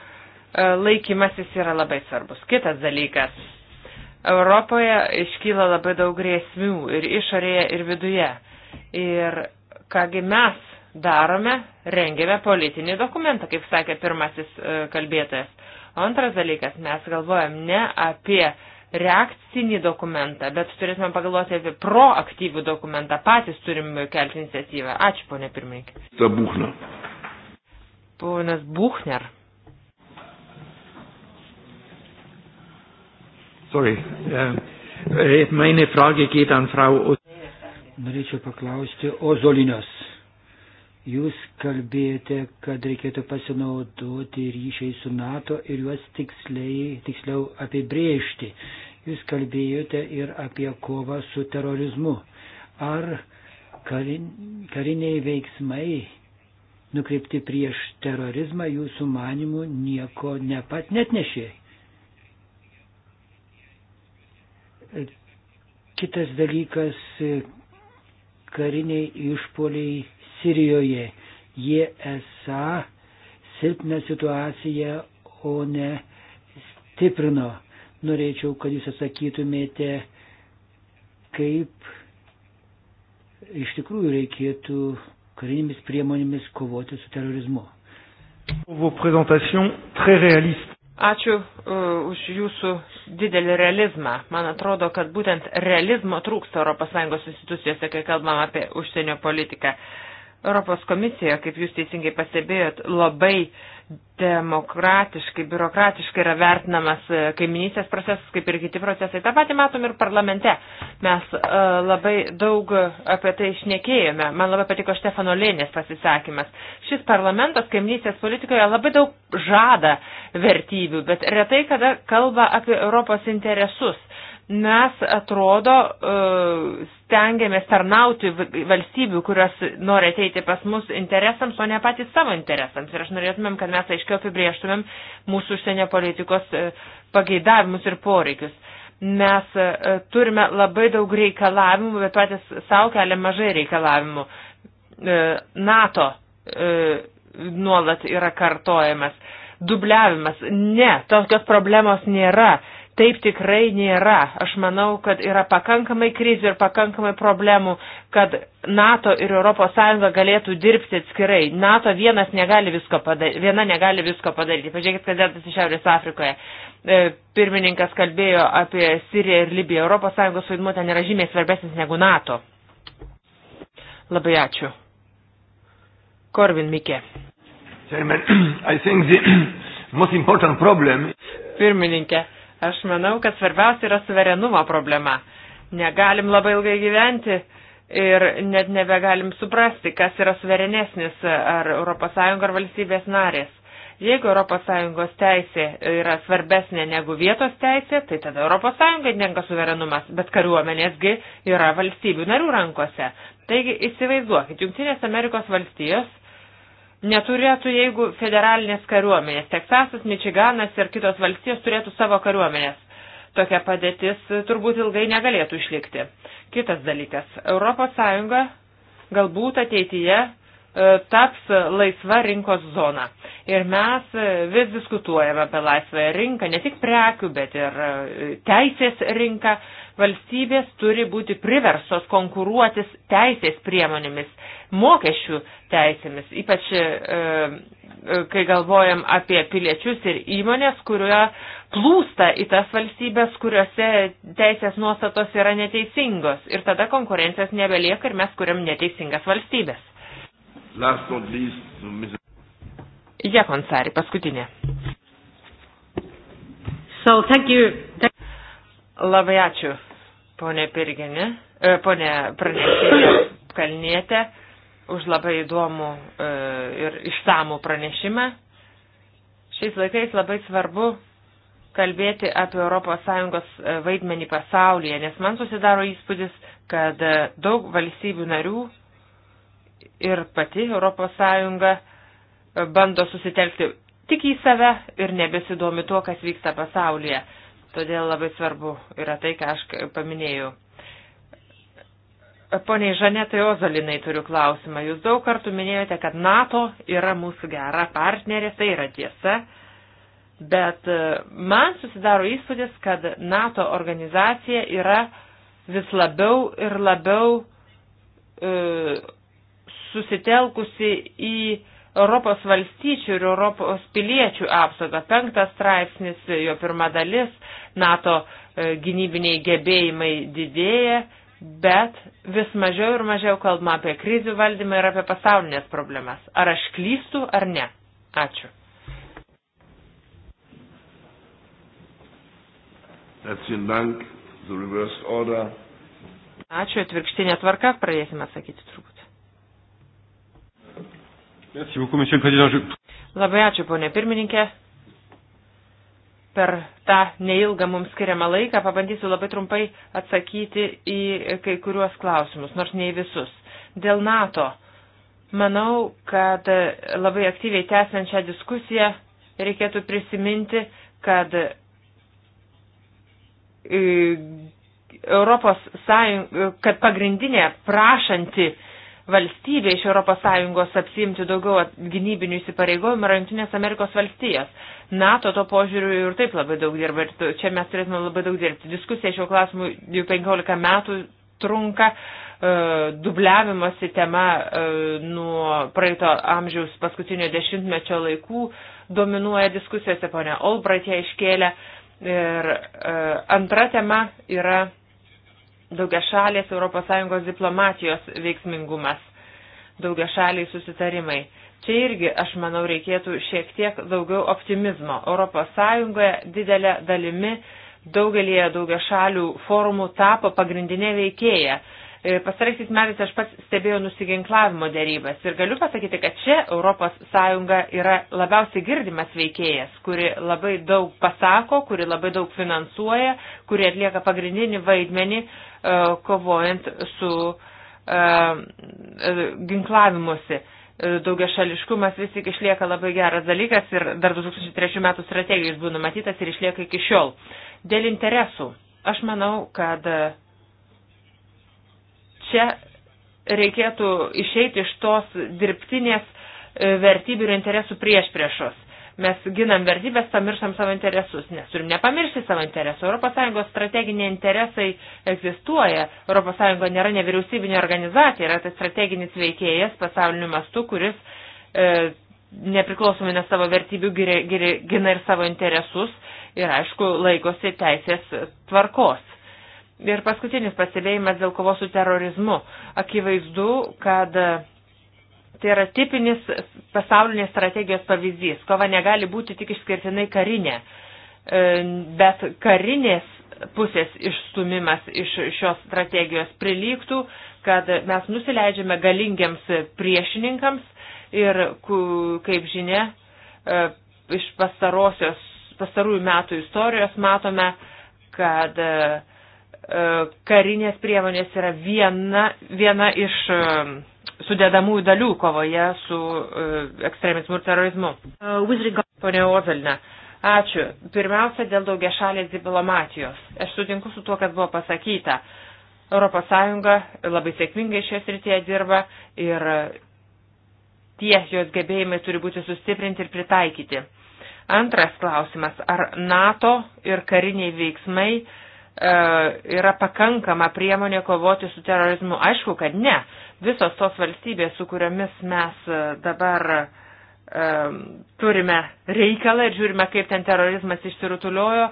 D: laikymasis yra labai svarbus. Kitas dalykas. Europoje iškyla labai daug grėsmių ir išorėje, ir viduje. Ir kągi mes darome, rengiame politinį dokumentą, kaip sakė pirmasis e, kalbėtojas Antras dalykas, mes galvojam ne apie reakcinį dokumentą, bet turėtume pagalvoti apie proaktyvų dokumentą. Patys turim kelti iniciatyvą. Ačiū, ponė pirmininkė. Ta Buchner. Ponas Buchner.
B: Sorry. Uh, meine Frage geht an Frau. Norėčiau paklausti Ozolinos. Jūs kalbėjote, kad reikėtų pasinaudoti ryšiai su NATO ir juos tiksliai, tiksliau apibrėžti. Jūs kalbėjote ir apie kovą su terorizmu. Ar karin, kariniai veiksmai nukreipti prieš terorizmą jūsų manimų nieko nepat net nešė? Kitas dalykas - kariniai išpoliai Sirijoje. Jie esą silpna situacija, o ne stiprino. Norėčiau, kad jūs atsakytumėte, kaip iš tikrųjų reikėtų karinėmis priemonėmis kovoti su terorizmu.
D: Ačiū uh, už jūsų didelį realizmą. Man atrodo, kad būtent realizmo trūksta ES institucijose, kai kalbam apie užsienio politiką. Uh, Europos komisija, kaip jūs teisingai pastebėjot, labai demokratiškai, biurokratiškai yra vertinamas e, kaiminysės procesas, kaip ir kiti procesai. Ta pati matom ir parlamente. Mes uh, labai daug apie tai išnekėjome. Man labai patiko Štefano Lėnės pasisakymas. Šis parlamentas kaiminysės politikoje labai daug žada vertybių, bet retai kada kalba apie Europos interesus mes atrodo e, stengiamės tarnauti valstybių, kurios nori ateiti pas mus interesams, o ne patys savo interesams. Ir aš norėtumėm, kad mes aiškiau apibrieštumėm mūsų užsienio politikos e, pageidavimus ir poreikius. Mes e, turime labai daug reikalavimų, bet patys savo kelia mažai reikalavimų. NATO nuolat yra kartojamas dubliavimas. Ne, tokios problemos nėra. Taip tikrai nėra. Aš manau, kad yra pakankamai krizių ir pakankamai problemų, kad NATO ir ES galėtų dirbti atskirai. NATO vienas negali visko padaryti, viena negali visko padaryti. Pažiūrėkit, kad dėtas iš Šiaurės Afrikoje. E, pirmininkas kalbėjo apie Siriją ir Libiją. ES vaidmuo ten yra žymiai svarbesnis negu NATO. Labai ačiū. Korvin Mikė. Pirmininkė, Aš manau, kad svarbiausia yra suverenumo problema. Negalim labai ilgai gyventi ir net nebegalim suprasti, kas yra suverenesnis ar ES ar valstybės narės. Jeigu ES teisė yra svarbesnė negu vietos teisė, tai tada ES tenka suverenumas, bet kariuomenėsgi yra valstybių narių rankose. Taigi įsivaizduokit, Junktinės Amerikos valstijos neturėtų, jeigu federalinės kariuomenės, Teksasas, Mičiganas ir kitos valstijos turėtų savo kariuomenės. Tokia padėtis turbūt ilgai negalėtų išlikti. Kitas dalykas. ES galbūt ateityje e, taps laisva rinkos zona. Ir mes e, vis diskutuojame apie laisvąją rinką, ne tik prekių, bet ir e, teisės rinką. Valstybės turi būti priversos konkuruotis teisės priemonėmis, mokesčių teisėmis, ypač e, e, kai galvojam apie piliečius ir įmonės, kurio plūsta į tas valstybės, kuriuose teisės nuostatos yra neteisingos. Ir tada konkurencijos nebelieka ir mes kuriam neteisingas valstybės. Jekonsari, paskutinė. So, thank you. Thank Labai ačiū ponė Pirginė, e, ponė pranešėja Kalnietė, už labai įdomų e, ir išsamų pranešimą. Šiais laikais labai svarbu kalbėti apie ES e, vaidmenį pasaulyje, nes man susidaro įspūdis, kad e, daug valstybių narių ir pati ES e, bando susitelkti tik į save ir nebesidomi tuo, kas vyksta pasaulyje. Todėl labai svarbu yra tai, ką aš paminėjau. Pone Žanetai Ozalinai turiu klausimą. Jūs daug kartų minėjote, kad NATO yra mūsų gera partnerė, tai yra tiesa. Bet e, man susidaro įspūdis, kad NATO organizacija yra vis labiau ir labiau e, susitelkusi į e, Europos valstyčių ir Europos piliečių apsaugą. Penktas straipsnis, jo pirma dalis, NATO e, gynybiniai gebėjimai didėja, bet vis mažiau ir mažiau kalbama apie krizių valdymą ir apie pasaulinės problemas. Ar aš klystu ar ne? Ačiū. Ačiū atvirkštinė tvarka, pradėsime sakyti turbūt. Labai ačiū, ponė pirmininkė. Per tą neilgą mums skiriamą laiką pabandysiu labai trumpai atsakyti į kai kuriuos klausimus, nors ne į visus. Dėl NATO. Manau, kad labai aktyviai tęsiant šią diskusiją reikėtų prisiminti, kad e, Europos Sąjung, kad pagrindinė prašanti valstybė iš ES apsimti daugiau gynybinių įsipareigojimų yra Junktinės Amerikos valstijos. NATO to požiūriu ir taip labai daug dirba ir čia mes turėtume labai daug dirbti. Diskusija šiuo klausimu jau 15 metų trunka, e, dubliavimosi tema e, nuo praeito amžiaus paskutinio dešimtmečio laikų dominuoja diskusijose, ponia Olbratė iškėlė. Ir e, antra tema yra daugiašalės ES diplomatijos veiksmingumas, daugiašaliai susitarimai. Čia irgi, aš manau, reikėtų šiek tiek daugiau optimizmo. ES didelė dalimi daugelie daugiašalių forumų tapo pagrindinė veikėja. E, pastaraisiais metais aš pats stebėjau nusiginklavimo dėrybas ir galiu pasakyti, kad čia ES yra labiausiai girdimas veikėjas, kuri labai daug pasako, kuri labai daug finansuoja, kuri atlieka pagrindinį vaidmenį e, kovojant su e, ginklavimuose. Daugia šališkumas vis tik išlieka labai geras dalykas ir dar 2003 metų strategijos buvo numatytas ir išlieka iki šiol. Dėl interesų. Aš manau, kad Čia reikėtų išeiti iš tos dirbtinės e, vertybių ir interesų prieš priešos. Mes ginam vertybės, pamirštam savo interesus, nes turim nepamiršti savo interesų. ES strateginiai interesai egzistuoja. ES nėra nevyriausybinė organizacija, yra tas strateginis veikėjas pasauliniu mastu, kuris e, nepriklausomai nuo savo vertybių giri, giri, gina ir savo interesus ir, aišku, laikosi teisės tvarkos. Ir paskutinis pastebėjimas dėl kovos su terorizmu. Akivaizdu, kad e, tai yra tipinis pasaulinės strategijos pavyzdys. Kova negali būti tik išskirtinai karinė, e, bet karinės pusės išstumimas iš šios strategijos prilygtų, kad mes nusileidžiame galingiams priešininkams ir, kaip žinia, e, iš pastarųjų metų istorijos matome, kad uh, E, karinės priemonės yra viena, viena iš e, sudėdamųjų dalių kovoje su e, ekstremizmu ir terorizmu. Uh, Pone Ozelne, ačiū. Pirmiausia, dėl daugia šalės diplomatijos. Aš sutinku su tuo, kas buvo pasakyta. ES labai sėkmingai šioje srityje dirba ir tie jos gebėjimai turi būti sustiprinti ir pritaikyti. Antras klausimas, ar NATO ir kariniai veiksmai uh, E, yra pakankama priemonė kovoti su terorizmu? Aišku, kad ne. Visos tos valstybės, su kuriomis mes e, dabar e, turime reikalą ir žiūrime, kaip ten terorizmas išsirutuliojo,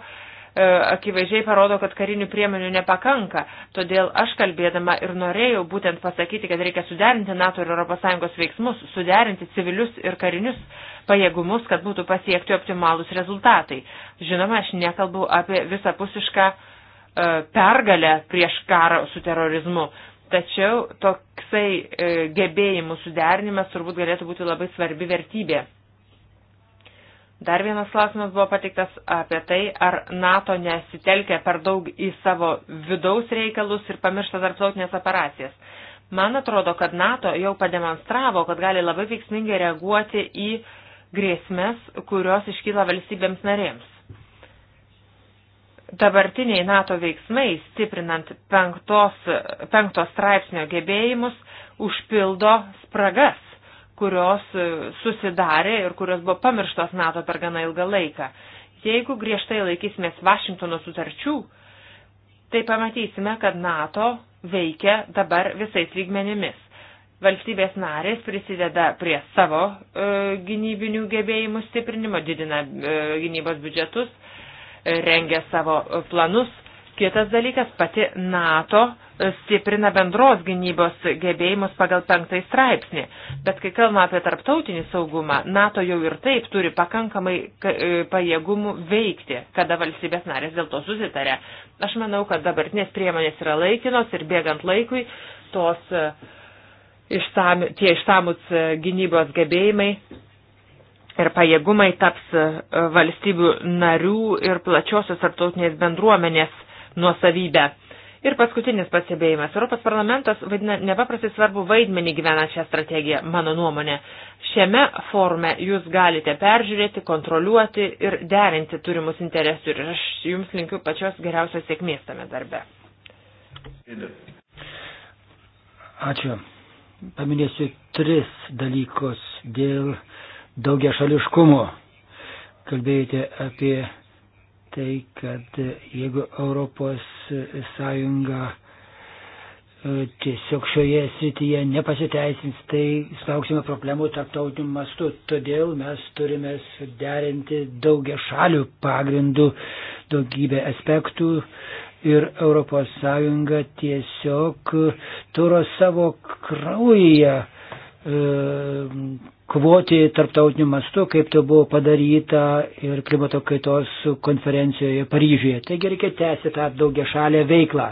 D: akivaizdžiai parodo, kad karinių priemonių nepakanka. Todėl aš kalbėdama ir norėjau būtent pasakyti, kad reikia suderinti NATO ir ES veiksmus, suderinti civilius ir karinius pajėgumus, kad būtų pasiekti optimalūs rezultatai. Žinoma, aš nekalbu apie visapusišką uh, E, pergalę prieš karą su terorizmu. Tačiau toksai e, gebėjimų suderinimas turbūt galėtų būti labai svarbi vertybė. Dar vienas klausimas buvo pateiktas apie tai, ar NATO nesitelkia per daug į savo vidaus reikalus ir pamiršta tarptautinės operacijas. Man atrodo, kad NATO jau pademonstravo, kad gali labai veiksmingai reaguoti į grėsmės, kurios iškyla valstybėms narėms dabartiniai NATO veiksmai, stiprinant penktos, penktos straipsnio gebėjimus, užpildo spragas, kurios e, susidarė ir kurios buvo pamirštos NATO per gana ilgą laiką. Jeigu griežtai laikysimės Vašingtono sutarčių, tai pamatysime, kad NATO veikia dabar visais lygmenimis. Valstybės narės prisideda prie savo e, gynybinių gebėjimų stiprinimo, didina e, gynybos biudžetus, rengia savo planus. Kitas dalykas, pati NATO stiprina bendros gynybos gebėjimus pagal penktąjį straipsnį. Bet kai kalbame apie tarptautinį saugumą, NATO jau ir taip turi pakankamai e, pajėgumų veikti, kada valstybės narės dėl to susitarė. Aš manau, kad dabartinės priemonės yra laikinos ir bėgant laikui tos, e, išsam, tie išsamus e, gynybos gebėjimai ir pajėgumai taps e, valstybių narių ir plačiosios tarptautinės bendruomenės nuosavybę. Ir paskutinis pastebėjimas. Europos parlamentas vaidina nepaprastai svarbu vaidmenį gyvenant šią strategiją, mano nuomonė. Šiame forume jūs galite peržiūrėti, kontroliuoti ir derinti turimus interesų. Ir aš jums linkiu pačios geriausios sėkmės tame darbe.
B: Ačiū. Paminėsiu tris dalykus dėl daugia šališkumo. Kalbėjote apie tai, kad jeigu Europos Sąjunga e, tiesiog šioje srityje nepasiteisins, tai sulauksime problemų tarptautiniu mastu. Todėl mes turime suderinti daugia šalių pagrindų daugybę aspektų ir ES tiesiog turo savo kraują e, kovoti tarptautiniu mastu, kaip tai buvo padaryta ir klimato kaitos konferencijoje Paryžiuje. Taigi reikia tęsti tą daugia šalę veiklą.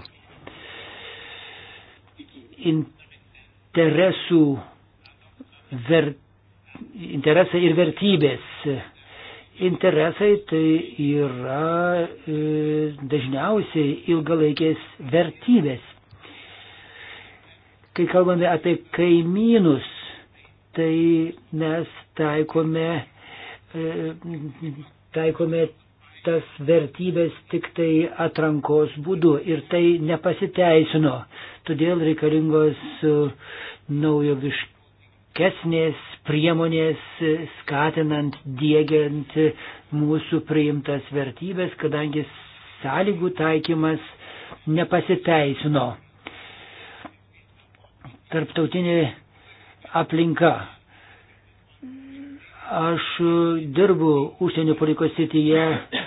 B: Interesų, ver, interesai ir vertybės. Interesai tai yra e, dažniausiai ilgalaikės vertybės. Kai kalbame apie kaimynus, tai mes taikome, e, taikome tas vertybės tik tai atrankos būdu ir tai nepasiteisino. Todėl reikalingos e, naujoviškesnės priemonės e, skatinant, dėgiant mūsų priimtas vertybės, kadangi sąlygų taikymas nepasiteisino. Tarptautinė aplinka. Aš dirbu užsienio politikos sityje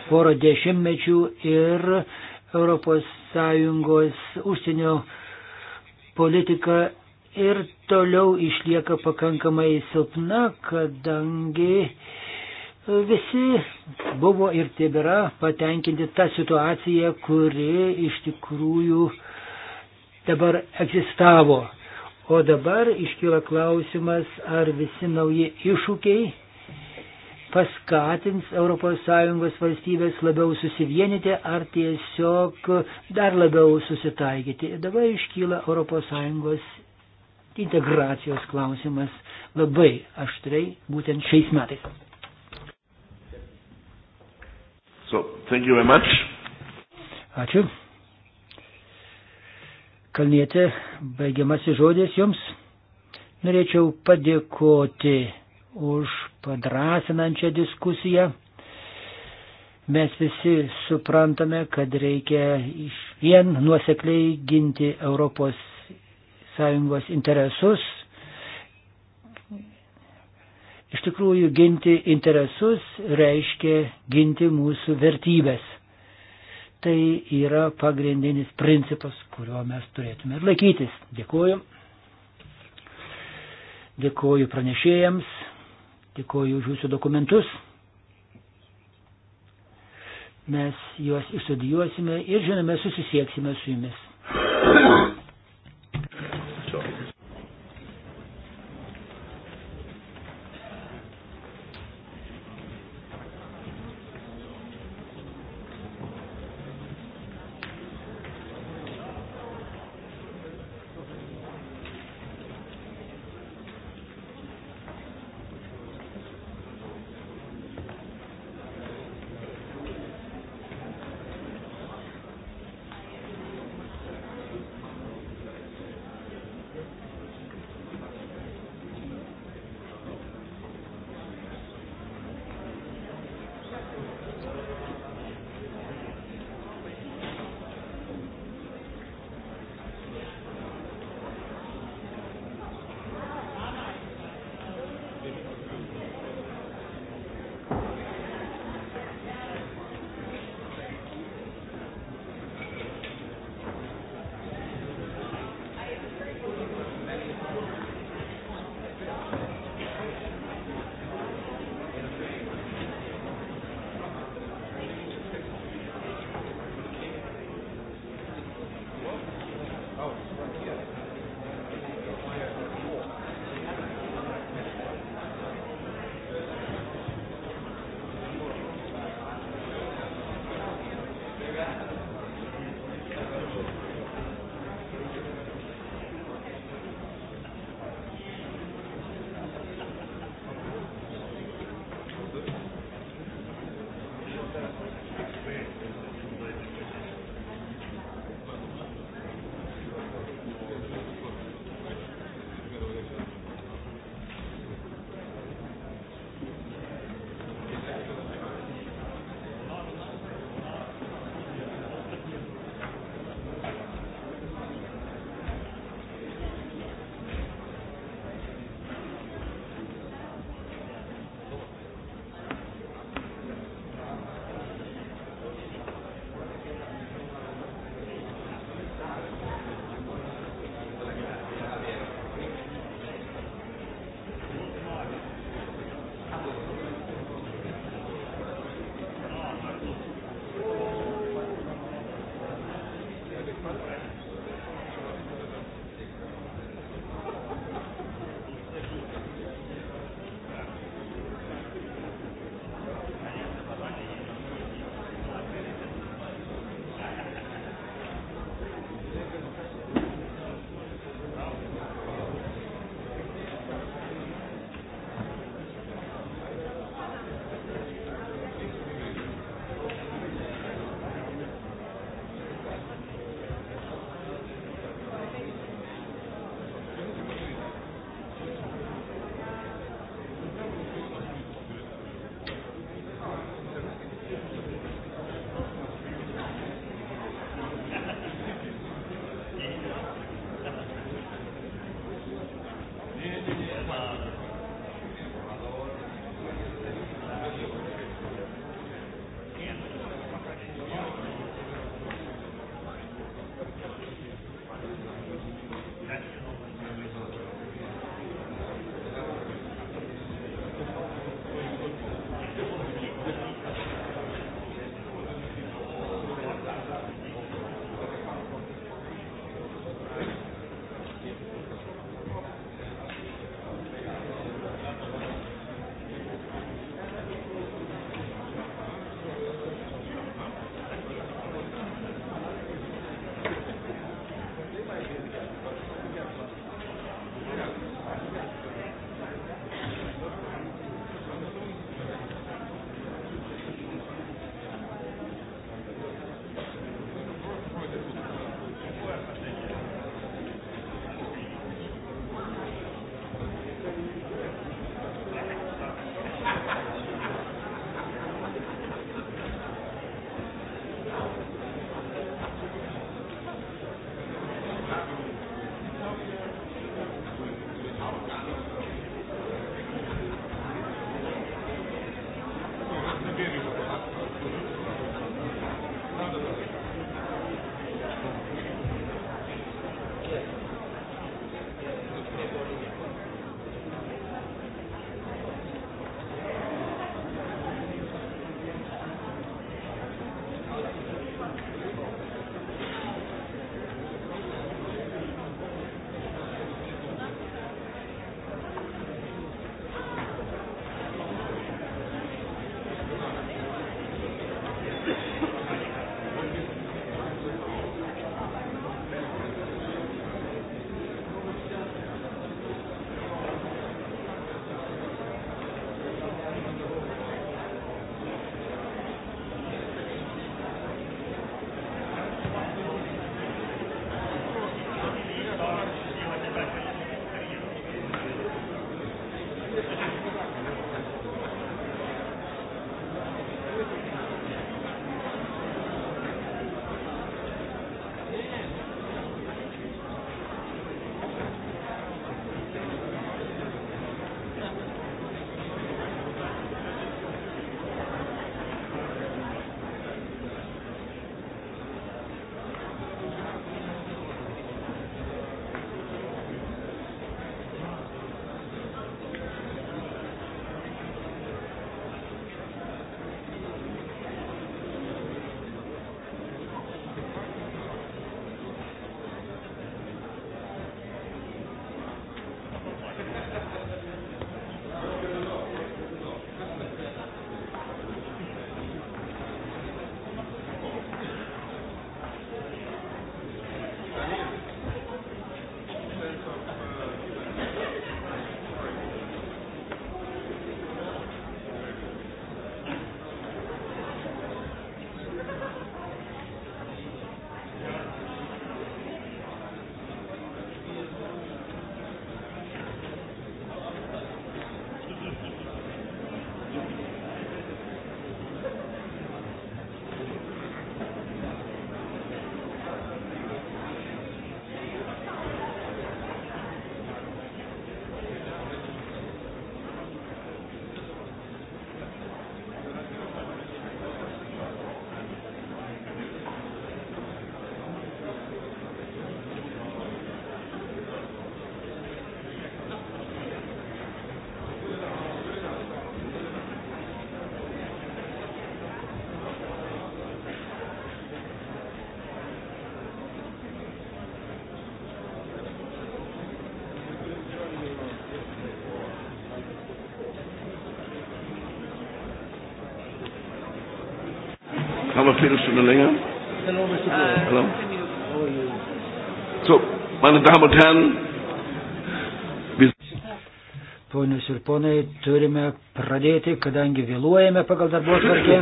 B: porą dešimtmečių ir ES užsienio politika ir toliau išlieka pakankamai silpna, kadangi visi buvo ir tebėra patenkinti tą situaciją, kuri iš tikrųjų dabar egzistavo. O dabar iškyla klausimas, ar visi nauji iššūkiai paskatins ES valstybės labiau susivienyti ar tiesiog dar labiau susitaikyti. Dabar iškyla ES integracijos klausimas labai aštrei būtent šiais metais.
A: So, thank you very much.
B: Ačiū. Kalnietė, baigiamasi žodis jums. Norėčiau padėkoti už padrasinančią diskusiją. Mes visi suprantame, kad reikia iš vien nuosekliai ginti Europos Sąjungos interesus, iš tikrųjų ginti interesus reiškia ginti mūsų vertybės. Tai yra pagrindinis principas, kurio mes turėtume ir laikytis. Dėkuoju. Dėkuoju pranešėjams, dėkuoju už jūsų dokumentus. Mes juos išstudijuosime ir žinome, susisieksime su jumis.
C: Viertelstunde länger?
A: Hallo? So,
C: meine Damen und Herren, wir Ponius
B: ir ponai, turime pradėti, kadangi vėluojame pagal darbo atvarkę.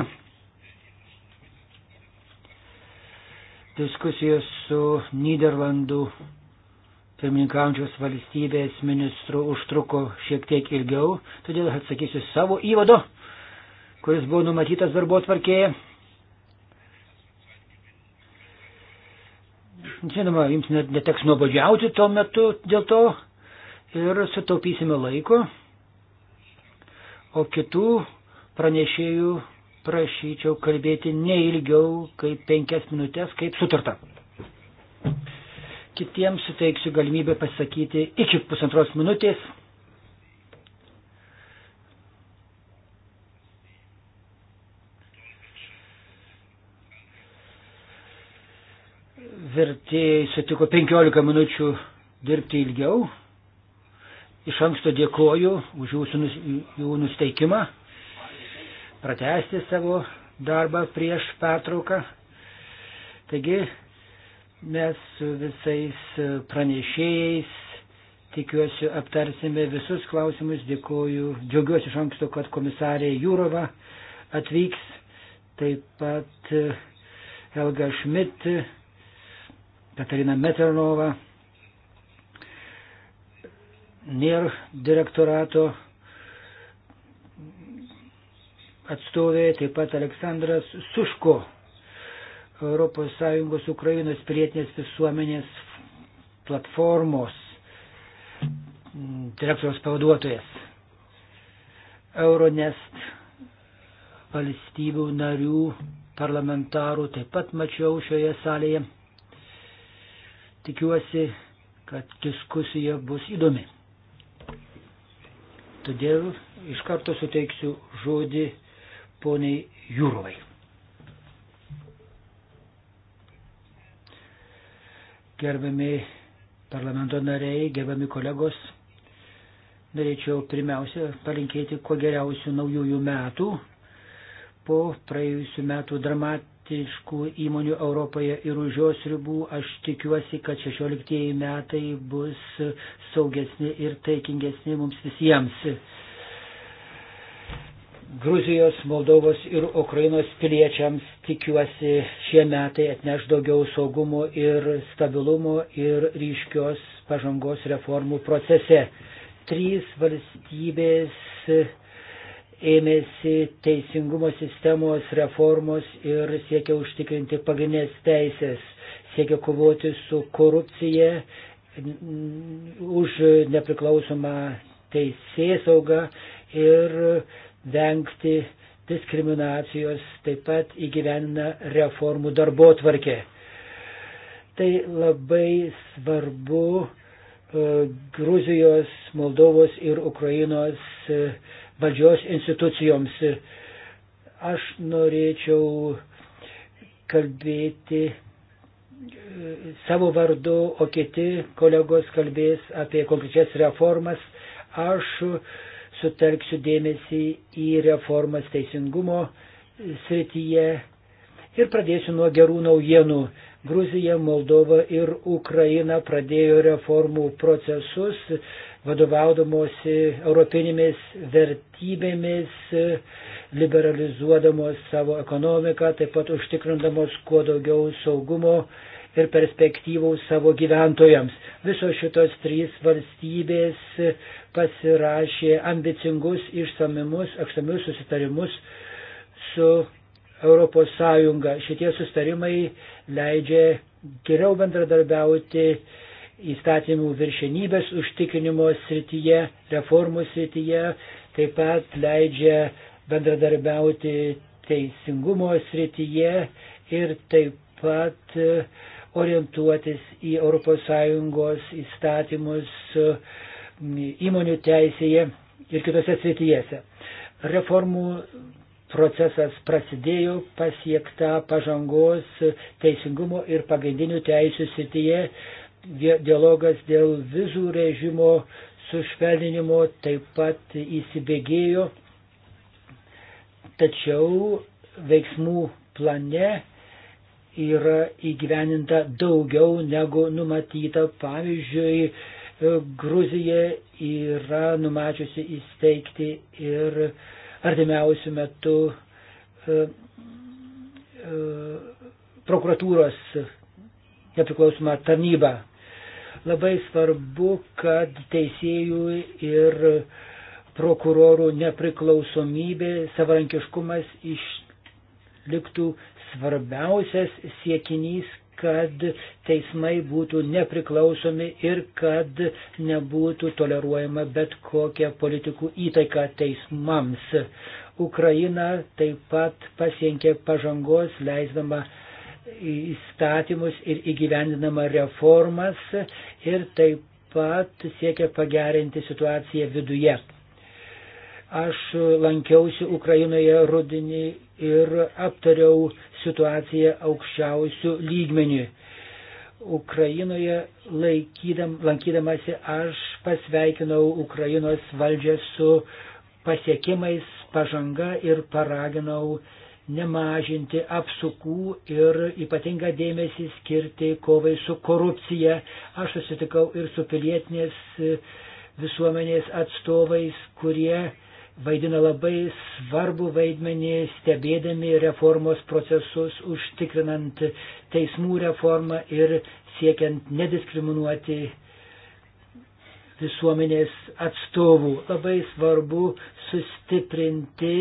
B: Diskusijos su Niderlandų pirmininkaujančios valstybės ministru užtruko šiek tiek ilgiau, todėl atsakysiu savo įvado, kuris buvo numatytas darbo atvarkėje. Žinoma, jums net neteks nuobodžiauti tuo metu dėl to ir sutaupysime laiko. O kitų pranešėjų prašyčiau kalbėti neilgiau kaip penkias minutės, kaip sutarta. Kitiems suteiksiu galimybę pasakyti iki pusantros minutės. vertėjai sutiko 15 minučių dirbti ilgiau. Iš anksto dėkoju už jūsų nus, jų nusteikimą pratesti savo darbą prieš pertrauką. Taigi mes su visais pranešėjais tikiuosi aptarsime visus klausimus. Dėkoju, džiaugiuosi iš anksto, kad komisarė Jūrova atvyks, taip pat Helga Šmit Katarina Meternova, NIR direktorato atstovė, taip pat Aleksandras Suško, ES Ukrainos pilietinės visuomenės platformos direktoriaus pavaduotojas. Euronest valstybių narių parlamentarų taip pat mačiau šioje salėje. Tikiuosi, kad diskusija bus įdomi. Todėl iš karto suteiksiu žodį poniai Jūrovai. Gerbiami parlamento nariai, gerbiami kolegos, norėčiau pirmiausia palinkėti kuo geriausių naujųjų metų po praėjusių metų dramat, moteriškų įmonių Europoje ir už jos ribų. Aš tikiuosi, kad 16 metai bus saugesni ir taikingesni mums visiems. Gruzijos, Moldovos ir Ukrainos piliečiams tikiuosi šie metai atneš daugiau saugumo ir stabilumo ir ryškios pažangos reformų procese. Trys valstybės ėmėsi teisingumo sistemos reformos ir siekia užtikrinti pagrindinės teisės, siekia kovoti su korupcija už nepriklausomą teisėsaugą ir vengti diskriminacijos, taip pat įgyvenina reformų darbo tvarkė. Tai labai svarbu e, Gruzijos, Moldovos ir Ukrainos uh, valdžios institucijoms. Aš norėčiau kalbėti e, savo vardu, o kiti kolegos kalbės apie konkrečias reformas. Aš sutelksiu dėmesį į reformas teisingumo srityje ir pradėsiu nuo gerų naujienų. Gruzija, Moldova ir Ukraina pradėjo reformų procesus, vadovaudamosi e, europinėmis vertybėmis, e, liberalizuodamos savo ekonomiką, taip pat užtikrindamos kuo daugiau saugumo ir perspektyvų savo gyventojams. Visos šitos trys valstybės e, pasirašė ambicingus išsamimus, aštamius susitarimus su Europos Sąjunga. Šitie susitarimai leidžia geriau bendradarbiauti įstatymų viršenybės užtikrinimo srityje, reformų srityje, taip pat leidžia bendradarbiauti teisingumo srityje ir taip pat e, orientuotis į ES įstatymus e, įmonių teisėje ir kitose srityjese. Reformų procesas prasidėjo pasiekta pažangos teisingumo ir pagrindinių teisų srityje, dialogas dėl vizų režimo sušvelninimo taip pat įsibėgėjo, tačiau veiksmų plane yra įgyveninta daugiau negu numatyta. Pavyzdžiui, Gruzija yra numačiusi įsteigti ir artimiausių metų e, e, prokuratūros nepriklausomą tarnybą Labai svarbu, kad teisėjų ir prokurorų nepriklausomybė, savarankiškumas išliktų svarbiausias siekinys, kad teismai būtų nepriklausomi ir kad nebūtų toleruojama bet kokia politikų įtaika teismams. Ukraina taip pat pasienkė pažangos, leisdama įstatymus ir įgyvendinama reformas ir taip pat siekia pagerinti situaciją viduje. Aš lankiausi Ukrainoje rudinį ir aptariau situaciją aukščiausių lygmenių. Ukrainoje laikydam, lankydamasi aš pasveikinau Ukrainos valdžią su pasiekimais, pažanga ir paraginau uh, nemažinti apsukų ir ypatingą dėmesį skirti kovai su korupcija. Aš susitikau ir su pilietinės e, visuomenės atstovais, kurie vaidina labai svarbu vaidmenį stebėdami reformos procesus, užtikrinant teismų reformą ir siekiant nediskriminuoti visuomenės atstovų. Labai svarbu sustiprinti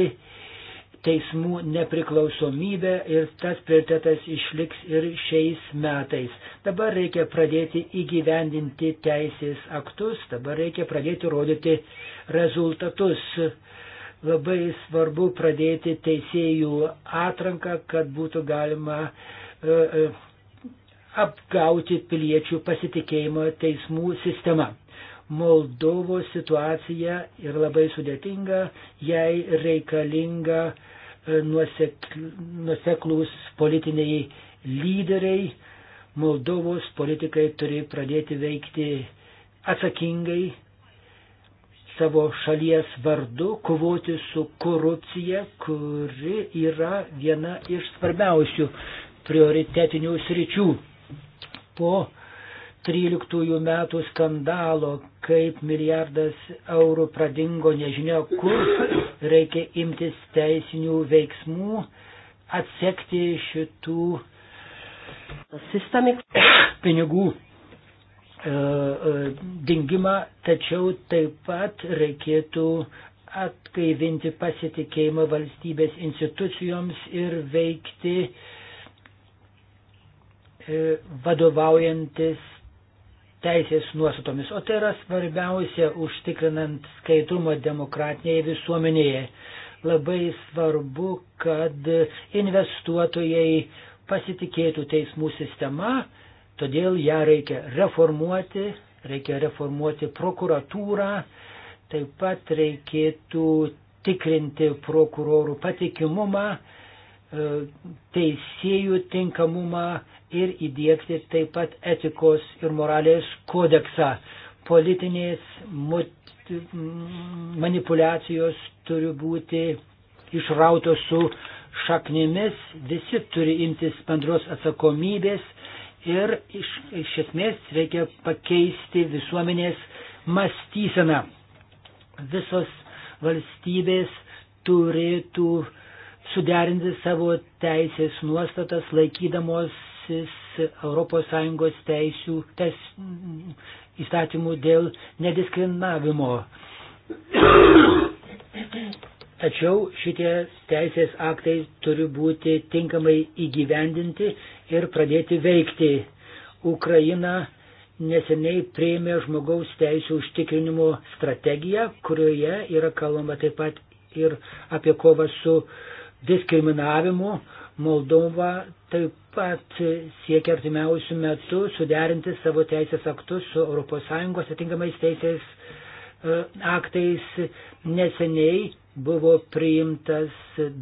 B: teismų nepriklausomybę ir tas prioritetas išliks ir šiais metais. Dabar reikia pradėti įgyvendinti teisės aktus, dabar reikia pradėti rodyti rezultatus. Labai svarbu pradėti teisėjų atranką, kad būtų galima e, e, apgauti piliečių pasitikėjimo teismų sistema. Moldovos situacija yra labai sudėtinga, jai reikalinga e, nuoseklus politiniai lyderiai. Moldovos politikai turi pradėti veikti atsakingai savo šalies vardu, kovoti su korupcija, kuri yra viena iš svarbiausių prioritetinių sričių. Po 13 metų skandalo, kaip milijardas eurų pradingo nežinia kur, reikia imtis teisinių veiksmų, atsekti šitų Systemic. pinigų e, e, dingimą, tačiau taip pat reikėtų atgaivinti pasitikėjimą valstybės institucijoms ir veikti e, vadovaujantis teisės nuostatomis, o tai yra svarbiausia užtikrinant skaitumą demokratinėje visuomenėje. Labai svarbu, kad investuotojai pasitikėtų teismų sistema, todėl ją reikia reformuoti, reikia reformuoti prokuratūrą, taip pat reikėtų tikrinti prokurorų patikimumą, e, teisėjų tinkamumą, ir įdėkti taip pat etikos ir moralės kodeksą. Politinės manipulacijos turi būti išrautos su šaknimis, visi turi imtis bendros atsakomybės ir iš, iš esmės reikia pakeisti visuomenės mąstyseną. Visos valstybės turėtų suderinti savo teisės nuostatas, laikydamos laikysis ES teisių tes, įstatymų dėl nediskriminavimo. Tačiau šitie teisės aktai turi būti tinkamai įgyvendinti ir pradėti veikti. Ukraina neseniai prieimė žmogaus teisų užtikrinimo strategiją, kurioje yra kalbama taip pat ir apie kovą su diskriminavimu. Moldova taip pat siekia artimiausių metų suderinti savo teisės aktus su ES atitinkamais teisės e, aktais. Neseniai buvo priimtas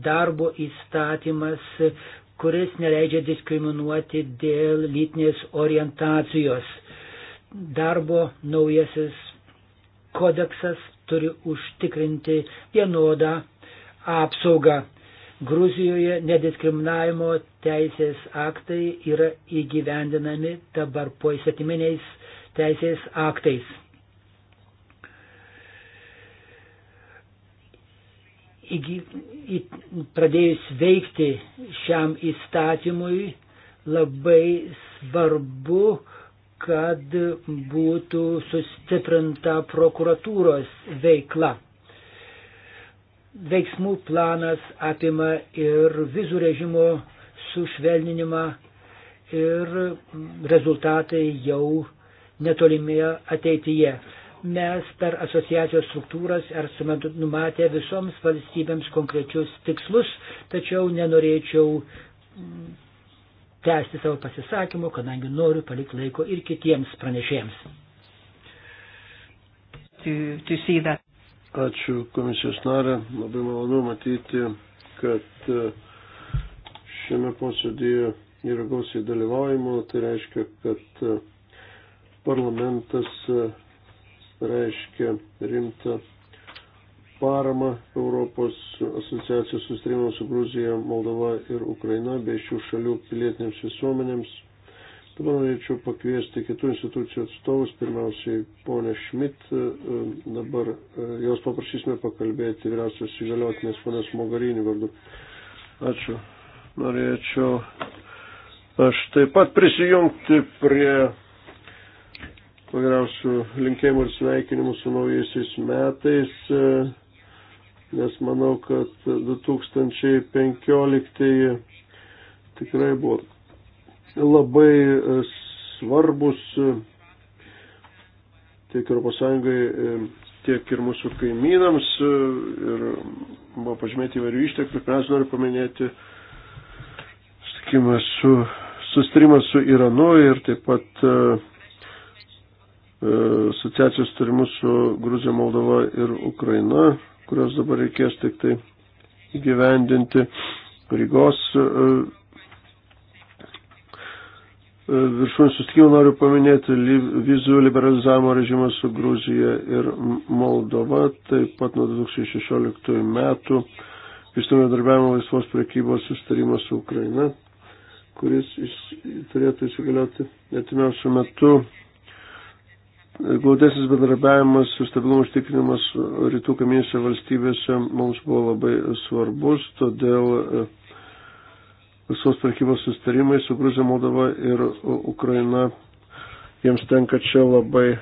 B: darbo įstatymas, kuris neleidžia diskriminuoti dėl lytinės orientacijos. Darbo naujasis kodeksas turi užtikrinti vienodą apsaugą Gruzijoje nediskriminavimo teisės aktai yra įgyvendinami dabar po įstatyminiais teisės aktais. Įgy, į, pradėjus veikti šiam įstatymui labai svarbu, kad būtų sustiprinta prokuratūros veikla veiksmų planas apima ir vizų režimo sušvelninimą ir rezultatai jau netolimėje ateityje. Mes per asociacijos struktūras esame numatę visoms valstybėms konkrečius tikslus, tačiau nenorėčiau mm, tęsti savo pasisakymų, kadangi noriu palikti laiko ir kitiems pranešėjams.
C: To, to Ačiū komisijos narė. Labai malonu matyti, kad e, šiame posėdėje yra gausiai dalyvaujimo. Tai reiškia, kad e, parlamentas e, reiškia rimtą paramą Europos asociacijos sustrėmimo su Gruzija, Moldova ir Ukraina bei šių šalių pilietinėms visuomenėms Dabar norėčiau pakviesti kitų institucijų atstovus, pirmiausiai ponę Šmit, e, e, dabar e, jos paprašysime pakalbėti vyriausios įgaliotinės ponės Mogarinį vardu. Ačiū. Norėčiau aš taip pat prisijungti prie vyriausių linkėjimų ir sveikinimų su naujaisiais metais, nes manau, kad 2015 tikrai buvo labai e, svarbus e, tiek ES, e, tiek ir mūsų kaimynams ir buvo pažymėti įvairių išteklių. Pirmiausia, noriu paminėti sakymą, su, sustrimą su Iranu ir taip pat asociacijos turimus su Gruzija, Moldova ir Ukraina, kurios dabar reikės tik tai įgyvendinti. Rygos viršūnės sustikimą noriu paminėti vizų liberalizavimo režimą su Gruzija ir Moldova, taip pat nuo 2016 metų vystumio darbiavimo laisvos prekybos sustarimas su Ukraina, kuris iš, turėtų įsigalioti netimiausiu metu. Glaudesnis bendradarbiavimas ir stabilumo užtikrinimas rytų kaminėse valstybėse mums buvo labai svarbus, todėl visos tarkybos sustarimai su Gruzija, Moldova ir Ukraina. Jiems tenka čia labai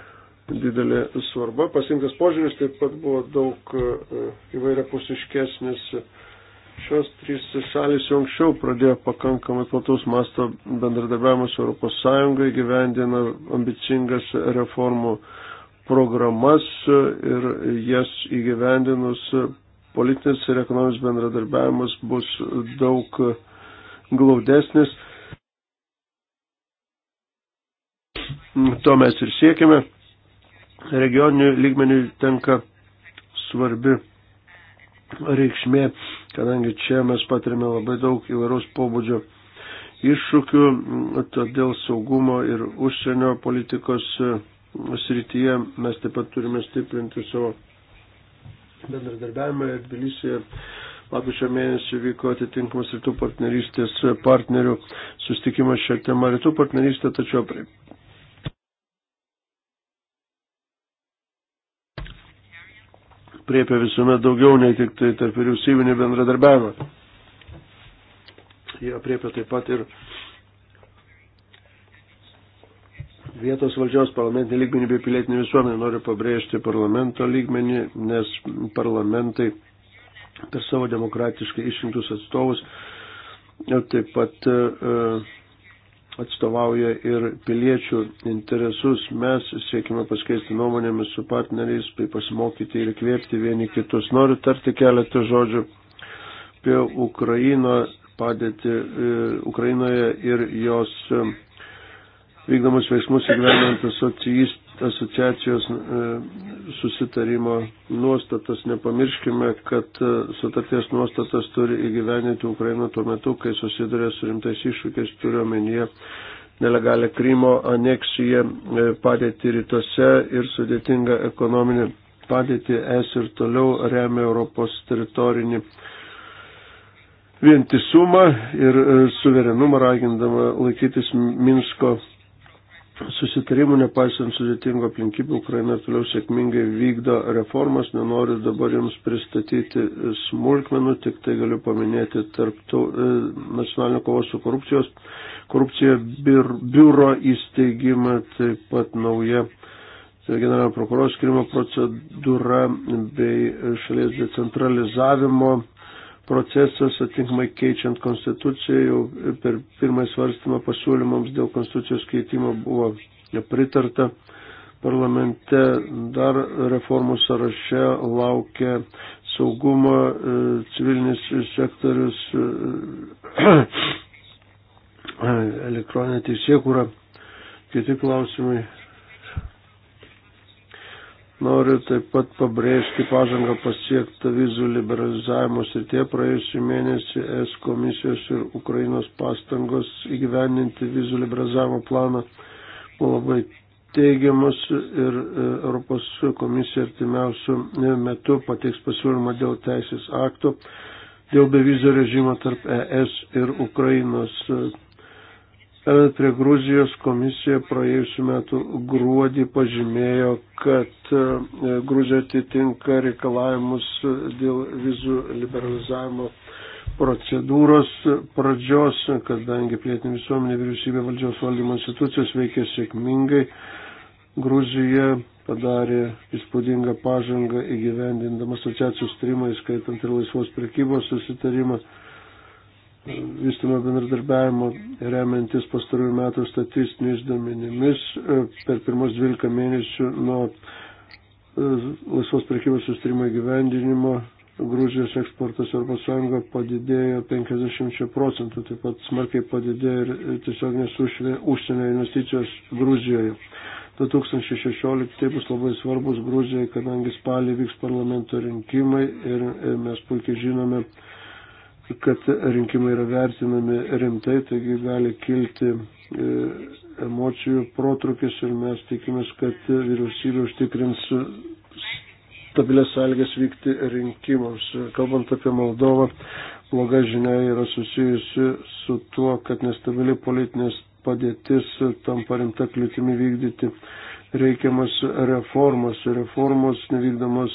C: didelė svarba. Pasirinktas požiūris taip pat buvo daug e, įvairiapusiškesnis. Šios trys šalis jau anksčiau pradėjo pakankamai plataus masto bendradarbiavimą su ES, gyvendina ambicingas reformų programas ir jas įgyvendinus politinis ir ekonominis bendradarbiavimas bus daug glaudesnis. Mm, to mes ir siekime. Regioninių lygmenių tenka svarbi reikšmė, kadangi čia mes patirime labai daug įvairaus pobūdžio iššūkių, mm, todėl saugumo ir užsienio politikos mm, srityje mes taip pat turime stiprinti savo bendradarbiavimą ir Tbilisyje Lapkričio mėnesį vyko atitinkamas rytų partnerystės partnerių sustikimas šią temą. Rytų partnerystė tačiau prie. priepia visuomet daugiau, nei tik tai tarp vyriausybinį bendradarbiavimą. Jie priepia taip pat ir vietos valdžios parlamentinį lygmenį bei pilietinį visuomenį. Noriu pabrėžti parlamento lygmenį, nes parlamentai per savo demokratiškai išrinktus atstovus, taip pat e, e, atstovauja ir piliečių interesus. Mes siekime paskeisti nuomonėmis su partneriais, tai pasimokyti ir kvėpti vieni kitus. Noriu tarti keletą žodžių apie Ukraino padėtį e, Ukrainoje ir jos vykdomus veiksmus įgyvenant asociacijos e, susitarimo nuostatas. Nepamirškime, kad e, sutarties nuostatas turi įgyveninti Ukraina tuo metu, kai susiduria su rimtais iššūkiais, turiu omenyje nelegalę Krymo aneksiją, e, padėti rytuose ir sudėtingą ekonominį padėtį es ir toliau remia Europos teritorinį vientisumą ir suverenumą ragindama laikytis Minsko susitarimų, nepaisant sudėtingo aplinkybių, Ukraina toliau sėkmingai vykdo reformas. Nenoriu dabar jums pristatyti smulkmenų, tik tai galiu paminėti tarptų e, nacionalinio kovos su korupcijos, korupcija bir, biuro įsteigimą, taip pat nauja e, generalinio prokuroro skirimo procedūra bei šalies decentralizavimo procesas, atinkamai keičiant konstituciją, jau per pirmąjį svarstymą pasiūlymams dėl konstitucijos keitimo buvo pritarta. Parlamente dar reformų sąraše laukia saugumo, e, civilinis sektorius, e, e, elektroninė teisėkūra, kiti klausimai Noriu taip pat pabrėžti pažangą pasiektą vizų liberalizavimo srityje. Praėjusį mėnesį S komisijos ir Ukrainos pastangos įgyveninti vizų liberalizavimo planą buvo labai teigiamas ir e, Europos komisija artimiausių e, metų pateiks pasiūlymą dėl teisės akto dėl bevizio režimo tarp ES ir Ukrainos Perant prie Gruzijos komisija praėjusiu metu gruodį pažymėjo, kad e, Gruzija atitinka reikalavimus dėl vizų liberalizavimo procedūros pradžios, kadangi plėtinė visuomenė, vyriausybė, valdžios valdymo institucijos veikia sėkmingai. Gruzija padarė įspūdingą pažangą įgyvendindama asociacijos tyrimą, įskaitant ir laisvos prekybos susitarimą vystimo bendradarbiavimo remiantis pastarųjų metų statistiniais duomenimis e, per pirmus 12 mėnesių nuo e, laisvos prekybos sustarimo įgyvendinimo Grūžijos eksportas Europos Sąjunga padidėjo 50 procentų, taip pat smarkiai padidėjo ir tiesioginės užsienio investicijos Grūžijoje. 2016 tai bus labai svarbus Grūžijai, kadangi spalį vyks parlamento rinkimai ir mes puikiai žinome, kad rinkimai yra vertinami rimtai, taigi gali kilti e, emocijų protrukis ir mes tikimės, kad vyriausybė užtikrins stabilės sąlygas vykti rinkimams. Kalbant apie Moldovą, bloga žinia yra susijusi su tuo, kad nestabili politinės padėtis tampa rimta kliūtimi vykdyti reikiamas reformas, reformos nevykdomos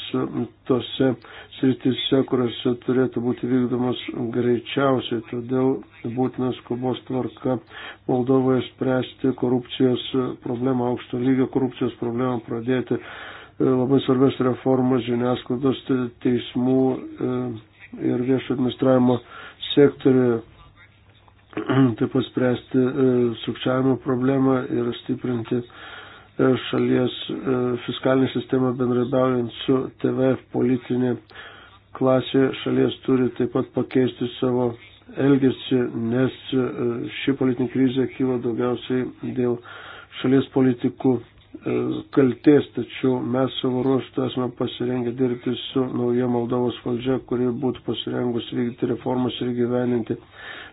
C: tose sritise, kuriuose turėtų būti vykdomos greičiausiai. Todėl būtinas skubos tvarka Moldovoje spręsti korupcijos problemą, aukšto lygio korupcijos problemą pradėti e, labai svarbės reformas žiniasklaidos teismų e, ir viešo administravimo sektoriuje taip pat spręsti e, sukčiavimo problemą ir stiprinti E, šalies e, fiskalinė sistema bendradaujant su TVF politinė klasė šalies turi taip pat pakeisti savo elgesį, nes e, ši politinė krizė kyla daugiausiai dėl šalies politikų kalties, tačiau mes savo ruoštų esame pasirengę dirbti su nauja Moldovos valdžia, kuri būtų pasirengusi vykdyti reformas ir gyveninti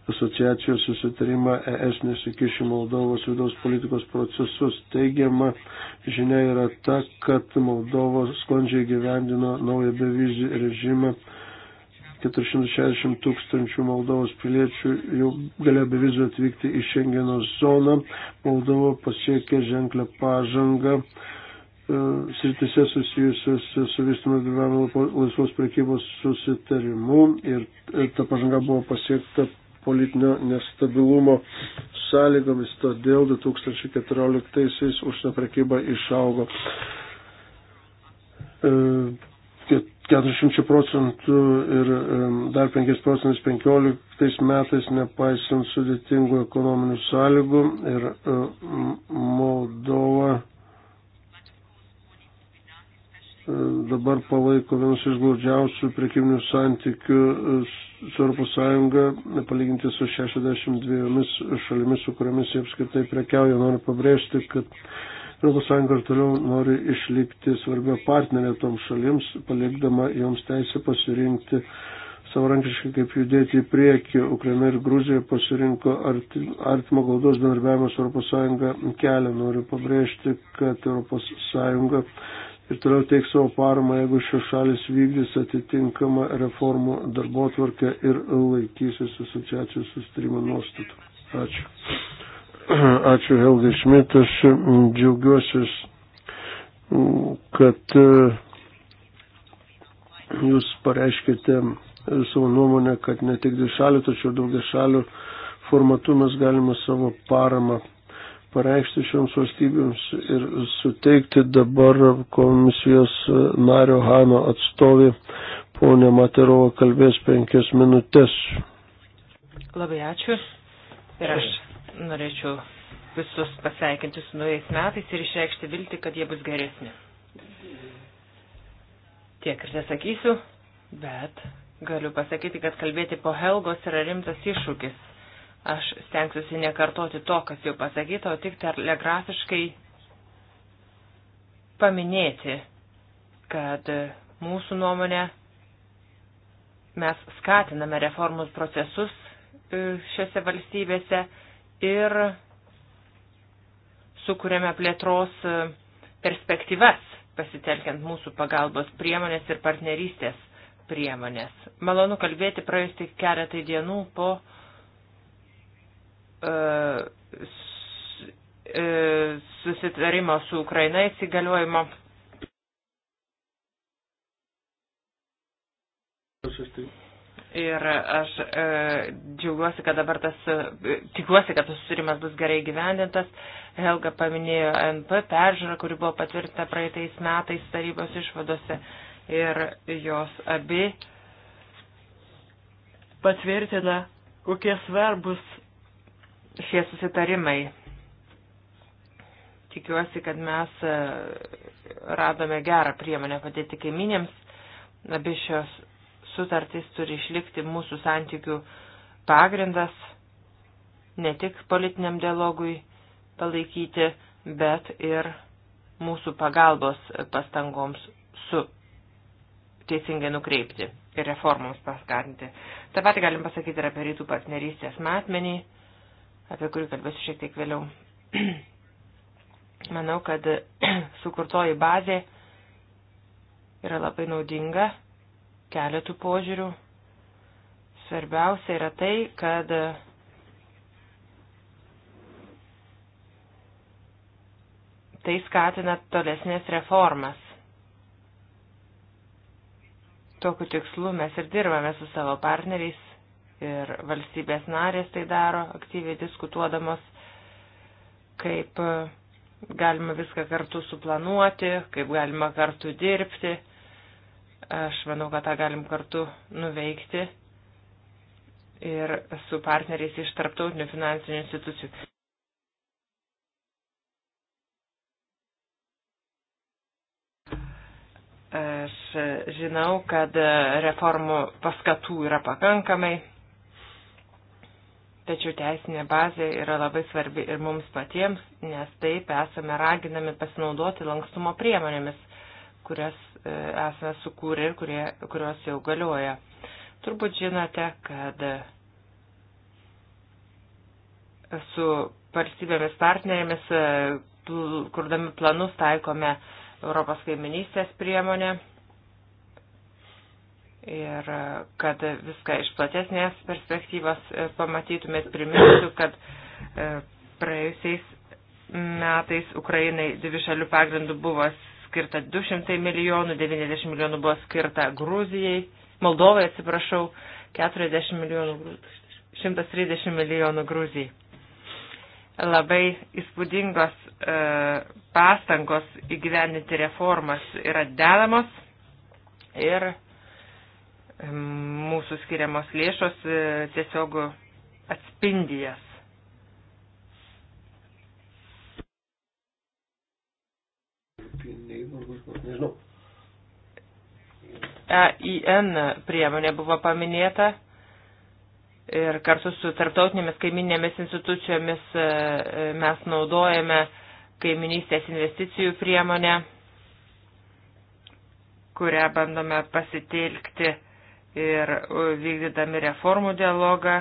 C: asociacijos susitarimą ES nesikiši Moldovos vidaus politikos procesus. Teigiama žinia yra ta, kad Moldovos sklandžiai gyvendino naują bevizį režimą. 460 tūkstančių Moldovos piliečių jau galėjo be vizų atvykti į Šengeno zoną. Moldova pasiekė ženklę pažangą e, sritise susijusios su vystymo gyvenimo laisvos prekybos susitarimu ir e, ta pažanga buvo pasiekta politinio nestabilumo sąlygomis. Todėl 2014-aisiais užsienio prekyba išaugo 400 e, procentų ir e, dar 5 procentais 15 metais, nepaisant sudėtingų ekonominių sąlygų. Ir e, Moldova E, dabar palaiko vienus iš glaudžiausių priekybinių santykių e, su ES, palyginti su 62 šalimis, su kuriamis jie apskritai prekiauja. Noriu pabrėžti, kad ES ir toliau nori išlikti svarbia partnerė toms šalims, palikdama joms teisę pasirinkti savarankiškai kaip judėti į priekį. Ukraina ir Gruzija pasirinko artimo glaudos bendarbiavimo su ES kelią. Noriu pabrėžti, kad ES ir toliau teiks savo paramą, jeigu šios šalis vykdys atitinkamą reformų darbotvarkę ir laikysis asociacijos sustarimo nuostatų. Ačiū. Ačiū Helga Šmit, aš džiaugiuosi, kad e, jūs pareiškite savo nuomonę, kad ne tik dvi šalių, tačiau daugia šalių formatu mes galime savo paramą pareikšti šioms valstybėms ir suteikti dabar komisijos nario Hano atstovį. Pone Materova kalbės penkias minutės.
D: Labai ačiū. Ir aš norėčiau visus pasveikinti su naujais metais ir išreikšti viltį, kad jie bus geresni. Tiek ir nesakysiu, bet galiu pasakyti, kad kalbėti po Helgos yra rimtas iššūkis Aš stengsiuosi nekartoti to, kas jau pasakyta, o tik telegrafiškai paminėti, kad mūsų nuomonė mes skatiname reformus procesus e, šiose valstybėse ir sukūrėme plėtros e, perspektyvas, pasitelkiant mūsų pagalbos priemonės ir partnerystės priemonės. Malonu kalbėti praėjus tik keletai dienų po E, e, susitarimo su Ukraina įsigaliojimo. Ir aš e, džiaugiuosi, kad dabar tas, e, tikiuosi, kad tas susirimas bus gerai gyvendintas. Helga paminėjo NP peržiūrą, kuri buvo patvirtinta praeitais metais tarybos išvadose ir jos abi patvirtina, kokie svarbus šie susitarimai. Tikiuosi, kad mes e, radome gerą priemonę padėti kaiminėms. Abi šios sutartys turi išlikti mūsų santykių pagrindas ne tik politiniam dialogui palaikyti, bet ir mūsų pagalbos pastangoms su teisingai nukreipti ir reformoms paskatinti. Ta pat galim pasakyti ir apie rytų partnerystės matmenį apie kurį kalbėsiu šiek tiek vėliau. Manau, kad sukurtoji bazė yra labai naudinga keletų požiūrių. Svarbiausia yra tai, kad tai skatina tolesnės reformas. Tokiu tikslu mes ir dirbame su savo partneriais ir valstybės narės tai daro, aktyviai diskutuodamos, kaip e, galima viską kartu suplanuoti, kaip galima kartu dirbti. Aš manau, kad tą galim kartu nuveikti ir su partneriais iš tarptautinių finansinių institucijų. Aš žinau, kad reformų paskatų yra pakankamai, Tačiau teisinė bazė yra labai svarbi ir mums patiems, nes taip esame raginami pasinaudoti lankstumo priemonėmis, kurias e, esame sukūrę ir kurie, kurios jau galioja. Turbūt žinote, kad su valstybėmis partnerėmis, e, kurdami planus, taikome Europos kaiminystės priemonę ir e, kad viską iš platesnės perspektyvos e, pamatytumėt, priminsiu, kad e, praėjusiais metais Ukrainai dvi šalių pagrindų buvo skirta 200 milijonų, 90 milijonų buvo skirta Gruzijai, Moldovai, atsiprašau, 40 milijonų, 130 milijonų Gruzijai. Labai įspūdingos e, pastangos įgyveninti reformas yra dedamos ir mūsų skiriamos lėšos e, tiesiog atspindi jas.
C: EIN
D: priemonė buvo paminėta ir kartu su tarptautinėmis kaiminėmis institucijomis e, e, mes naudojame kaiminystės investicijų priemonę, kurią bandome pasitelkti ir vykdydami reformų dialogą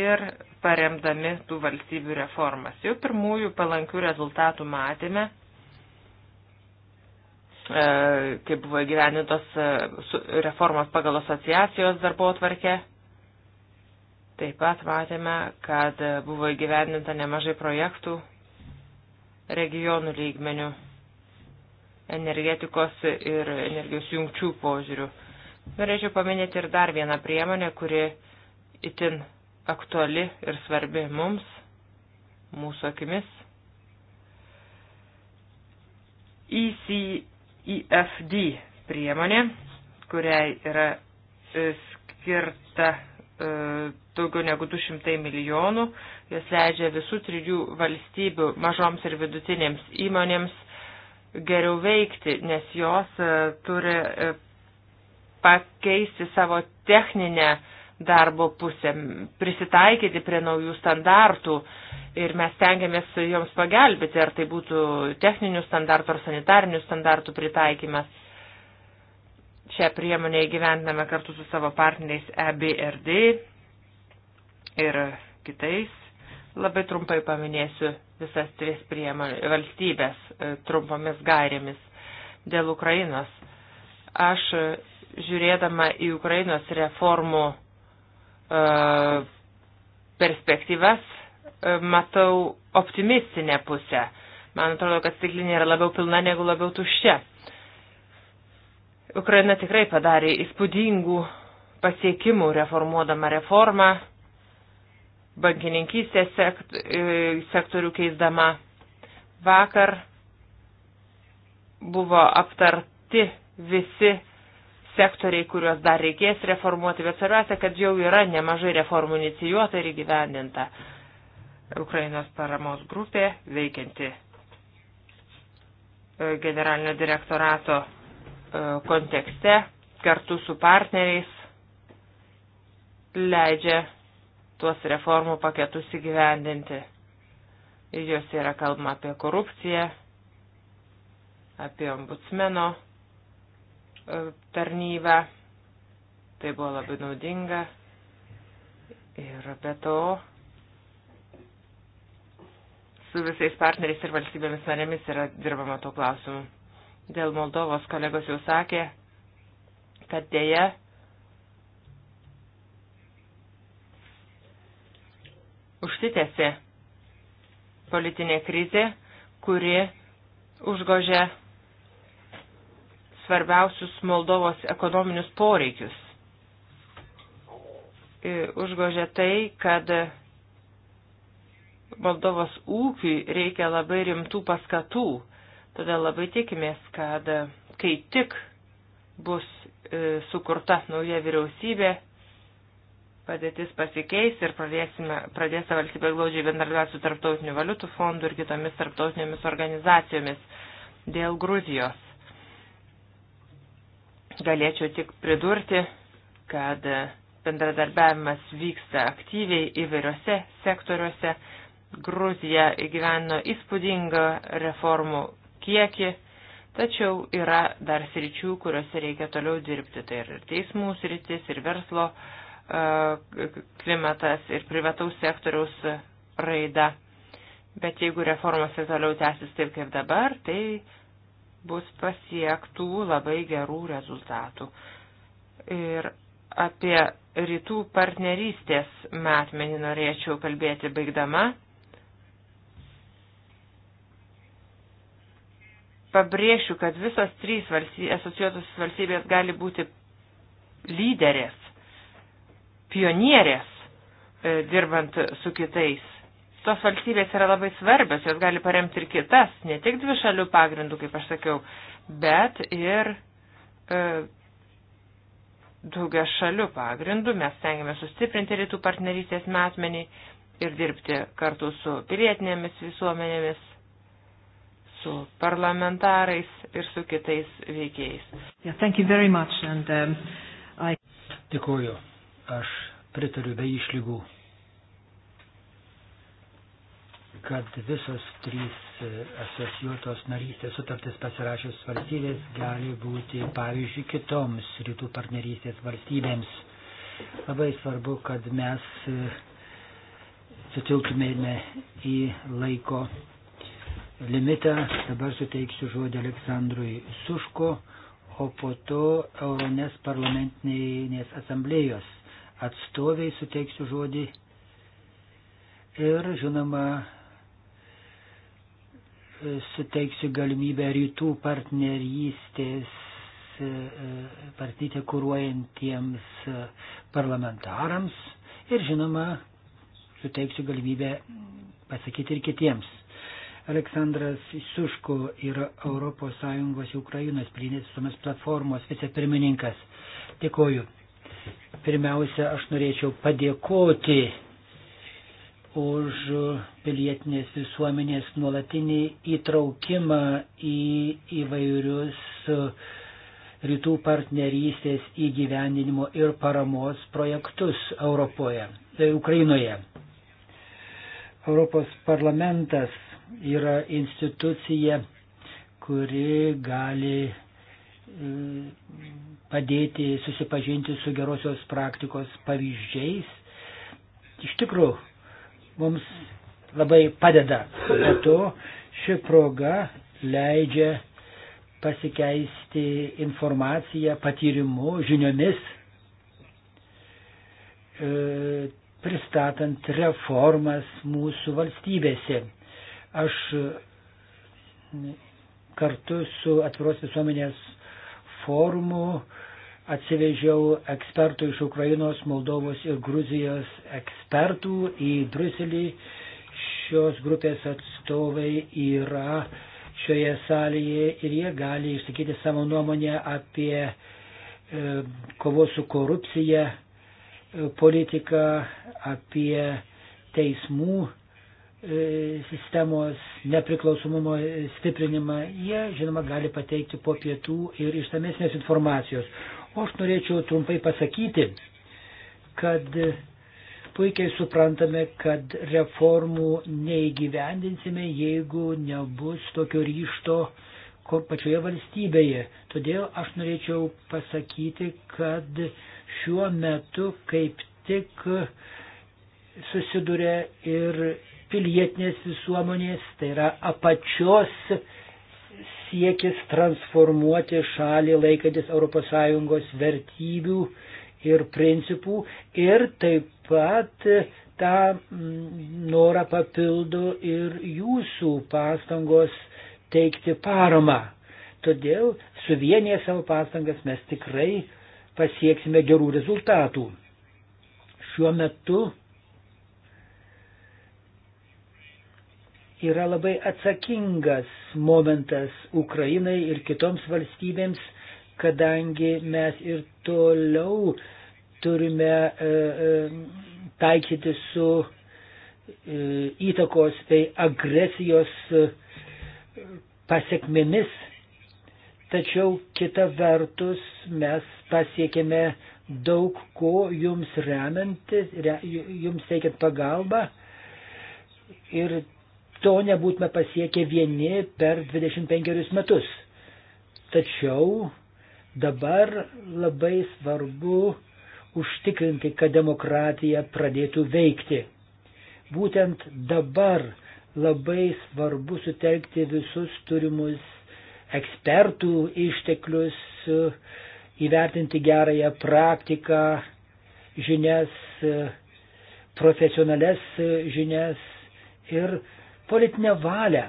D: ir paremdami tų valstybių reformas. Jau pirmųjų palankių rezultatų matėme, e, kaip buvo gyvenintos e, reformos pagal asociacijos darbo atvarkę. Taip pat matėme, kad e, buvo įgyvendinta nemažai projektų regionų lygmenių energetikos ir energijos jungčių požiūrių. Norėčiau paminėti ir dar vieną priemonę, kuri itin aktuali ir svarbi mums, mūsų akimis. ECEFD priemonė, kuriai yra e, skirta e, daugiau negu 200 milijonų. Jos leidžia visų trijų valstybių mažoms ir vidutinėms įmonėms geriau veikti, nes jos e, turi pakeisti savo techninę darbo pusę, prisitaikyti prie naujų standartų ir mes tengiamės joms pagelbėti, ar tai būtų techninių standartų ar sanitarinių standartų pritaikymas. Šią priemonę įgyvendame kartu su savo partneriais EBRD ir kitais. Labai trumpai paminėsiu visas tris priemonės valstybės e, trumpomis gairėmis dėl Ukrainos. Aš žiūrėdama į Ukrainos reformų e, perspektyvas, e, matau optimistinę pusę. Man atrodo, kad stiklinė yra labiau pilna negu labiau tuščia. Ukraina tikrai padarė įspūdingų pasiekimų reformuodama reformą, bankininkystės sekt, e, sektorių keisdama. Vakar buvo aptarti visi sektoriai, kuriuos dar reikės reformuoti, bet svarbiausia, kad jau yra nemažai reformų inicijuota ir įgyvendinta. Ukrainos paramos grupė veikianti e, generalinio direktorato e, kontekste kartu su partneriais leidžia tuos reformų paketus įgyvendinti. Ir jos yra kalbama apie korupciją, apie ombudsmeno E, tarnybą. Tai buvo labai naudinga. Ir be to, su visais partneriais ir valstybėmis narėmis yra dirbama tuo klausimu. Dėl Moldovos kolegos jau sakė, kad dėja užsitęsė politinė krizė, kuri užgožė svarbiausius Moldovos ekonominius poreikius. E, užgožė tai, kad Moldovos ūkiui reikia labai rimtų paskatų, todėl labai tikimės, kad kai tik bus e, sukurta nauja vyriausybė, padėtis pasikeis ir pradės valstybė glaudžiai bendradarbiauti su Tarptautiniu valiutų fondu ir kitomis tarptautinėmis organizacijomis dėl Gruzijos. Galėčiau tik pridurti, kad bendradarbiavimas vyksta aktyviai įvairiose sektoriuose. Gruzija įgyveno įspūdingą reformų kiekį, tačiau yra dar sričių, kuriuose reikia toliau dirbti. Tai ir teismų sritis, ir verslo e, klimatas, ir privataus sektoriaus raida. Bet jeigu reformos ir toliau tęsis taip kaip dabar, tai bus pasiektų labai gerų rezultatų. Ir apie rytų partnerystės metmenį norėčiau kalbėti baigdama. Pabrėšiu, kad visos trys valstybės, asociuotos valstybės gali būti lyderės, pionierės, e, dirbant su kitais tos valstybės yra labai svarbios, jos gali paremti ir kitas, ne tik dvi šalių pagrindų, kaip aš sakiau, bet ir e, daugia šalių pagrindų. Mes stengiame sustiprinti rytų partnerystės metmenį ir dirbti kartu su pilietinėmis visuomenėmis, su parlamentarais ir su kitais veikėjais.
B: Yeah, thank you very much. And, um, I... Dėkuoju. Aš pritariu be išlygų kad visos trys e, asociuotos narystės sutartis pasirašius valstybės gali būti pavyzdžiui kitoms rytų partnerystės valstybėms. Labai svarbu, kad mes e, sutiltumėme į laiko limitą. Dabar suteiksiu žodį Aleksandrui Suško, o po to Euronės parlamentinės asamblėjos atstoviai suteiksiu žodį ir, žinoma, suteiksiu galimybę rytų partnerystės e, e, partyti kūruojantiems parlamentarams ir žinoma suteiksiu galimybę pasakyti ir kitiems. Aleksandras Suško yra ES Ukrainos prinėtisomis platformos vicepirmininkas. Dėkoju. Pirmiausia, aš norėčiau padėkoti už pilietinės visuomenės nuolatinį įtraukimą į įvairius rytų partnerystės įgyvendinimo ir paramos projektus Europoje, tai Ukrainoje. Europos parlamentas yra institucija, kuri gali e, padėti susipažinti su gerosios praktikos pavyzdžiais. Iš tikrųjų, mums labai padeda. Be to, ši proga leidžia pasikeisti informaciją, patyrimu, žiniomis, e, pristatant reformas mūsų valstybėse. Aš kartu su atviros visuomenės forumu atsivežiau ekspertų iš Ukrainos, Moldovos ir Gruzijos ekspertų į Bruselį. Šios grupės atstovai yra šioje salėje ir jie gali išsakyti savo nuomonę apie e, kovos su korupcija e, politiką, apie teismų e, sistemos nepriklausomumo stiprinimą. Jie, žinoma, gali pateikti po pietų ir ištamesnės informacijos. O aš norėčiau trumpai pasakyti, kad puikiai suprantame, kad reformų neįgyvendinsime, jeigu nebus tokio ryšto pačioje valstybėje. Todėl aš norėčiau pasakyti, kad šiuo metu kaip tik susiduria ir pilietinės visuomonės, tai yra apačios siekis transformuoti šalį laikantis ES vertybių ir principų ir taip pat tą mm, norą papildo ir jūsų pastangos teikti paramą. Todėl suvienyje savo pastangas mes tikrai pasieksime gerų rezultatų. Šiuo metu yra labai atsakingas momentas Ukrainai ir kitoms valstybėms, kadangi mes ir toliau turime e, e, taikyti su e, įtakos bei agresijos e, pasiekmėmis. Tačiau kita vertus mes pasiekėme daug ko jums remiantis, re, jums teikiant pagalbą ir to nebūtume pasiekę vieni per 25 metus. Tačiau dabar labai svarbu užtikrinti, kad demokratija pradėtų veikti. Būtent dabar labai svarbu sutelkti visus turimus ekspertų išteklius, įvertinti gerąją praktiką, žinias, profesionales žinias ir politinę valią.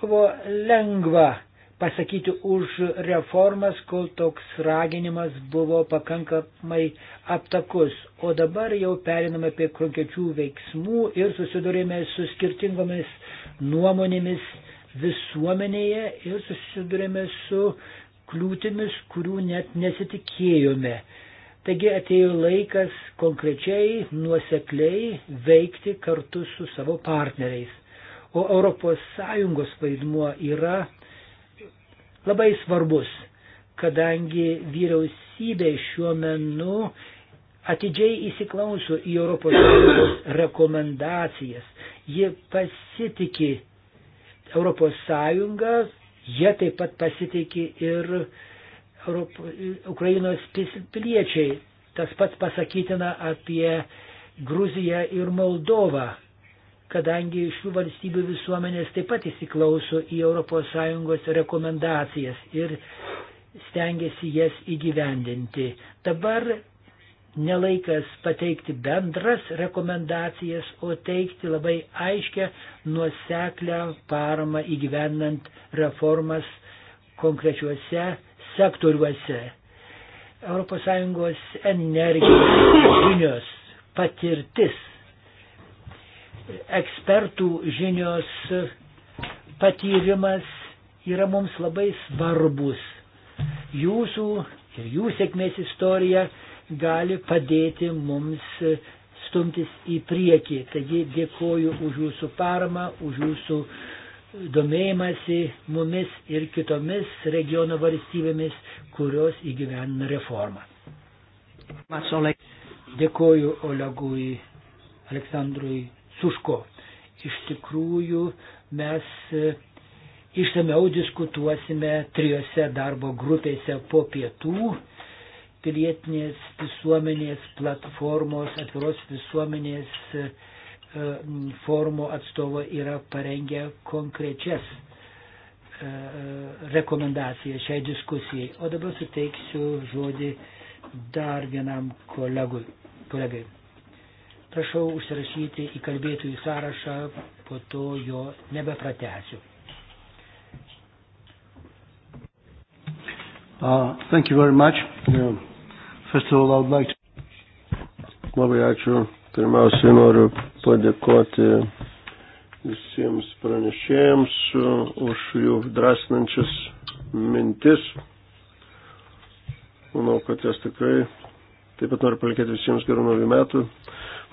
B: Buvo lengva pasakyti už reformas, kol toks raginimas buvo pakankamai aptakus. O dabar jau periname prie konkrečių veiksmų ir susidurėme su skirtingomis nuomonėmis visuomenėje ir susidurėme su kliūtimis, kurių net nesitikėjome. Taigi atėjo laikas konkrečiai, nuosekliai veikti kartu su savo partneriais. O ES vaidmuo yra labai svarbus, kadangi vyriausybė šiuo menu atidžiai įsiklauso į ES rekomendacijas. Ji pasitikė ES, jie taip pat pasitikė ir Europo, Ukrainos piliečiai. Tas pats pasakytina apie Gruziją ir Moldovą, kadangi šių valstybių visuomenės taip pat įsiklauso į ES rekomendacijas ir stengiasi jas įgyvendinti. Dabar nelaikas pateikti bendras rekomendacijas, o teikti labai aiškę, nuoseklę paramą įgyvendant reformas konkrečiuose sektoriuose. ES energijos žinios, patirtis, ekspertų žinios, patyrimas yra mums labai svarbus. Jūsų ir jų sėkmės istorija gali padėti mums stumtis į priekį. Taigi dėkoju už jūsų paramą, už jūsų uh, domėjimąsi mumis ir kitomis regiono valstybėmis, kurios įgyvenina reformą. Dėkoju Olegui Aleksandrui Suško. Iš tikrųjų, mes e, išsameu diskutuosime trijose darbo grupėse po pietų pilietinės visuomenės platformos, atviros visuomenės e, E, forumo atstovai yra parengę konkrečias e, e, rekomendacijas šiai diskusijai. O dabar suteiksiu žodį dar vienam kolegui, kolegai. Prašau užsirašyti į kalbėtojų sąrašą, po to jo nebepratęsiu.
C: Uh, thank you very much. Yeah. First of all, I would like to... Labai ačiū Pirmiausiai noriu padėkoti visiems pranešėjams už jų drąsinančias mintis. Manau, kad jas tikrai taip pat noriu palikėti visiems gerų naujų metų.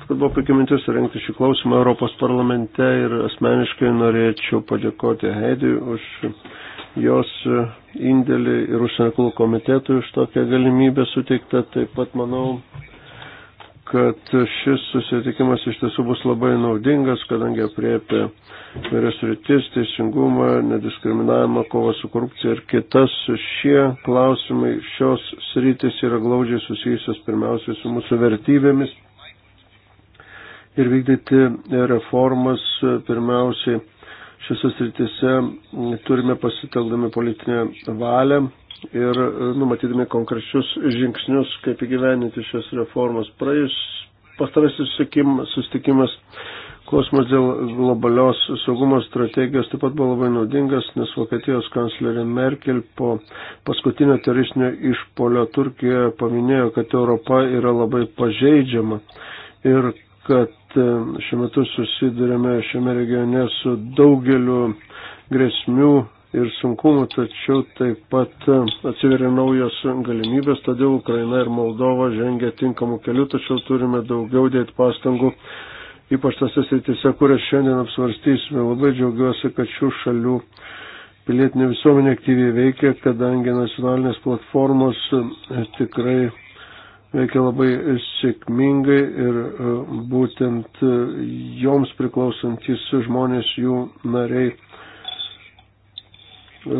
C: Kad buvo puikia mintis rengti šį klausimą Europos parlamente ir asmeniškai norėčiau padėkoti Heidui už jos indėlį ir užsienio reikalų komitetui už tokią galimybę suteiktą. Taip pat manau, kad šis susitikimas iš tiesų bus labai naudingas, kadangi apriepia vėres rytis, teisingumą, nediskriminavimą, kovą su korupcija ir kitas. Šie klausimai, šios sritis yra glaudžiai susijusios pirmiausiai su mūsų vertybėmis ir vykdyti reformas pirmiausiai šiose sritise turime pasiteldami politinę valią ir e, numatydami konkrečius žingsnius, kaip įgyveninti šias reformas. Praėjus pastarasis susitikimas klausimas dėl globalios saugumo strategijos taip pat buvo labai naudingas, nes Vokietijos kanclerė Merkel po paskutinio teroristinio išpolio Turkijoje paminėjo, kad Europa yra labai pažeidžiama ir kad e, šiuo metu susidurėme šiame regione su daugeliu grėsmių ir sunkumų, tačiau taip pat e, atsiveria naujos galimybės, todėl Ukraina ir Moldova žengia tinkamų kelių, tačiau turime daugiau dėti pastangų, ypač tose srityse, kurias šiandien apsvarstysime. Labai džiaugiuosi, kad šių šalių pilietinė visuomenė aktyviai veikia, kadangi nacionalinės platformos e, tikrai veikia labai sėkmingai ir e, būtent joms priklausantis žmonės jų nariai E,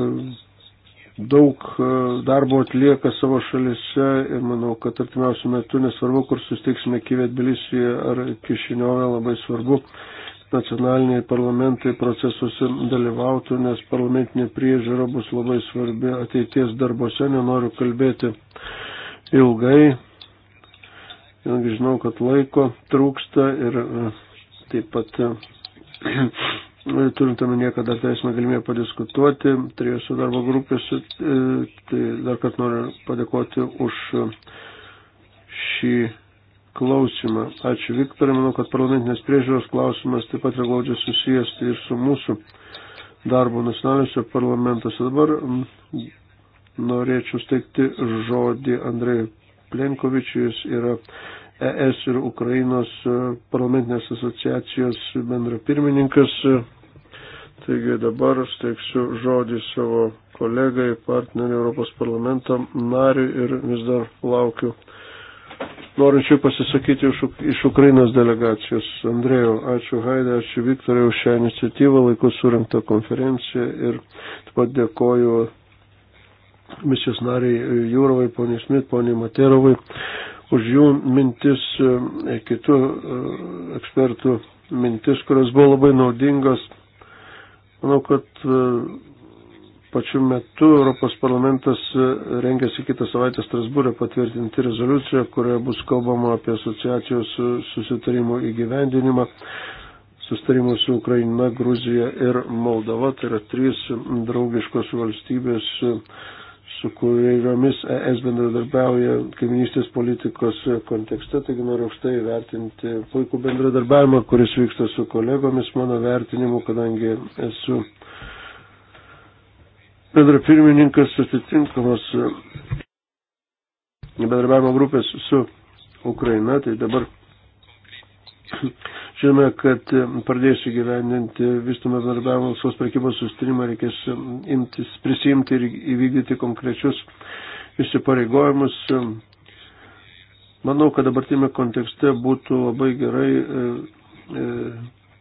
C: daug e, darbo atlieka savo šalise ir manau, kad artimiausių metų, nesvarbu, kur sustiksime Kyvėt Bilisijoje ar Kišiniove, labai svarbu nacionaliniai parlamentai procesuose dalyvautų, nes parlamentinė priežiūra bus labai svarbi ateities darbose, nenoriu kalbėti ilgai, vėlgi žinau, kad laiko trūksta ir e, taip pat turint omenyje, kad dar turėsime galimybę padiskutuoti trijose darbo grupėse, e, tai dar kartą noriu padėkoti už šį klausimą. Ačiū Viktorai, manau, kad parlamentinės priežiūros klausimas taip pat yra glaudžiai susijęs tai ir su mūsų darbo nacionaliniuose parlamentuose. Dabar norėčiau steigti žodį Andrei Plenkovičiui, jis yra ES ir Ukrainos e, parlamentinės asociacijos bendra pirmininkas. Taigi dabar aš teiksiu žodį savo kolegai, partneriai Europos parlamento nariui ir vis dar laukiu norinčių pasisakyti iš, iš Ukrainos delegacijos. Andrėjau, ačiū Haidė, ačiū Viktorai už šią iniciatyvą, laiku surinktą konferenciją ir taip pat dėkoju misijos nariai Jūrovai, poniai Smit, poniai Materovai už jų mintis, e, kitų e, ekspertų mintis, kurios buvo labai naudingos Manau, kad e, pačiu metu Europos parlamentas e, rengiasi kitą savaitę Strasbūrę patvirtinti rezoliuciją, kurioje bus kalbama apie asociacijos susitarimų įgyvendinimą, susitarimų su Ukraina, Gruzija ir Moldova. Tai yra trys draugiškos valstybės su kuriomis ES bendradarbiauja kaiminystės politikos kontekste, taigi noriu aukštai vertinti puikų bendradarbiavimą, kuris vyksta su kolegomis mano vertinimu, kadangi esu bendrapirmininkas atitinkamas bendradarbiavimo grupės su Ukraina, tai dabar Žinome, kad e, pradėjus įgyvendinti vystumą bendradarbiavimo visos prekybos sustarimą reikės e, imtis, prisimti ir įvykdyti konkrečius įsipareigojimus. E, Manau, kad dabartime kontekste būtų labai gerai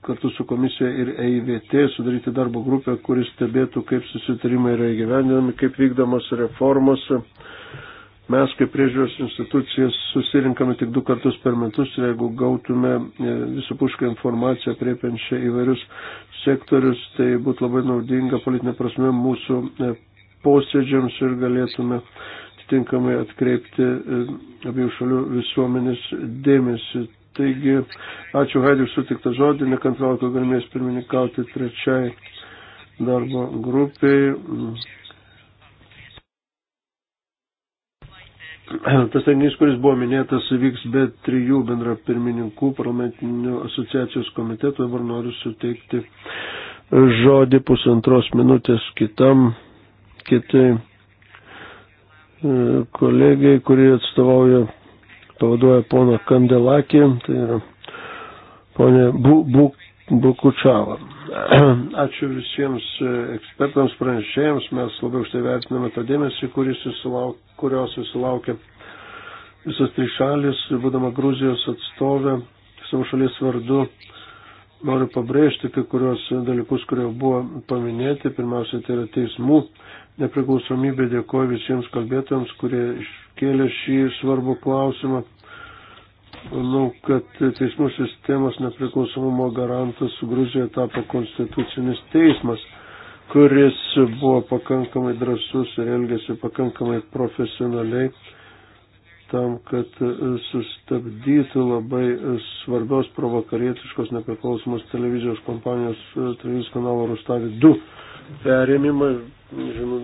C: kartu su komisija ir EIVT sudaryti darbo grupę, kuris stebėtų, kaip susitarimai yra įgyvendinami, kaip vykdomos reformos Mes kaip priežiūros institucijas susirinkame tik du kartus per metus ir jeigu gautume e, visapušką informaciją priepiančią įvairius sektorius, tai būtų labai naudinga politinė prasme mūsų e, posėdžiams ir galėtume atitinkamai atkreipti e, abiejų šalių visuomenės dėmesį. Taigi, ačiū Haidžiu sutiktą žodį, nekantrauju, kad galimės pirmininkauti trečiai darbo grupiai. Tas renginys, kuris buvo minėtas, vyks be trijų bendra pirmininkų parlamentinių asociacijos komitetų. Dabar noriu suteikti žodį pusantros minutės kitam, kitai e, kolegijai, kurie atstovauja, pavaduoja pono Kandelakį, tai yra ponė Buk Bukučava. Ačiū visiems e, ekspertams, pranešėjams, mes labai už tai vertiname tą dėmesį, susilauk, kurio susilaukė visas trys šalis, būdama Gruzijos atstovė savo šalies vardu. Noriu pabrėžti kai kurios dalykus, kurie buvo paminėti. Pirmiausia, tai yra teismų nepriklausomybė. Dėkuoju visiems kalbėtojams, kurie iškėlė šį svarbų klausimą. Manau, kad teismų sistemos nepriklausomumo garantas su Gruzija tapo konstitucinis teismas, kuris buvo pakankamai drasus ir elgėsi pakankamai profesionaliai tam, kad sustabdytų labai svarbios provakarietiškos nepriklausomos televizijos kompanijos televizijos kanalo Rustavi 2 perėmimą. Žinau,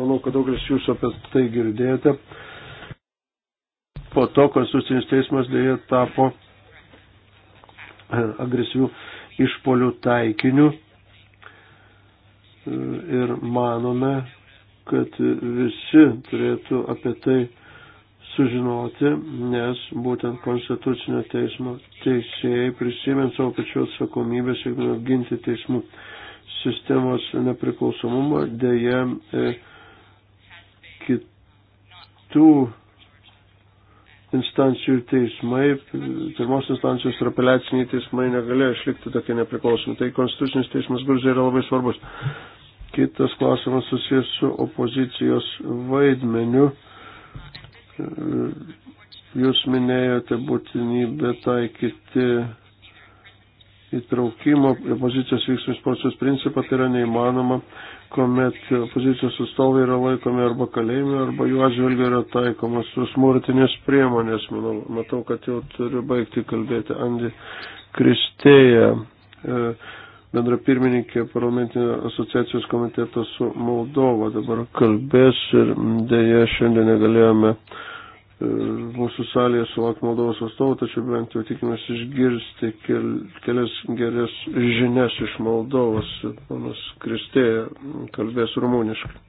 C: manau, kad daugelis jūsų apie tai girdėjote. Po to Konstitucinis teismas dėja tapo e, agresyvių išpolių taikiniu e, ir manome, kad visi turėtų apie tai sužinoti, nes būtent Konstitucinio teismo teisėjai prisimint savo pačių atsakomybę, siekdami apginti teismų sistemos nepriklausomumą, dėje e, kitų instancijų teismai, pirmos instancijos ir apeliaciniai teismai negalėjo išlikti tokie nepriklausomi. Tai konstitucinis teismas Gruzija yra labai svarbus. Kitas klausimas susijęs su opozicijos vaidmeniu. Jūs minėjote būtinybę taikyti įtraukimo į pozicijos veiksmus procesus principą, tai yra neįmanoma kuomet opozicijos atstovai yra laikomi arba kalėjime, arba jų atžvilgiu yra taikomas smurtinės priemonės. Manau, matau, kad jau turiu baigti kalbėti. Andi Kristėja, e, bendra pirmininkė parlamentinio asociacijos komiteto su Moldova, dabar kalbės ir dėja šiandien negalėjome E, mūsų salėje sulaukti Moldovos atstovų, tačiau bent jau tikimės išgirsti kel, kelias geras žinias iš Moldovos. Panas Kristėja kalbės rumuniškai.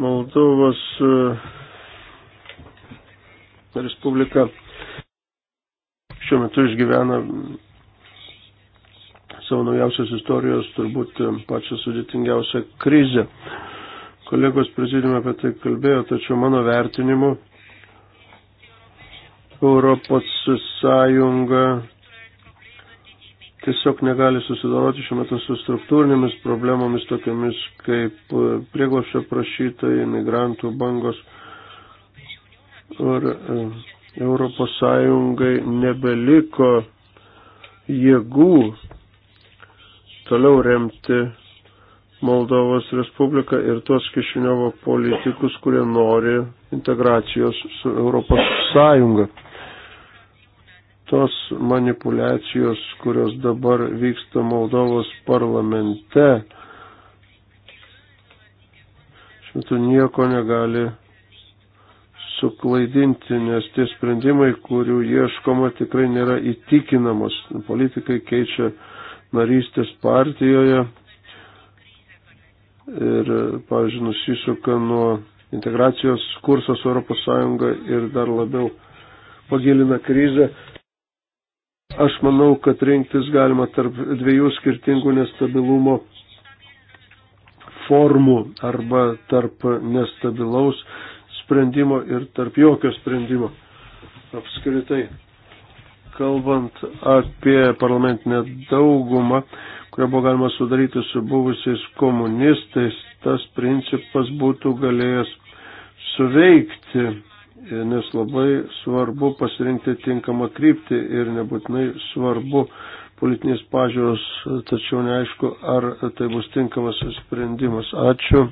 C: Moldovos e, Respublika šiuo metu išgyvena savo naujausios istorijos turbūt pačią sudėtingiausią krizę. Kolegos prezidiume apie tai kalbėjo, tačiau mano vertinimu Europos sąjunga tiesiog negali susidoroti šiuo metu su struktūrinėmis problemomis tokiamis kaip prieglošio prašytojai, migrantų bangos. Ir e, Europos Sąjungai nebeliko jėgų toliau remti Moldovos Respubliką ir tuos Kišiniovo politikus, kurie nori integracijos su Europos Sąjunga. Tos manipulacijos, kurios dabar vyksta Moldovos parlamente, šitų nieko negali suklaidinti, nes tie sprendimai, kurių ieškoma, tikrai nėra įtikinamos. Politikai keičia narystės partijoje, ir, pavyzdžiui, nusisuka nuo integracijos kursos Europos Sąjunga ir dar labiau pagilina krizę. Aš manau, kad rinktis galima tarp dviejų skirtingų nestabilumo formų arba tarp nestabilaus sprendimo ir tarp jokio sprendimo. Apskritai, kalbant apie parlamentinę daugumą, kurią buvo galima sudaryti su buvusiais komunistais, tas principas būtų galėjęs suveikti, nes labai svarbu pasirinkti tinkamą kryptį ir nebūtinai svarbu politinės pažiūros, tačiau neaišku, ar tai bus tinkamas sprendimas. Ačiū.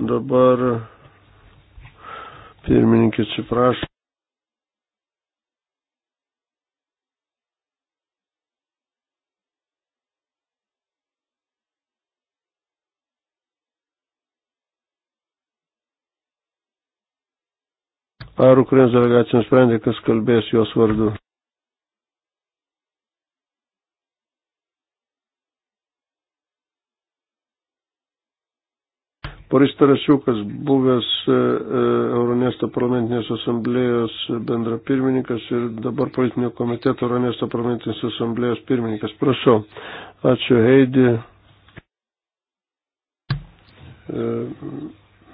C: Dabar pirmininkė atsiprašo. Ar Ukrainos delegacija nusprendė, kas kalbės jos vardu? Boris Tarasiukas, buvęs e, e, Euronesto parlamentinės asamblėjos bendrapirmininkas ir dabar politinio komiteto Euronesto parlamentinės asamblėjos pirmininkas. Prašau. Ačiū, Heidi. E,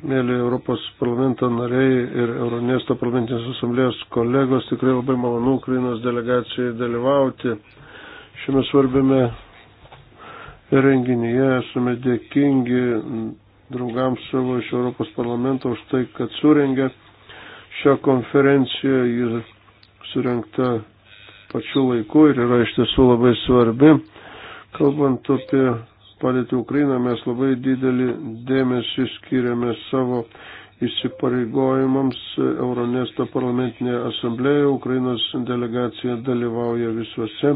C: mėly Europos parlamento nariai ir Euronesto parlamentinės asamblėjos kolegos, tikrai labai malonu Ukrainos delegacijai dalyvauti šiame svarbiame renginyje. Esame dėkingi draugams savo iš Europos parlamento už tai, kad surengė šią konferenciją. Ji surengta pačiu laiku ir yra iš tiesų labai svarbi. Kalbant apie padėtį Ukrainą, mes labai didelį dėmesį skiriame savo įsipareigojimams. Euronesto parlamentinėje asamblėje Ukrainos delegacija dalyvauja visuose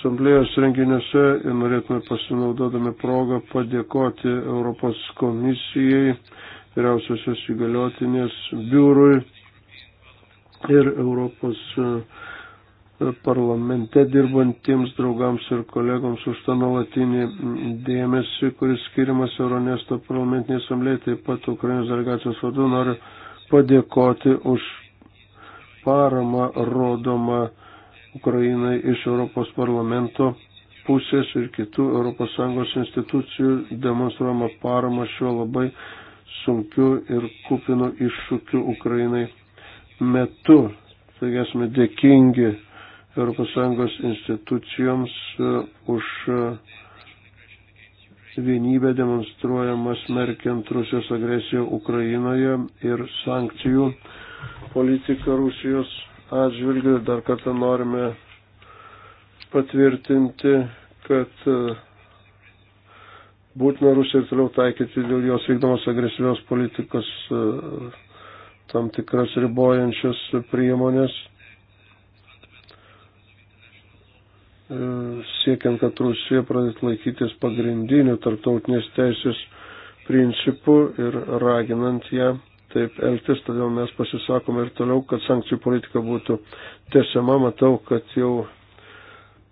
C: asamblėjos renginiuose ir norėtume pasinaudodami progą padėkoti Europos komisijai, vyriausiosios įgaliotinės biurui ir Europos uh, parlamente dirbantiems draugams ir kolegoms už tą nuolatinį dėmesį, kuris skiriamas Euronesto parlamentinė asamblėje, taip pat Ukrainos delegacijos vadu noriu padėkoti už paramą rodomą Ukrainai iš Europos parlamento pusės ir kitų ES institucijų demonstruojama parama šiuo labai sunkiu ir kupinu iššūkiu Ukrainai metu. Taigi esame dėkingi ES institucijoms e, už e, vienybę demonstruojama smerkiant Rusijos agresiją Ukrainoje ir sankcijų politiką Rusijos atžvilgių. Dar kartą norime patvirtinti, kad e, būtina Rusija ir toliau taikyti dėl jos vykdomos agresyvios politikos tam tikras ribojančias priemonės E, siekiant, kad Rusija pradėtų laikytis pagrindinių tarptautinės teisės principų ir raginant ją taip elgtis, todėl mes pasisakome ir toliau, kad sankcijų politika būtų tiesiama. Matau, kad jau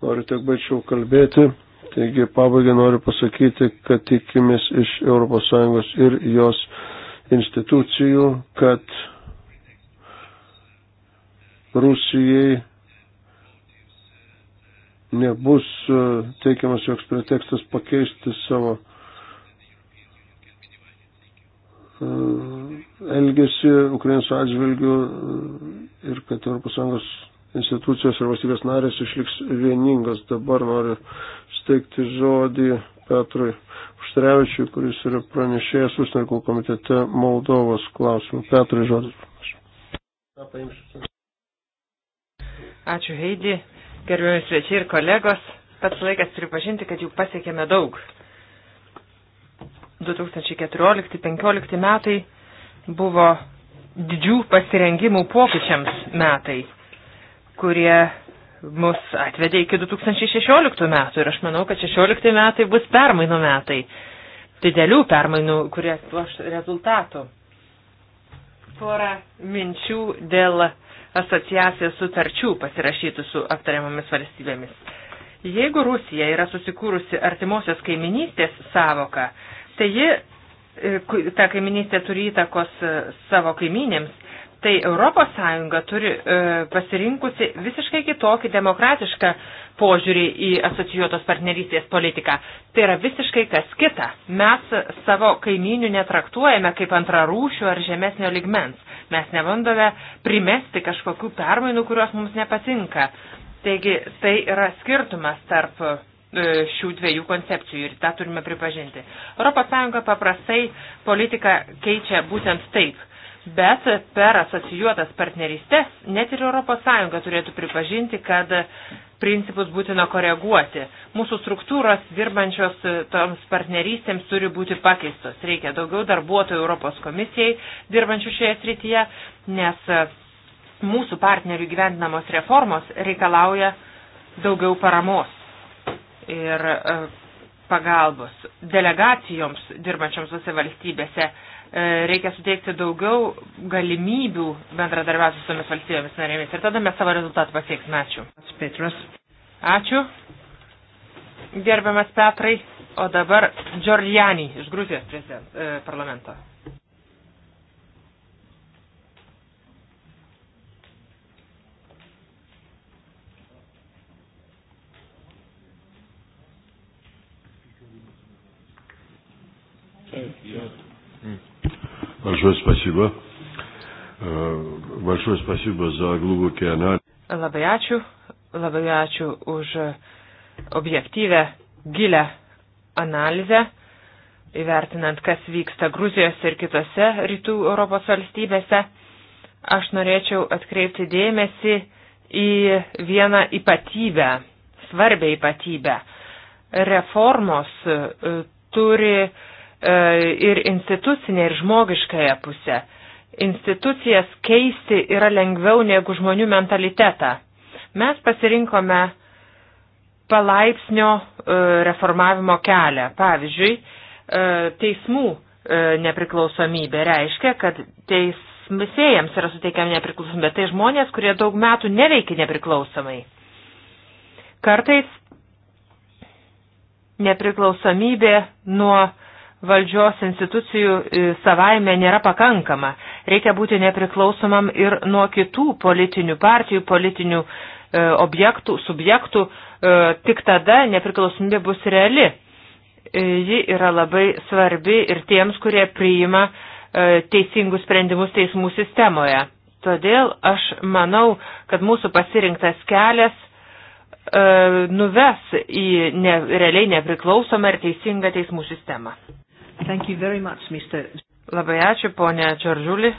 C: noriu tiek baigčiau kalbėti. Taigi pabaigai noriu pasakyti, kad tikimės iš ES ir jos institucijų, kad Rusijai nebus e, teikiamas joks pretekstas pakeisti savo e, elgesi Ukrainos atžvilgių e, ir kad ES institucijos ir valstybės narės išliks vieningas. Dabar noriu steigti žodį Petrui Užtrevičiui, kuris yra pranešėjęs užsienio komitete Moldovos klausimų. Petrui žodis.
D: Ačiū, Heidi gerbiami svečiai ir kolegos, pats laikas pripažinti, kad jų pasiekėme daug. 2014-2015 metai buvo didžių pasirengimų pokyčiams metai, kurie mus atvedė iki 2016 metų ir aš manau, kad 16 metai bus permainų metai, didelių permainų, kurie duos rezultatų. Porą minčių dėl asociacijos sutarčių pasirašytų su aptariamomis valstybėmis. Jeigu Rusija yra susikūrusi artimosios kaiminystės savoką, tai ji, e, ta kaiminystė turi įtakos e, savo kaiminėms, tai ES turi e, pasirinkusi visiškai kitokį demokratišką požiūrį į asocijuotos partnerystės politiką. Tai yra visiškai kas kita. Mes savo kaimynių netraktuojame kaip antrarūšių ar žemesnio ligmens. Mes nebandome primesti kažkokių permainų, kurios mums nepatinka. Taigi tai yra skirtumas tarp e, šių dviejų koncepcijų ir tą turime pripažinti. ES paprastai politiką keičia būtent taip Bet per asocijuotas partnerystės net ir ES turėtų pripažinti, kad principus būtina koreguoti. Mūsų struktūros dirbančios toms partnerystėms turi būti pakeistos. Reikia daugiau darbuotojų Europos komisijai dirbančių šioje srityje, nes mūsų partnerių gyvendinamos reformos reikalauja daugiau paramos ir e, pagalbos delegacijoms dirbančioms tose valstybėse E, reikia suteikti daugiau galimybių bendradarbiauti su tomis valstybėmis narėmis ir tada mes savo rezultatą pasieksime. Ačiū. Petras. Ačiū. Gerbiamas Petrai, o dabar Džorjani iš Gruzijos eh, parlamento. Okay. Yeah. Mm.
C: Большое спасибо. Э, большое спасибо за глубокий анализ.
D: Labai ačiū, labai ačiū už objektyvę, gilę analizę, įvertinant, kas vyksta Gruzijos ir kitose rytų Europos valstybėse. Aš norėčiau atkreipti dėmesį į vieną ypatybę, svarbę ypatybę. Reformos turi uh, E, ir institucinė, ir žmogiškąją pusę. Institucijas keisti yra lengviau negu žmonių mentalitetą. Mes pasirinkome palaipsnio e, reformavimo kelią. Pavyzdžiui, e, teismų nepriklausomybė reiškia, kad teismėsėjams yra suteikiama nepriklausomybė. Tai žmonės, kurie daug metų neveikia nepriklausomai. Kartais nepriklausomybė nuo valdžios institucijų e, savaime nėra pakankama. Reikia būti nepriklausomam ir nuo kitų politinių partijų, politinių e, objektų, subjektų. E, tik tada nepriklausomybė bus reali. Ji yra labai svarbi ir tiems, kurie priima teisingus sprendimus teismų sistemoje. Todėl aš manau, kad mūsų pasirinktas kelias nuves į ne, realiai nepriklausomą ir teisingą teismų sistemą. Thank you very much, Mr. Labai ačiū, ponė Čaržulį.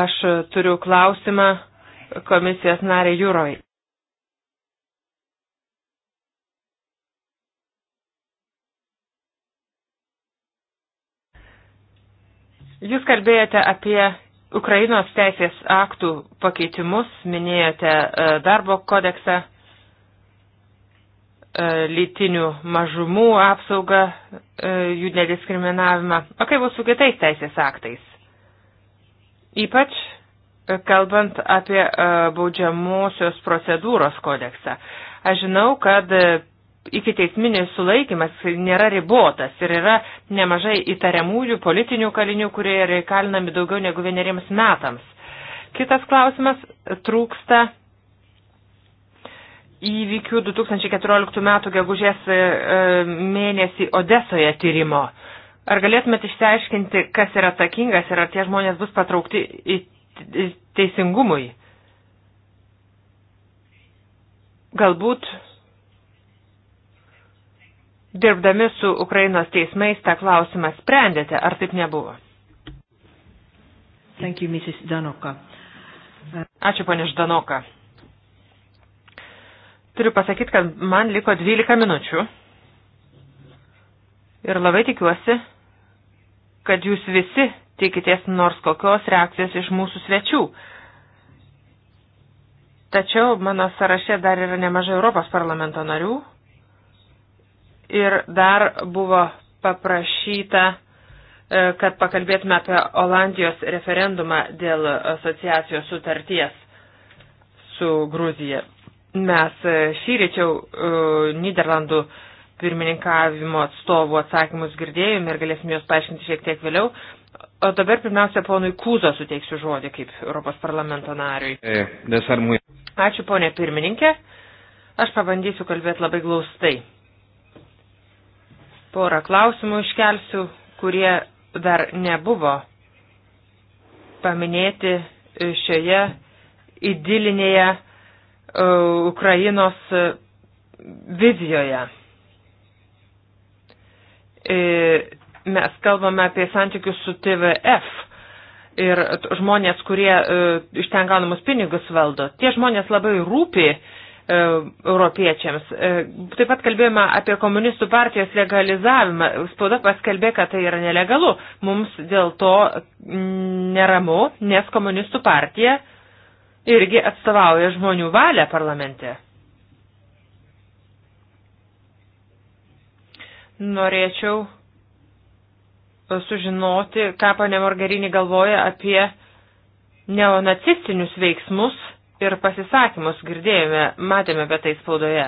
D: Aš turiu klausimą komisijos narė Jūroj. Jūs kalbėjote apie Ukrainos teisės aktų pakeitimus, minėjote e, darbo kodeksą, e, lytinių mažumų apsaugą, e, jų nediskriminavimą. O kaip bus su kitais teisės aktais? Ypač kalbant apie baudžiamosios procedūros kodeksą. Aš žinau, kad iki teisminis sulaikimas nėra ribotas ir yra nemažai įtariamųjų politinių kalinių, kurie yra įkalinami daugiau negu vieneriems metams. Kitas klausimas - trūksta įvykių 2014 m. gegužės e, e, mėnesį Odesoje tyrimo. Ar galėtumėte išsiaiškinti, kas yra takingas ir ar tie žmonės bus patraukti į teisingumui? Galbūt dirbdami su Ukrainos teismais tą klausimą sprendėte, ar taip nebuvo? Thank you, Mrs. Danoka. Ačiū, ponė Ždanoka. Turiu pasakyti, kad man liko 12 minučių ir labai tikiuosi, kad jūs visi tikitės nors kokios reakcijos iš mūsų svečių. Tačiau mano sąraše dar yra nemažai Europos parlamento narių, Ir dar buvo paprašyta, e, kad pakalbėtume apie Olandijos referendumą dėl asociacijos sutarties su Gruzija. Mes e, šį ryčiau e, Niderlandų pirmininkavimo atstovų atsakymus girdėjome ir galėsime juos paaiškinti šiek tiek vėliau. O dabar pirmiausia, ponui Kūzo suteiksiu žodį kaip Europos parlamento nariui. Ačiū, ponė pirmininkė. Aš pabandysiu kalbėti labai glaustai. Porą klausimų iškelsiu, kurie dar nebuvo paminėti šioje idilinėje e, Ukrainos e, vizijoje. E, mes kalbame apie santykius su TVF ir žmonės, kurie iš ten gaunamus pinigus valdo. Tie žmonės labai rūpi E, europiečiams. E, taip pat kalbėjome apie komunistų partijos legalizavimą. Spauda paskelbė, kad tai yra nelegalu. Mums dėl to neramu, nes komunistų partija irgi atstovauja žmonių valią parlamente. Norėčiau sužinoti, ką panė Margarinį galvoja apie neonacistinius veiksmus ir pasisakymus girdėjome, matėme apie tai spaudoje.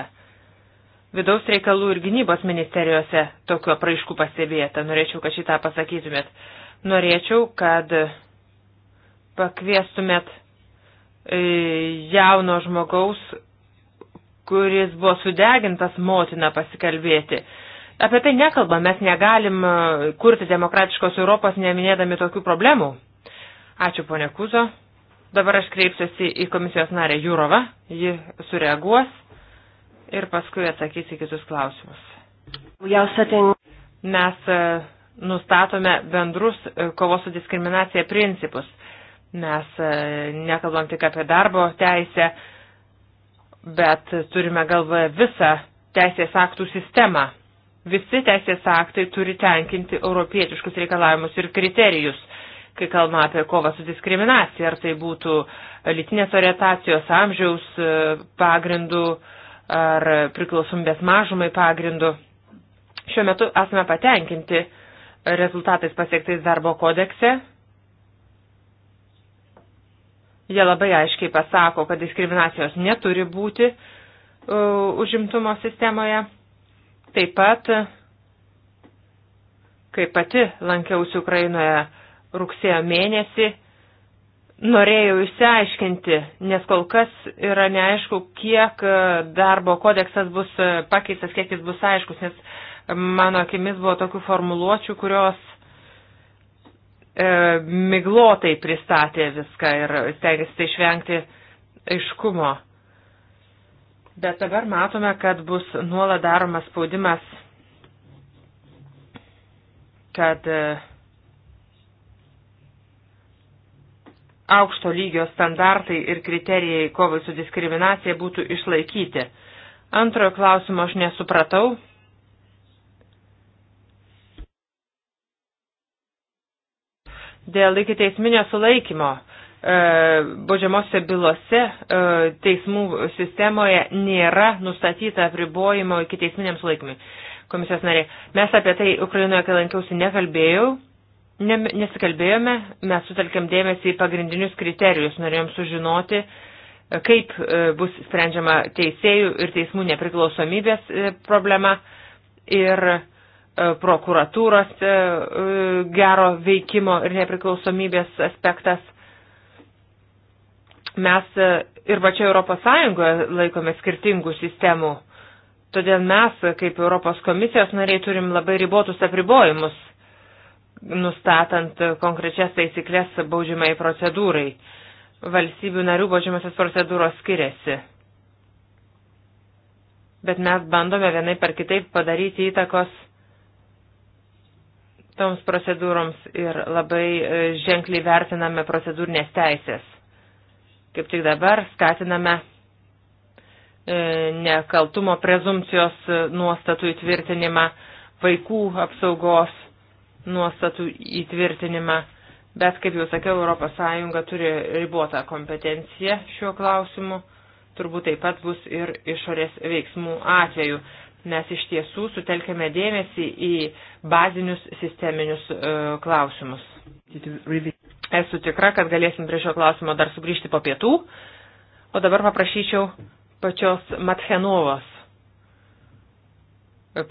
D: Vidaus reikalų ir gynybos ministerijose tokio praaiškų pastebėta. Norėčiau, kad šitą pasakytumėt. Norėčiau, kad pakviestumėt e, jauno žmogaus, kuris buvo sudegintas motina pasikalbėti. Apie tai nekalbam, mes negalim e, kurti demokratiškos Europos neminėdami tokių problemų. Ačiū, ponė Kuzo. Dabar aš kreipsiuosi į komisijos narę Jūrovą, ji sureaguos ir paskui atsakys į kitus klausimus. Mes e, nustatome bendrus e, kovos su diskriminacija principus. Mes e, nekalbam tik apie darbo teisę, bet turime galvoje visą teisės aktų sistemą. Visi teisės aktai turi tenkinti europietiškus reikalavimus ir kriterijus kai kalbame apie kovą su diskriminacija, ar tai būtų lytinės orientacijos, amžiaus e, pagrindų ar priklausomybės mažumai pagrindų. Šiuo metu esame patenkinti rezultatais pasiektais darbo kodekse. Jie labai aiškiai pasako, kad diskriminacijos neturi būti e, užimtumo sistemoje. Taip pat, kai pati lankiausi Ukrainoje, rugsėjo mėnesį norėjau išsiaiškinti, nes kol kas yra neaišku, kiek e, darbo kodeksas bus e, pakeistas, kiek jis bus aiškus, nes mano akimis buvo tokių formuluočių, kurios e, miglotai pristatė viską ir stengiasi tai išvengti aiškumo. Bet dabar matome, kad bus nuolat daromas spaudimas, kad e, aukšto lygio standartai ir kriterijai kovai su diskriminacija būtų išlaikyti. Antrojo klausimo aš nesupratau. Dėl iki teisminio sulaikymo e, baudžiamosiose bylose e, teismų sistemoje nėra nustatyta apribojimo iki teisminiam sulaikymui. Komisijos nariai, mes apie tai Ukrainoje, kai lankiausi, nekalbėjau, Nesikalbėjome, mes sutelkėm dėmesį į pagrindinius kriterijus, norėjom sužinoti, e, kaip e, bus sprendžiama teisėjų ir teismų nepriklausomybės e, problema ir prokuratūros gero veikimo ir nepriklausomybės aspektas. Mes ir pačioje Europos Sąjungoje laikome skirtingų sistemų, todėl mes, kaip Europos komisijos nariai, turim labai ribotus apribojimus nustatant konkrečias taisyklės baudžiamai procedūrai. Valstybių narių baudžiamasios procedūros skiriasi. Bet mes bandome vienai per kitaip padaryti įtakos toms procedūroms ir labai e, ženkliai vertiname procedūrinės teisės. Kaip tik dabar skatiname e, nekaltumo prezumcijos nuostatų įtvirtinimą, vaikų apsaugos nuostatų įtvirtinimą. Bet, kaip jau sakiau, ES turi ribotą kompetenciją šiuo klausimu. Turbūt taip pat bus ir išorės veiksmų atveju. Mes iš tiesų sutelkėme dėmesį į bazinius sisteminius e, klausimus. Esu tikra, kad galėsim prie šio klausimo dar sugrįžti po pietų. O dabar paprašyčiau pačios Matchenovos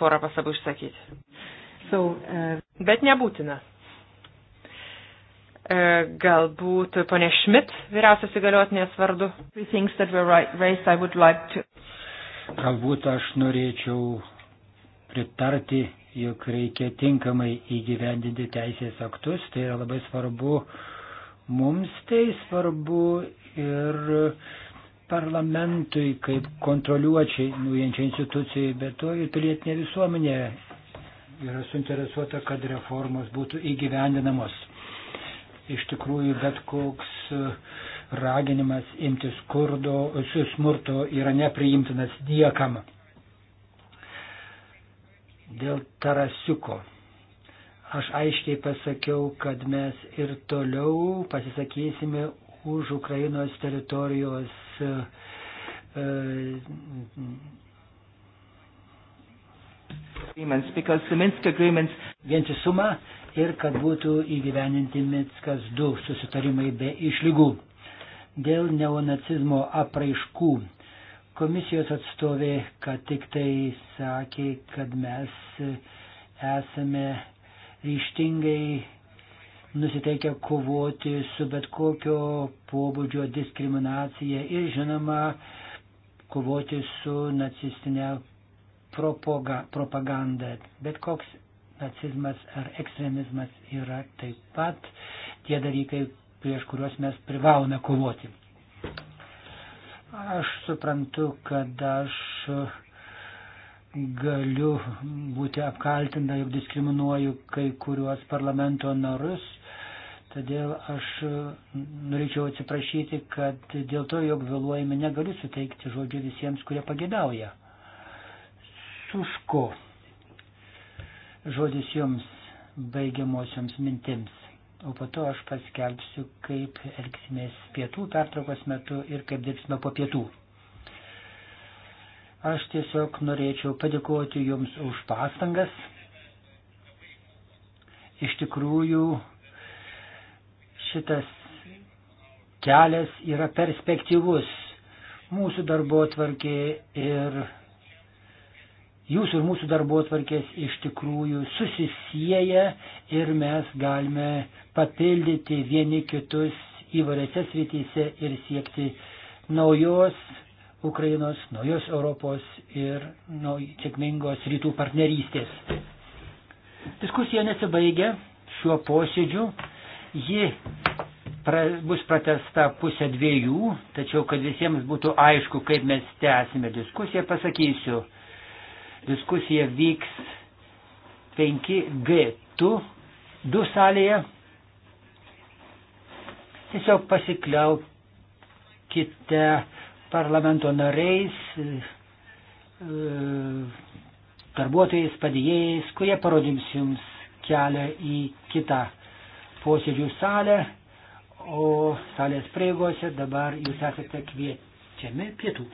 D: porą pasabų išsakyti. So, uh... Bet nebūtina. E, galbūt ponė Šmit, vyriausias įgaliotinės vardu.
B: Galbūt aš norėčiau pritarti, jog reikia tinkamai įgyvendinti teisės aktus. Tai yra labai svarbu mums, tai svarbu ir parlamentui kaip kontroliuočiai nuojančiai institucijai, bet to ir pilietinė visuomenė yra suinteresuota, kad reformos būtų įgyvendinamos. Iš tikrųjų, bet koks e, raginimas imtis kurdo, smurto yra nepriimtinas niekam. Dėl Tarasiuko. Aš aiškiai pasakiau, kad mes ir toliau pasisakysime už Ukrainos teritorijos e, e vientisumą ir kad būtų įgyveninti Minskas 2 susitarimai be išlygų. Dėl neonacizmo apraiškų komisijos atstovė, kad tik tai sakė, kad mes esame ryštingai nusiteikę kovoti su bet kokio pobūdžio diskriminacija ir žinoma kovoti su nacistinė propoga, propaganda. Bet koks nacizmas ar ekstremizmas yra taip pat tie dalykai, prieš kuriuos mes privalome kovoti. Aš suprantu, kad aš galiu būti apkaltinta, jog diskriminuoju kai kuriuos parlamento narus. Todėl aš norėčiau atsiprašyti, kad dėl to, jog vėluojame, negaliu suteikti žodžio visiems, kurie pagėdauja. Suško žodis jums baigiamosioms mintims. O po to aš paskelbsiu, kaip elgsimės pietų pertraukos metu ir kaip dirbsime po pietų. Aš tiesiog norėčiau padėkoti Jums už pastangas. Iš tikrųjų, šitas kelias yra perspektyvus mūsų darbo tvarkė ir jūsų ir mūsų darbo atvarkės iš tikrųjų susisieja ir mes galime papildyti vieni kitus įvairiose srityse ir siekti naujos Ukrainos, naujos Europos ir nu, sėkmingos rytų partnerystės. Diskusija nesibaigia šiuo posėdžiu. Ji pra, bus pratesta pusę dviejų, tačiau kad visiems būtų aišku, kaip mes tęsime diskusiją, pasakysiu. Diskusija vyks 5G2 du salėje. Tiesiog pasikliaukite parlamento nariais, e, darbuotojais, padėjėjais, kurie parodys jums kelią į kitą posėdžių salę, o salės prieigose dabar jūs esate kviečiami pietų.